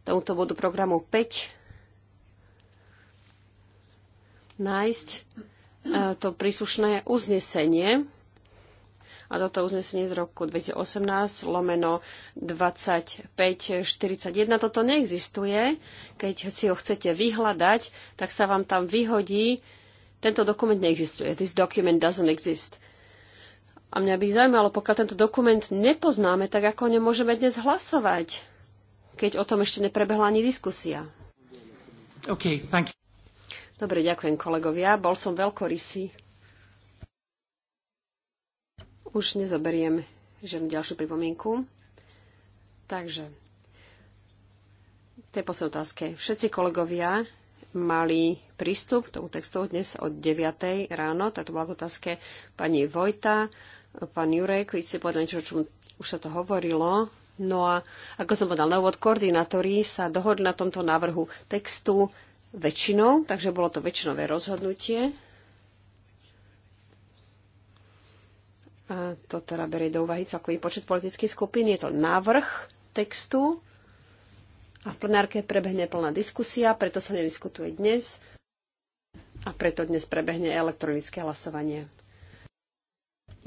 tomuto bodu programu 5 nájsť e, to príslušné uznesenie. A toto uznesenie z roku 2018 lomeno 2541 toto neexistuje. Keď si ho chcete vyhľadať, tak sa vám tam vyhodí. Tento dokument neexistuje. This document doesn't exist. A mňa by zaujímalo, pokiaľ tento dokument nepoznáme, tak ako nemôžeme dnes hlasovať, keď o tom ešte neprebehla ani diskusia. Okay, thank you. Dobre, ďakujem kolegovia. Bol som veľkorysý. Už nezoberiem žiadnu ďalšiu pripomienku. Takže, to je posledná otázka. Všetci kolegovia mali prístup k tomu textu dnes od 9. ráno. Táto bola otázka pani Vojta, pán Jurek, vy ste povedali niečo, čo už sa to hovorilo. No a ako som povedal na úvod, koordinátori sa dohodli na tomto návrhu textu väčšinou, takže bolo to väčšinové rozhodnutie. A to teda berie do úvahy celkový počet politických skupín. Je to návrh textu a v plenárke prebehne plná diskusia, preto sa nediskutuje dnes a preto dnes prebehne elektronické hlasovanie.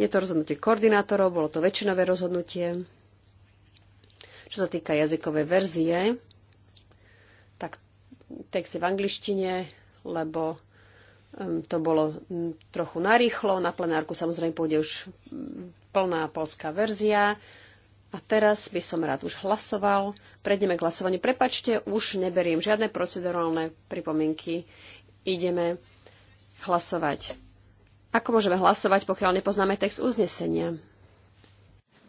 Je to rozhodnutie koordinátorov, bolo to väčšinové rozhodnutie. Čo sa týka jazykovej verzie, texty v angličtine, lebo um, to bolo mm, trochu narýchlo. Na plenárku samozrejme pôjde už mm, plná polská verzia. A teraz by som rád už hlasoval. Prejdeme k hlasovaniu. Prepačte, už neberiem žiadne procedurálne pripomienky. Ideme hlasovať. Ako môžeme hlasovať, pokiaľ nepoznáme text uznesenia?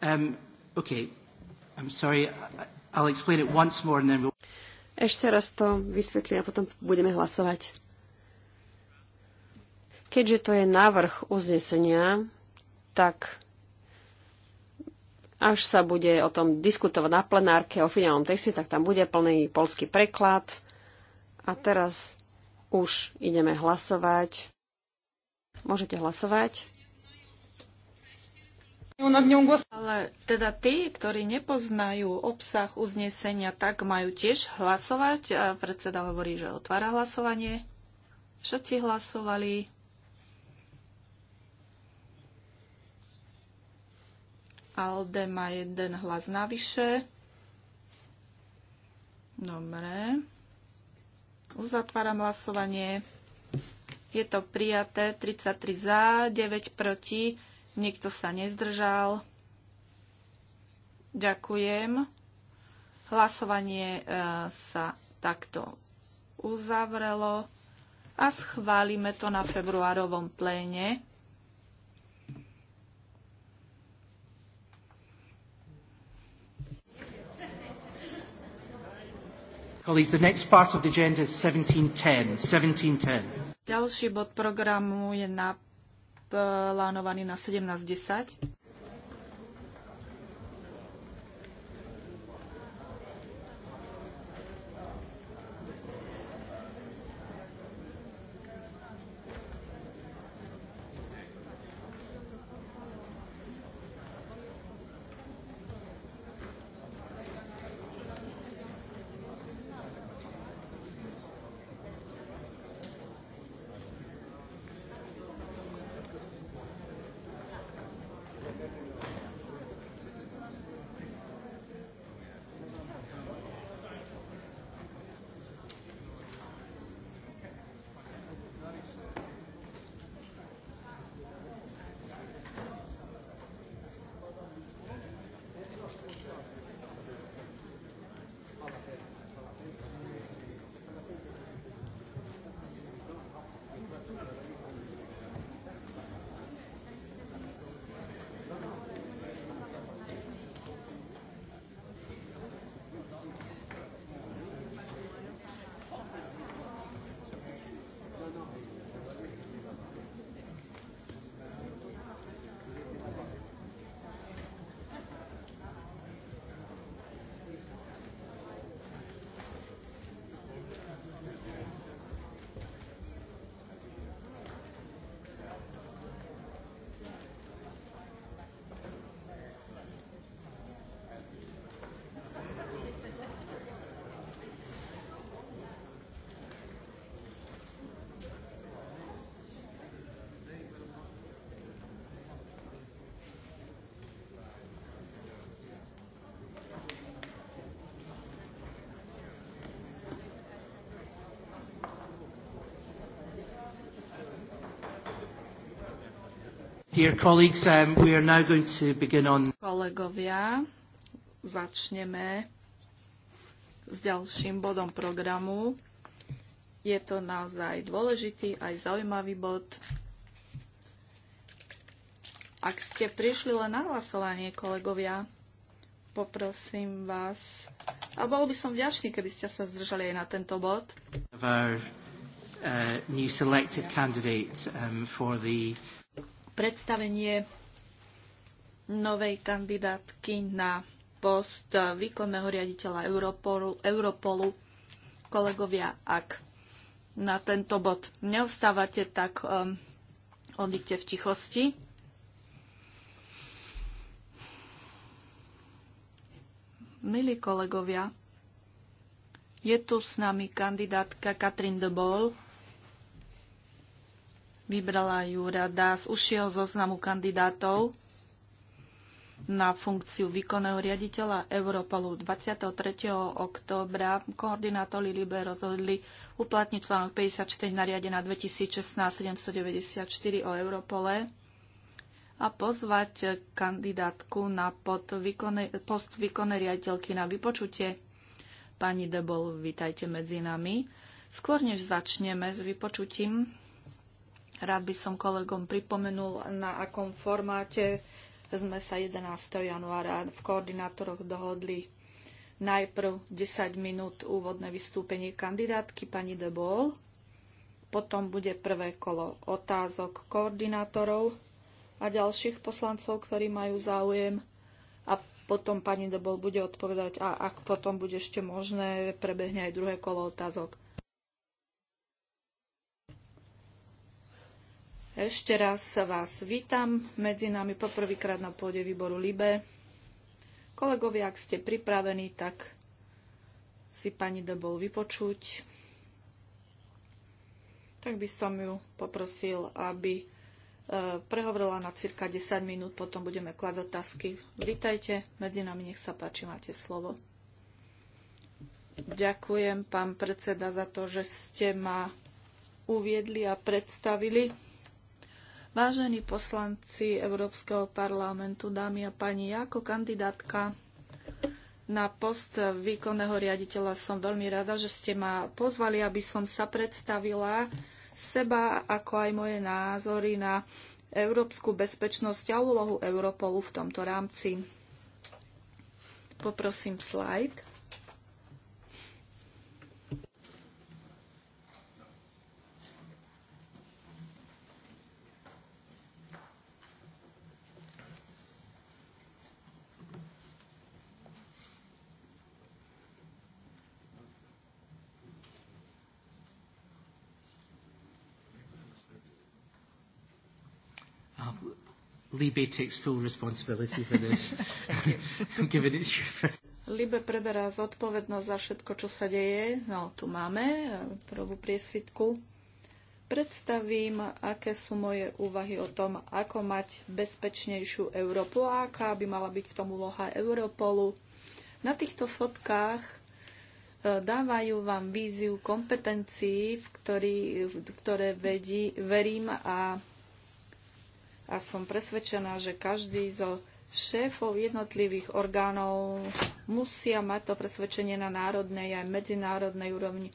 Um, okay. I'm sorry. I'll explain it once more and then we'll... Ešte raz to vysvetlím a potom budeme hlasovať. Keďže to je návrh uznesenia, tak až sa bude o tom diskutovať na plenárke o finálnom texte, tak tam bude plný polský preklad. A teraz už ideme hlasovať. Môžete hlasovať. Ale teda tí, ktorí nepoznajú obsah uznesenia, tak majú tiež hlasovať. A predseda hovorí, že otvára hlasovanie. Všetci hlasovali. Alde má jeden hlas navyše. Dobre. Uzatváram hlasovanie. Je to prijaté 33 za, 9 proti. Nikto sa nezdržal. Ďakujem. Hlasovanie e, sa takto uzavrelo a schválime to na februárovom pléne. the next part of the agenda is 1710. 1710. Ďalší bod programu je na plánovaný na 17.10. Dear colleagues, um, we are now going to begin on... Kolegovia, začneme s ďalším bodom programu. Je to naozaj dôležitý aj zaujímavý bod. Ak ste prišli len na hlasovanie, kolegovia, poprosím vás, a bol by som vďačný, keby ste sa zdržali aj na tento bod. Our, uh, new selected candidate um, for the predstavenie novej kandidátky na post výkonného riaditeľa Europolu, Europolu. Kolegovia, ak na tento bod neostávate, tak um, odíďte v tichosti. Milí kolegovia, je tu s nami kandidátka Katrin de Boll, vybrala ju rada z užšieho zoznamu kandidátov na funkciu výkonného riaditeľa Europolu 23. októbra koordinátori Libe rozhodli uplatniť článok 54 nariadená 2016-794 o Europole a pozvať kandidátku na výkone, post výkonnej riaditeľky na vypočutie. Pani Debol, vítajte medzi nami. Skôr než začneme s vypočutím, Rád by som kolegom pripomenul, na akom formáte sme sa 11. januára v koordinátoroch dohodli najprv 10 minút úvodné vystúpenie kandidátky pani De Bol, potom bude prvé kolo otázok koordinátorov a ďalších poslancov, ktorí majú záujem a potom pani de bol bude odpovedať a ak potom bude ešte možné, prebehne aj druhé kolo otázok. Ešte raz vás vítam medzi nami poprvýkrát na pôde výboru LIBE. Kolegovia, ak ste pripravení, tak si pani Debol vypočuť. Tak by som ju poprosil, aby e, prehovorila na cirka 10 minút, potom budeme klať otázky. Vítajte, medzi nami nech sa páči, máte slovo. Ďakujem, pán predseda, za to, že ste ma uviedli a predstavili. Vážení poslanci Európskeho parlamentu, dámy a páni, ja ako kandidátka na post výkonného riaditeľa som veľmi rada, že ste ma pozvali, aby som sa predstavila seba, ako aj moje názory na európsku bezpečnosť a úlohu Europolu v tomto rámci. Poprosím slajd. Libe takes full responsibility for this, given it's your Libe preberá zodpovednosť za všetko, čo sa deje. No, tu máme eh, prvú priesvitku. Predstavím, aké sú moje úvahy o tom, ako mať bezpečnejšiu Európu a aká by mala byť v tom úloha Europolu. Na týchto fotkách eh, dávajú vám víziu kompetencií, v ktorý, v ktoré vedí, verím a a som presvedčená, že každý zo šéfov jednotlivých orgánov musia mať to presvedčenie na národnej aj medzinárodnej úrovni.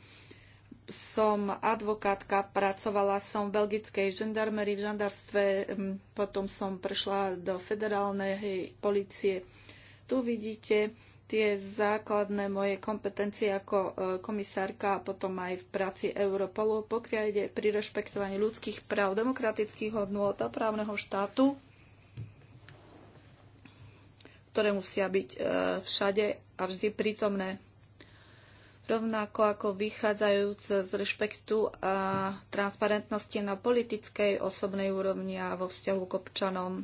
Som advokátka, pracovala som v belgickej žandarmerii, v žandarstve, mm, potom som prešla do federálnej policie. Tu vidíte, tie základné moje kompetencie ako e, komisárka a potom aj v práci Europolu, pokriade pri rešpektovaní ľudských práv, demokratických hodnôt a právneho štátu, ktoré musia byť e, všade a vždy prítomné. Rovnako ako vychádzajúc z rešpektu a transparentnosti na politickej osobnej úrovni a vo vzťahu k občanom.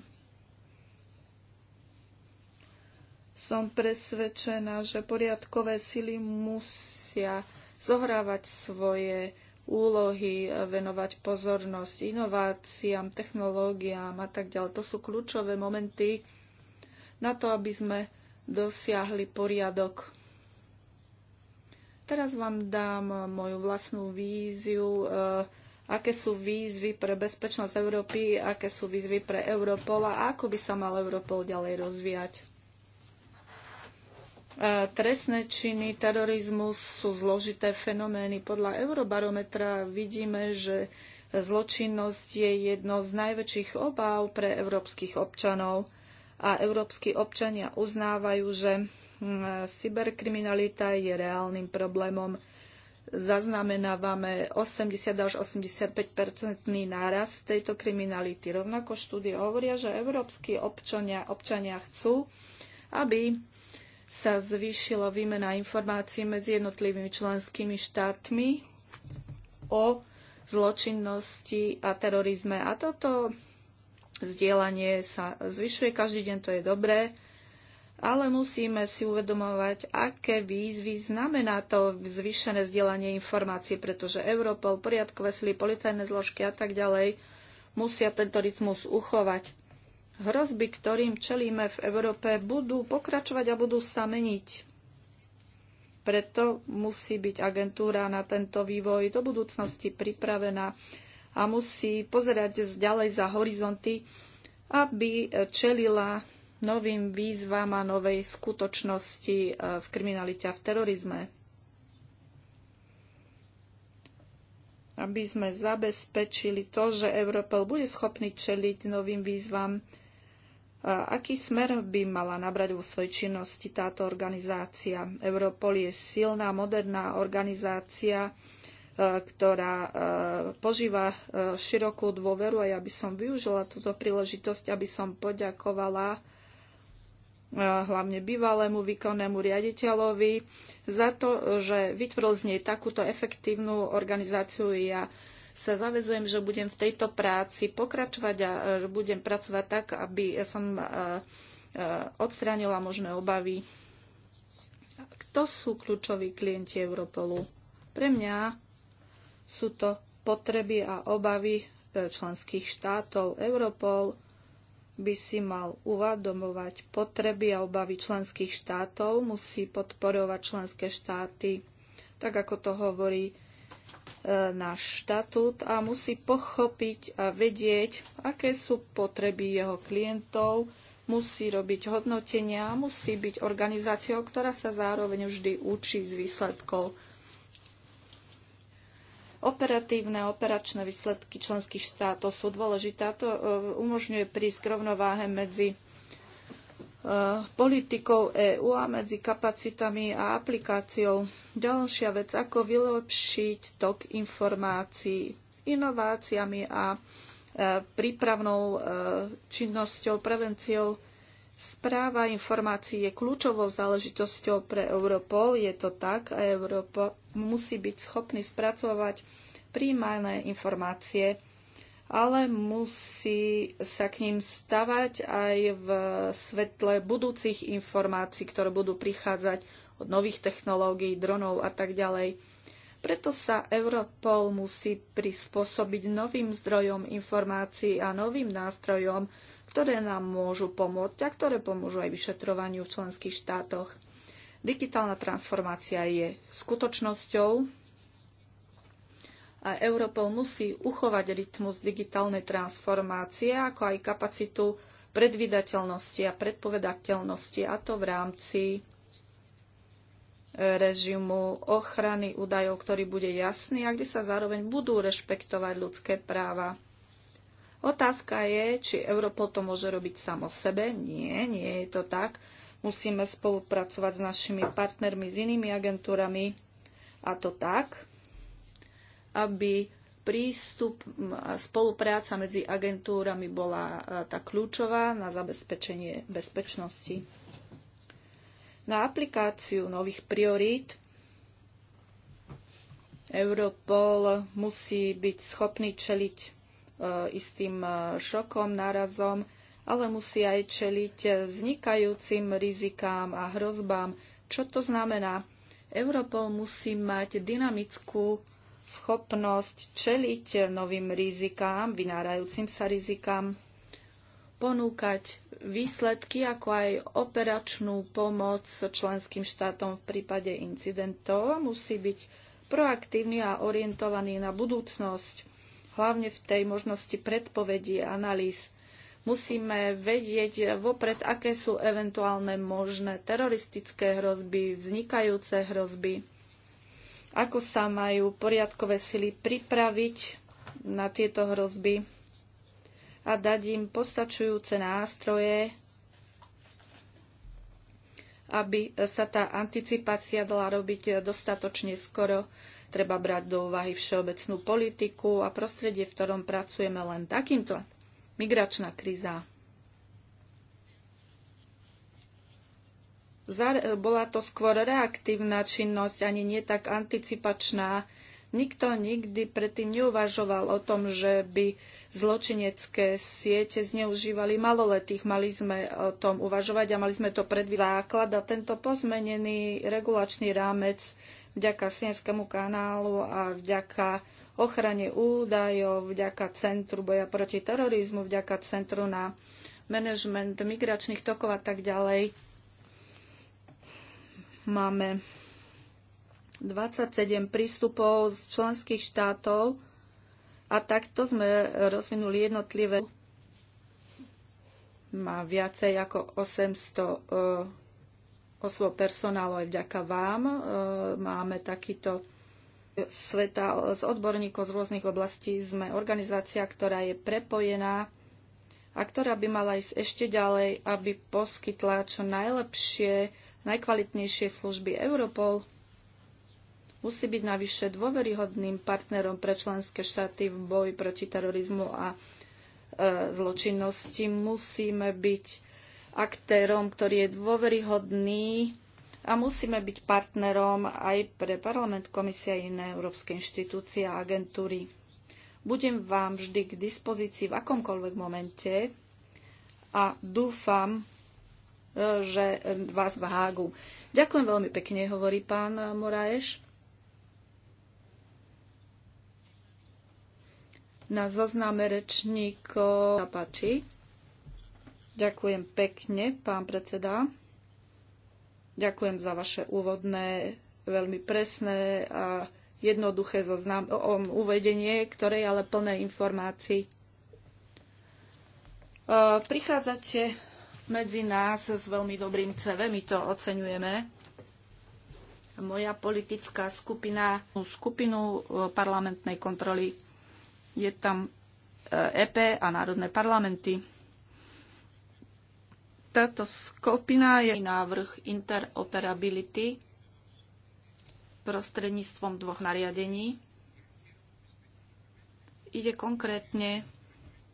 som presvedčená, že poriadkové sily musia zohrávať svoje úlohy, venovať pozornosť inováciám, technológiám a tak ďalej. To sú kľúčové momenty na to, aby sme dosiahli poriadok. Teraz vám dám moju vlastnú víziu, eh, aké sú výzvy pre bezpečnosť Európy, aké sú výzvy pre Europol a ako by sa mal Europol ďalej rozvíjať. E, trestné činy terorizmus sú zložité fenomény. Podľa Eurobarometra vidíme, že zločinnosť je jedno z najväčších obáv pre európskych občanov a európsky občania uznávajú, že mm, cyberkriminalita je reálnym problémom. Zaznamenávame 80 až 85-percentný nárast tejto kriminality. Rovnako štúdie hovoria, že európsky občania, občania chcú, aby sa zvýšila výmena informácií medzi jednotlivými členskými štátmi o zločinnosti a terorizme. A toto zdieľanie sa zvyšuje každý deň, to je dobré, ale musíme si uvedomovať, aké výzvy znamená to zvýšené zdieľanie informácií, pretože Europol, poriadkové sily, policajné zložky a tak ďalej musia tento rytmus uchovať. Hrozby, ktorým čelíme v Európe, budú pokračovať a budú sa meniť. Preto musí byť agentúra na tento vývoj do budúcnosti pripravená a musí pozerať ďalej za horizonty, aby čelila novým výzvam a novej skutočnosti eh, v kriminalite a v terorizme. Aby sme zabezpečili to, že Európa bude schopný čeliť novým výzvam, Aký smer by mala nabrať vo svojej činnosti táto organizácia? Europol je silná, moderná organizácia, e, ktorá e, požíva e, širokú dôveru a ja by som využila túto príležitosť, aby som poďakovala hlavne bývalému výkonnému riaditeľovi za to, že vytvoril z nej takúto efektívnu organizáciu. Ja sa zavezujem, že budem v tejto práci pokračovať a e, budem pracovať tak, aby som e, e, odstránila možné obavy. Kto sú kľúčoví klienti Europolu? Pre mňa sú to potreby a obavy členských štátov. Europol by si mal uvadomovať potreby a obavy členských štátov, musí podporovať členské štáty, tak ako to hovorí E, náš štatút a musí pochopiť a vedieť, aké sú potreby jeho klientov, musí robiť hodnotenia, musí byť organizáciou, ktorá sa zároveň vždy učí z výsledkov. Operatívne a operačné výsledky členských štátov sú dôležité. To e, umožňuje prísť k rovnováhe medzi Eh, politikou e EÚ a medzi kapacitami a aplikáciou. Ďalšia vec, ako vylepšiť tok informácií inováciami a eh, prípravnou eh, činnosťou, prevenciou. Správa informácií je kľúčovou záležitosťou pre Europol, je to tak a Európa musí byť schopný spracovať príjmané informácie ale musí sa k ním stavať aj v svetle budúcich informácií, ktoré budú prichádzať od nových technológií, dronov a tak ďalej. Preto sa Europol musí prispôsobiť novým zdrojom informácií a novým nástrojom, ktoré nám môžu pomôcť a ktoré pomôžu aj vyšetrovaniu v členských štátoch. Digitálna transformácia je skutočnosťou, a Europol musí uchovať rytmus digitálnej transformácie, ako aj kapacitu predvydateľnosti a predpovedateľnosti, a to v rámci e, režimu ochrany údajov, ktorý bude jasný a kde sa zároveň budú rešpektovať ľudské práva. Otázka je, či Europol to môže robiť samo sebe. Nie, nie je to tak. Musíme spolupracovať s našimi partnermi, s inými agentúrami a to tak, aby prístup a spolupráca medzi agentúrami bola e, tá kľúčová na zabezpečenie bezpečnosti. Na aplikáciu nových priorít Europol musí byť schopný čeliť e, istým e, šokom, nárazom, ale musí aj čeliť vznikajúcim rizikám a hrozbám. Čo to znamená? Europol musí mať dynamickú schopnosť čeliť novým rizikám, vynárajúcim sa rizikám, ponúkať výsledky ako aj operačnú pomoc členským štátom v prípade incidentov musí byť proaktívny a orientovaný na budúcnosť, hlavne v tej možnosti predpovedí a analýz musíme vedieť vopred, aké sú eventuálne možné teroristické hrozby, vznikajúce hrozby ako sa majú poriadkové sily pripraviť na tieto hrozby a dať im postačujúce nástroje, aby sa tá anticipácia dala robiť dostatočne skoro. Treba brať do úvahy všeobecnú politiku a prostredie, v ktorom pracujeme len takýmto. Migračná kríza. E, bola to skôr reaktívna činnosť, ani nie tak anticipačná. Nikto nikdy predtým neuvažoval o tom, že by zločinecké siete zneužívali maloletých. Mali sme o tom uvažovať a mali sme to predvídať základ a tento pozmenený regulačný rámec vďaka Sienskému kanálu a vďaka ochrane údajov, vďaka Centru boja proti terorizmu, vďaka Centru na manažment migračných tokov a tak ďalej Máme 27 prístupov z členských štátov a takto sme rozvinuli jednotlivé. Má viacej ako 800 eh, osôb personálu aj vďaka vám. Eh, máme takýto sveta z odborníkov z rôznych oblastí. Sme organizácia, ktorá je prepojená a ktorá by mala ísť ešte ďalej, aby poskytla čo najlepšie najkvalitnejšie služby Europol musí byť navyše dôveryhodným partnerom pre členské štáty v boji proti terorizmu a e, zločinnosti. Musíme byť aktérom, ktorý je dôveryhodný a musíme byť partnerom aj pre parlament, komisia a iné európske inštitúcie a agentúry. Budem vám vždy k dispozícii v akomkoľvek momente a dúfam, že vás v Hágu. Ďakujem veľmi pekne, hovorí pán Moraeš. Na zozname rečníkov páči. Ďakujem pekne, pán predseda. Ďakujem za vaše úvodné, veľmi presné a jednoduché zoznam, o, o, uvedenie, ktoré je ale plné informácií. E, prichádzate medzi nás s veľmi dobrým CV, my to oceňujeme. Moja politická skupina, skupinu e, parlamentnej kontroly, je tam EP e a národné parlamenty. Táto skupina je návrh interoperability prostredníctvom dvoch nariadení. Ide konkrétne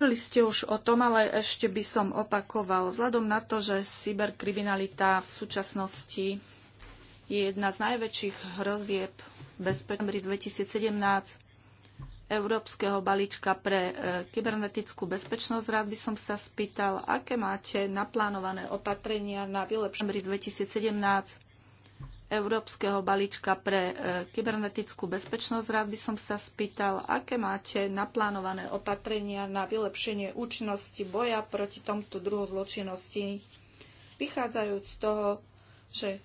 Hovorili ste už o tom, ale ešte by som opakoval. Vzhľadom na to, že cyberkriminalita v súčasnosti je jedna z najväčších hrozieb bezpečnosti 2017 Európskeho balíčka pre e, kybernetickú bezpečnosť, rád by som sa spýtal, aké máte naplánované opatrenia na vylepšenie 2017 Európskeho balíčka pre e, kybernetickú bezpečnosť. Rád by som sa spýtal, aké máte naplánované opatrenia na vylepšenie účinnosti boja proti tomto druhu zločinnosti, vychádzajúc z toho, že e,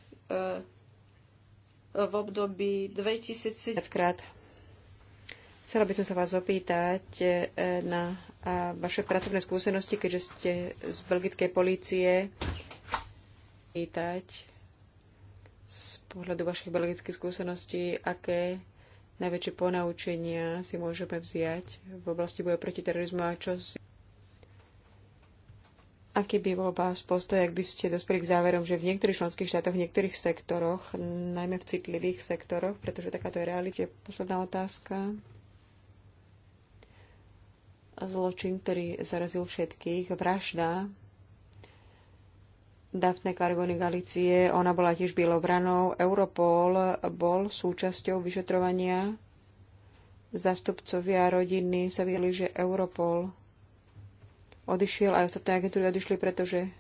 v období 2000... Krát. Chcela by som sa vás opýtať e, na vaše pracovné skúsenosti, keďže ste z belgickej polície. Pýtať z pohľadu vašich biologických skúseností, aké najväčšie ponaučenia si môžeme vziať v oblasti boja proti terorizmu a čo si... Aký by bol vás postoj, ak by ste dospeli k záverom, že v niektorých členských štátoch, v niektorých sektoroch, najmä v citlivých sektoroch, pretože takáto je realita. Posledná otázka. Zločin, ktorý zarazil všetkých, vražda, Daphne Cargoni Galicie, ona bola tiež bielobranou. Europol bol súčasťou vyšetrovania. Zastupcovia rodiny sa videli, že Europol odišiel, aj ostatné agentúry odišli, pretože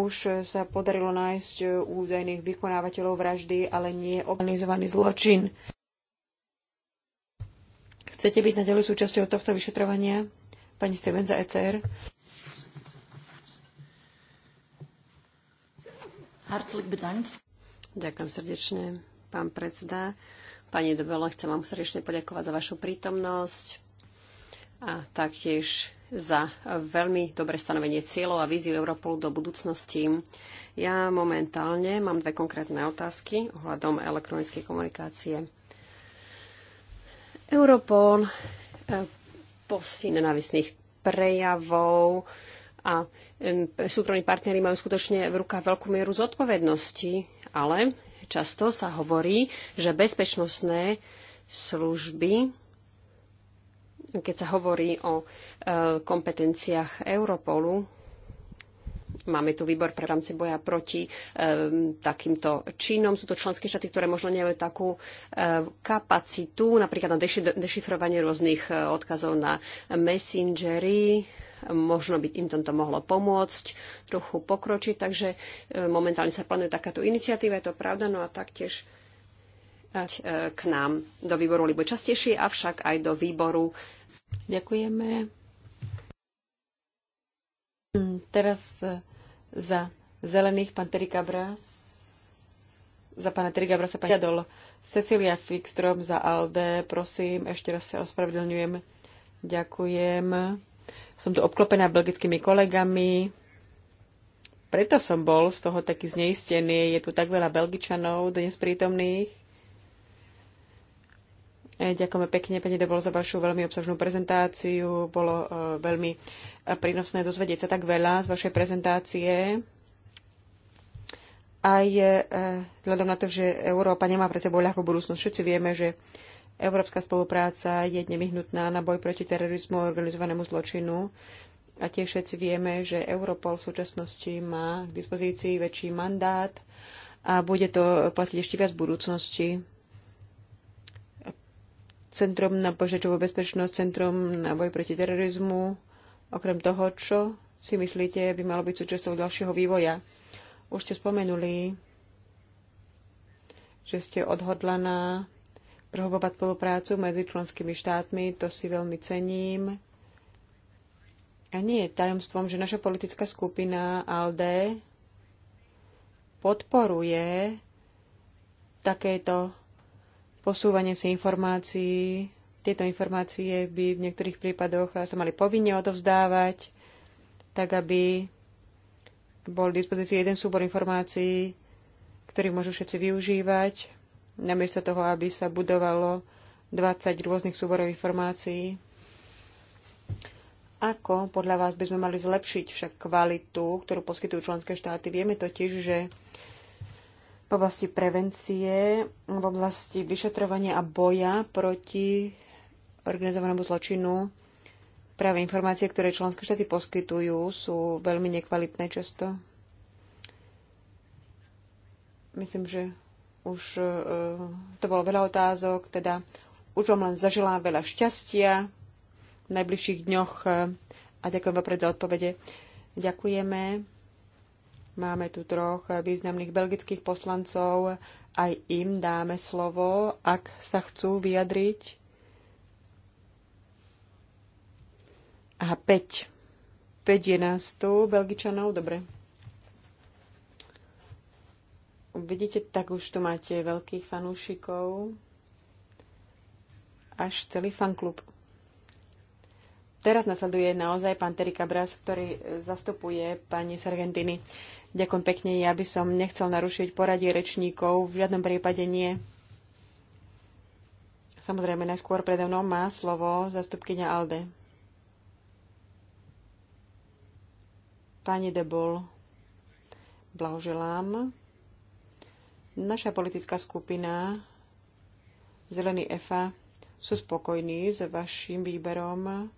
už sa podarilo nájsť údajných vykonávateľov vraždy, ale nie organizovaný zločin. Chcete byť naďalej súčasťou tohto vyšetrovania? Pani Stevenza ECR. Herzlich bedankt. Ďakujem srdečne, pán predseda. Pani Dobelo, chcem vám srdečne poďakovať za vašu prítomnosť a taktiež za veľmi dobre stanovenie cieľov a víziu Europolu do budúcnosti. Ja momentálne mám dve konkrétne otázky ohľadom elektronickej komunikácie. Europol eh, postí nenávistných prejavov, a súkromní partnery majú skutočne v rukách veľkú mieru zodpovednosti, ale často sa hovorí, že bezpečnostné služby, keď sa hovorí o e, kompetenciách Europolu, Máme tu výbor pre rámci boja proti e, takýmto činom. Sú to členské štáty, ktoré možno nemajú takú e, kapacitu, napríklad na dešifrovanie rôznych e, odkazov na messengery, možno by im tomto mohlo pomôcť, trochu pokročiť, takže e, momentálne sa plánuje takáto iniciatíva, je to pravda, no a taktiež e, k nám do výboru Libo častejšie, avšak aj do výboru. Ďakujeme. Teraz e, za zelených pán Terika Za pána Terika sa pani Jadol. Cecilia Fixtrom za ALDE, prosím, ešte raz sa ospravedlňujem. Ďakujem. Som tu obklopená belgickými kolegami, preto som bol z toho taký zneistený. Je tu tak veľa Belgičanov dnes prítomných. E, ďakujeme pekne, pani Debol, za vašu veľmi obsažnú prezentáciu. Bolo e, veľmi e, prínosné dozvedieť sa tak veľa z vašej prezentácie. Aj vzhľadom na to, že Európa nemá pred sebou ľahkú budúcnosť, všetci vieme, že Európska spolupráca je nevyhnutná na boj proti terorizmu a organizovanému zločinu. A tiež všetci vieme, že Europol v súčasnosti má k dispozícii väčší mandát a bude to platiť ešte viac v budúcnosti. Centrum na požiačovú bezpečnosť, Centrum na boj proti terorizmu, okrem toho, čo si myslíte, by malo byť súčasťou ďalšieho vývoja. Už ste spomenuli, že ste odhodlaná prehlbovať spoluprácu medzi členskými štátmi, to si veľmi cením. A nie je tajomstvom, že naša politická skupina ALDE podporuje takéto posúvanie si informácií. Tieto informácie by v niektorých prípadoch sa mali povinne odovzdávať, tak aby bol v dispozícii jeden súbor informácií, ktorý môžu všetci využívať namiesto toho, aby sa budovalo 20 rôznych súborových formácií. Ako podľa vás by sme mali zlepšiť však kvalitu, ktorú poskytujú členské štáty? Vieme totiž, že v oblasti prevencie, v oblasti vyšetrovania a boja proti organizovanému zločinu práve informácie, ktoré členské štáty poskytujú, sú veľmi nekvalitné často. Myslím, že už e, to bolo veľa otázok, teda už vám len zažila veľa šťastia v najbližších dňoch e, a ďakujem vám za odpovede. Ďakujeme. Máme tu troch významných belgických poslancov. Aj im dáme slovo, ak sa chcú vyjadriť. Aha, 5. 5 je nás tu, Belgičanov, dobre vidíte, tak už tu máte veľkých fanúšikov. Až celý fanklub. Teraz nasleduje naozaj pán Terry Cabras, ktorý e, zastupuje pani Sargentiny. Ďakujem pekne, ja by som nechcel narušiť poradie rečníkov, v žiadnom prípade nie. Samozrejme, najskôr predo mnou má slovo zastupkynia Alde. Pani Debol, blahoželám. Naša politická skupina Zelený EFA sú spokojní s vašim výberom.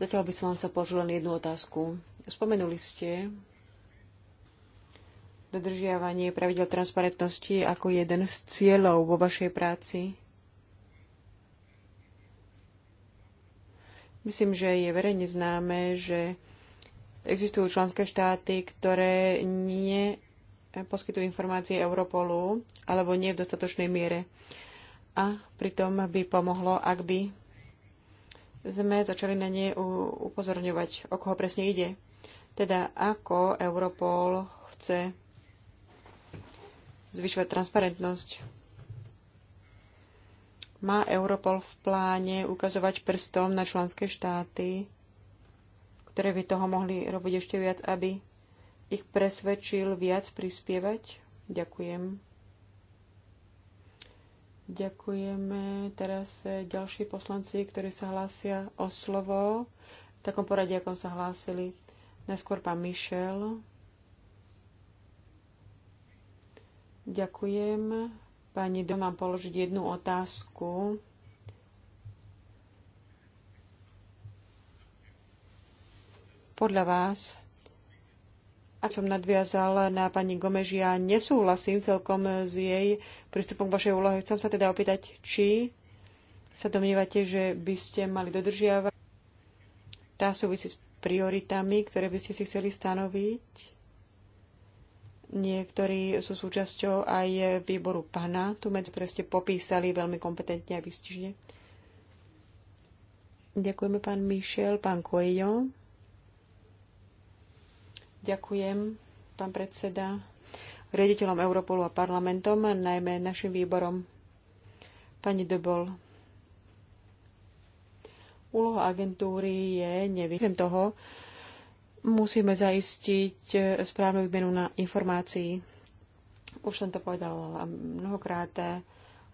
Zatiaľ by som vám chcel položiť len jednu otázku. Spomenuli ste dodržiavanie pravidel transparentnosti ako jeden z cieľov vo vašej práci. Myslím, že je verejne známe, že Existujú členské štáty, ktoré nie poskytujú informácie Europolu alebo nie v dostatočnej miere. A pritom by pomohlo, ak by sme začali na ne upozorňovať, o koho presne ide. Teda ako Europol chce zvyšovať transparentnosť. Má Europol v pláne ukazovať prstom na členské štáty, ktoré by toho mohli robiť ešte viac, aby ich presvedčil viac prispievať. Ďakujem. Ďakujeme. Teraz eh, ďalší poslanci, ktorí sa hlásia o slovo. V takom poradí, akom sa hlásili. Najskôr pán Mišel. Ďakujem. Pani, mám položiť jednu otázku podľa vás, a som nadviazal na pani Gomeži ja nesúhlasím celkom s jej prístupom k vašej úlohe. Chcem sa teda opýtať, či sa domnívate, že by ste mali dodržiavať tá súvisí s prioritami, ktoré by ste si chceli stanoviť. Niektorí sú súčasťou aj výboru PANA, tu medzi ktoré ste popísali veľmi kompetentne a vystižne. Ďakujeme pán Michel, pán Coelho. Ďakujem, pán predseda, riaditeľom Europolu a parlamentom, najmä našim výborom. Pani Debol, úloha agentúry je nevyhnutná toho, musíme zaistiť správnu výmenu na informácií. Už som to povedala mnohokrát.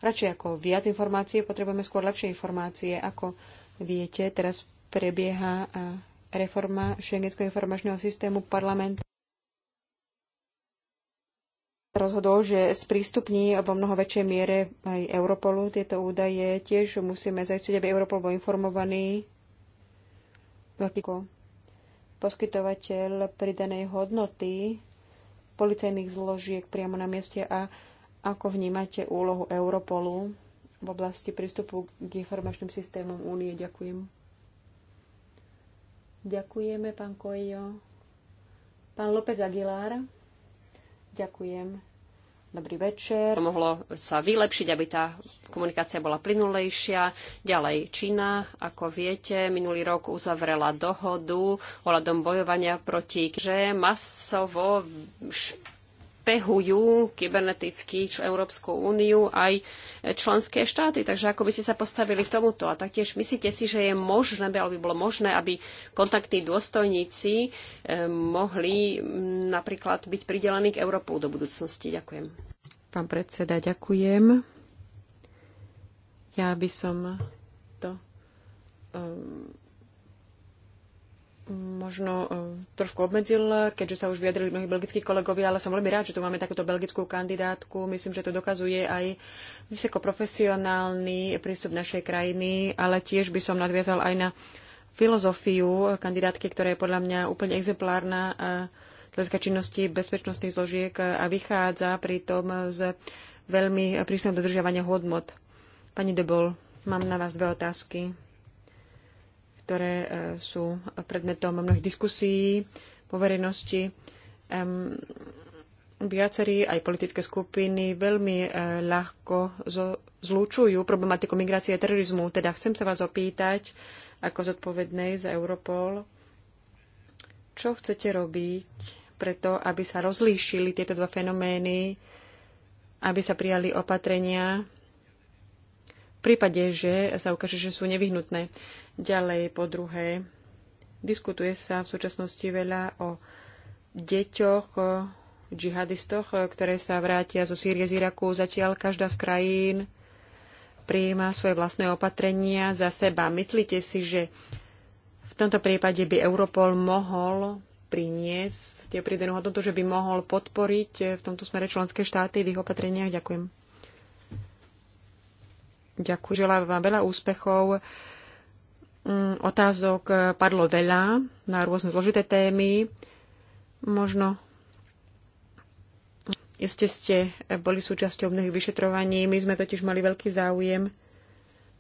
Radšej ako viac informácií, potrebujeme skôr lepšie informácie. Ako viete, teraz prebieha reforma šengenského informačného systému parlament rozhodol, že sprístupní vo mnoho väčšej miere aj Europolu tieto údaje. Tiež musíme zaistiť, aby Europol bol informovaný. Poskytovateľ pridanej hodnoty policajných zložiek priamo na mieste a ako vnímate úlohu Europolu v oblasti prístupu k informačným systémom únie. Ďakujem. Ďakujeme, pán Kojo. Pán López Aguilar. Ďakujem. Dobrý večer. Mohlo sa vylepšiť, aby tá komunikácia bola plynulejšia. Ďalej Čína, ako viete, minulý rok uzavrela dohodu o ľadom bojovania proti, že masovo spehujú kyberneticky Európsku úniu aj členské štáty. Takže ako by ste sa postavili k tomuto? A taktiež myslíte si, že je možné, alebo by bolo možné, aby kontaktní dôstojníci eh, mohli mm, napríklad byť pridelení k Európu do budúcnosti? Ďakujem. Pán predseda, ďakujem. Ja by som to um, možno e, trošku obmedzil, keďže sa už vyjadrili mnohí belgickí kolegovia, ale som veľmi rád, že tu máme takúto belgickú kandidátku. Myslím, že to dokazuje aj vysoko profesionálny prístup našej krajiny, ale tiež by som nadviazal aj na filozofiu kandidátky, ktorá je podľa mňa úplne exemplárna e, z hľadiska činnosti bezpečnostných zložiek e, a vychádza pritom z veľmi prísneho dodržiavania hodnot. Pani Debol, mám na vás dve otázky ktoré e, sú predmetom mnohých diskusí po verejnosti. Viacerí aj politické skupiny veľmi e, ľahko zlúčujú problematiku migrácie a terorizmu. Teda chcem sa vás opýtať, ako zodpovednej za Europol, čo chcete robiť preto, aby sa rozlíšili tieto dva fenomény, aby sa prijali opatrenia v prípade, že sa ukáže, že sú nevyhnutné. Ďalej, po druhé, diskutuje sa v súčasnosti veľa o deťoch, džihadistoch, ktoré sa vrátia zo Sýrie, z Iraku. Zatiaľ každá z krajín prijíma svoje vlastné opatrenia za seba. Myslíte si, že v tomto prípade by Europol mohol priniesť pridenú hodnotu, že by mohol podporiť v tomto smere členské štáty v ich opatreniach? Ďakujem. Ďakujem. Želám vám veľa úspechov Mm, otázok eh, padlo veľa na rôzne zložité témy. Možno iste ste eh, boli súčasťou mnohých vyšetrovaní. My sme totiž mali veľký záujem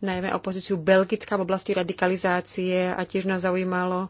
najmä o pozíciu Belgická v oblasti radikalizácie a tiež nás zaujímalo,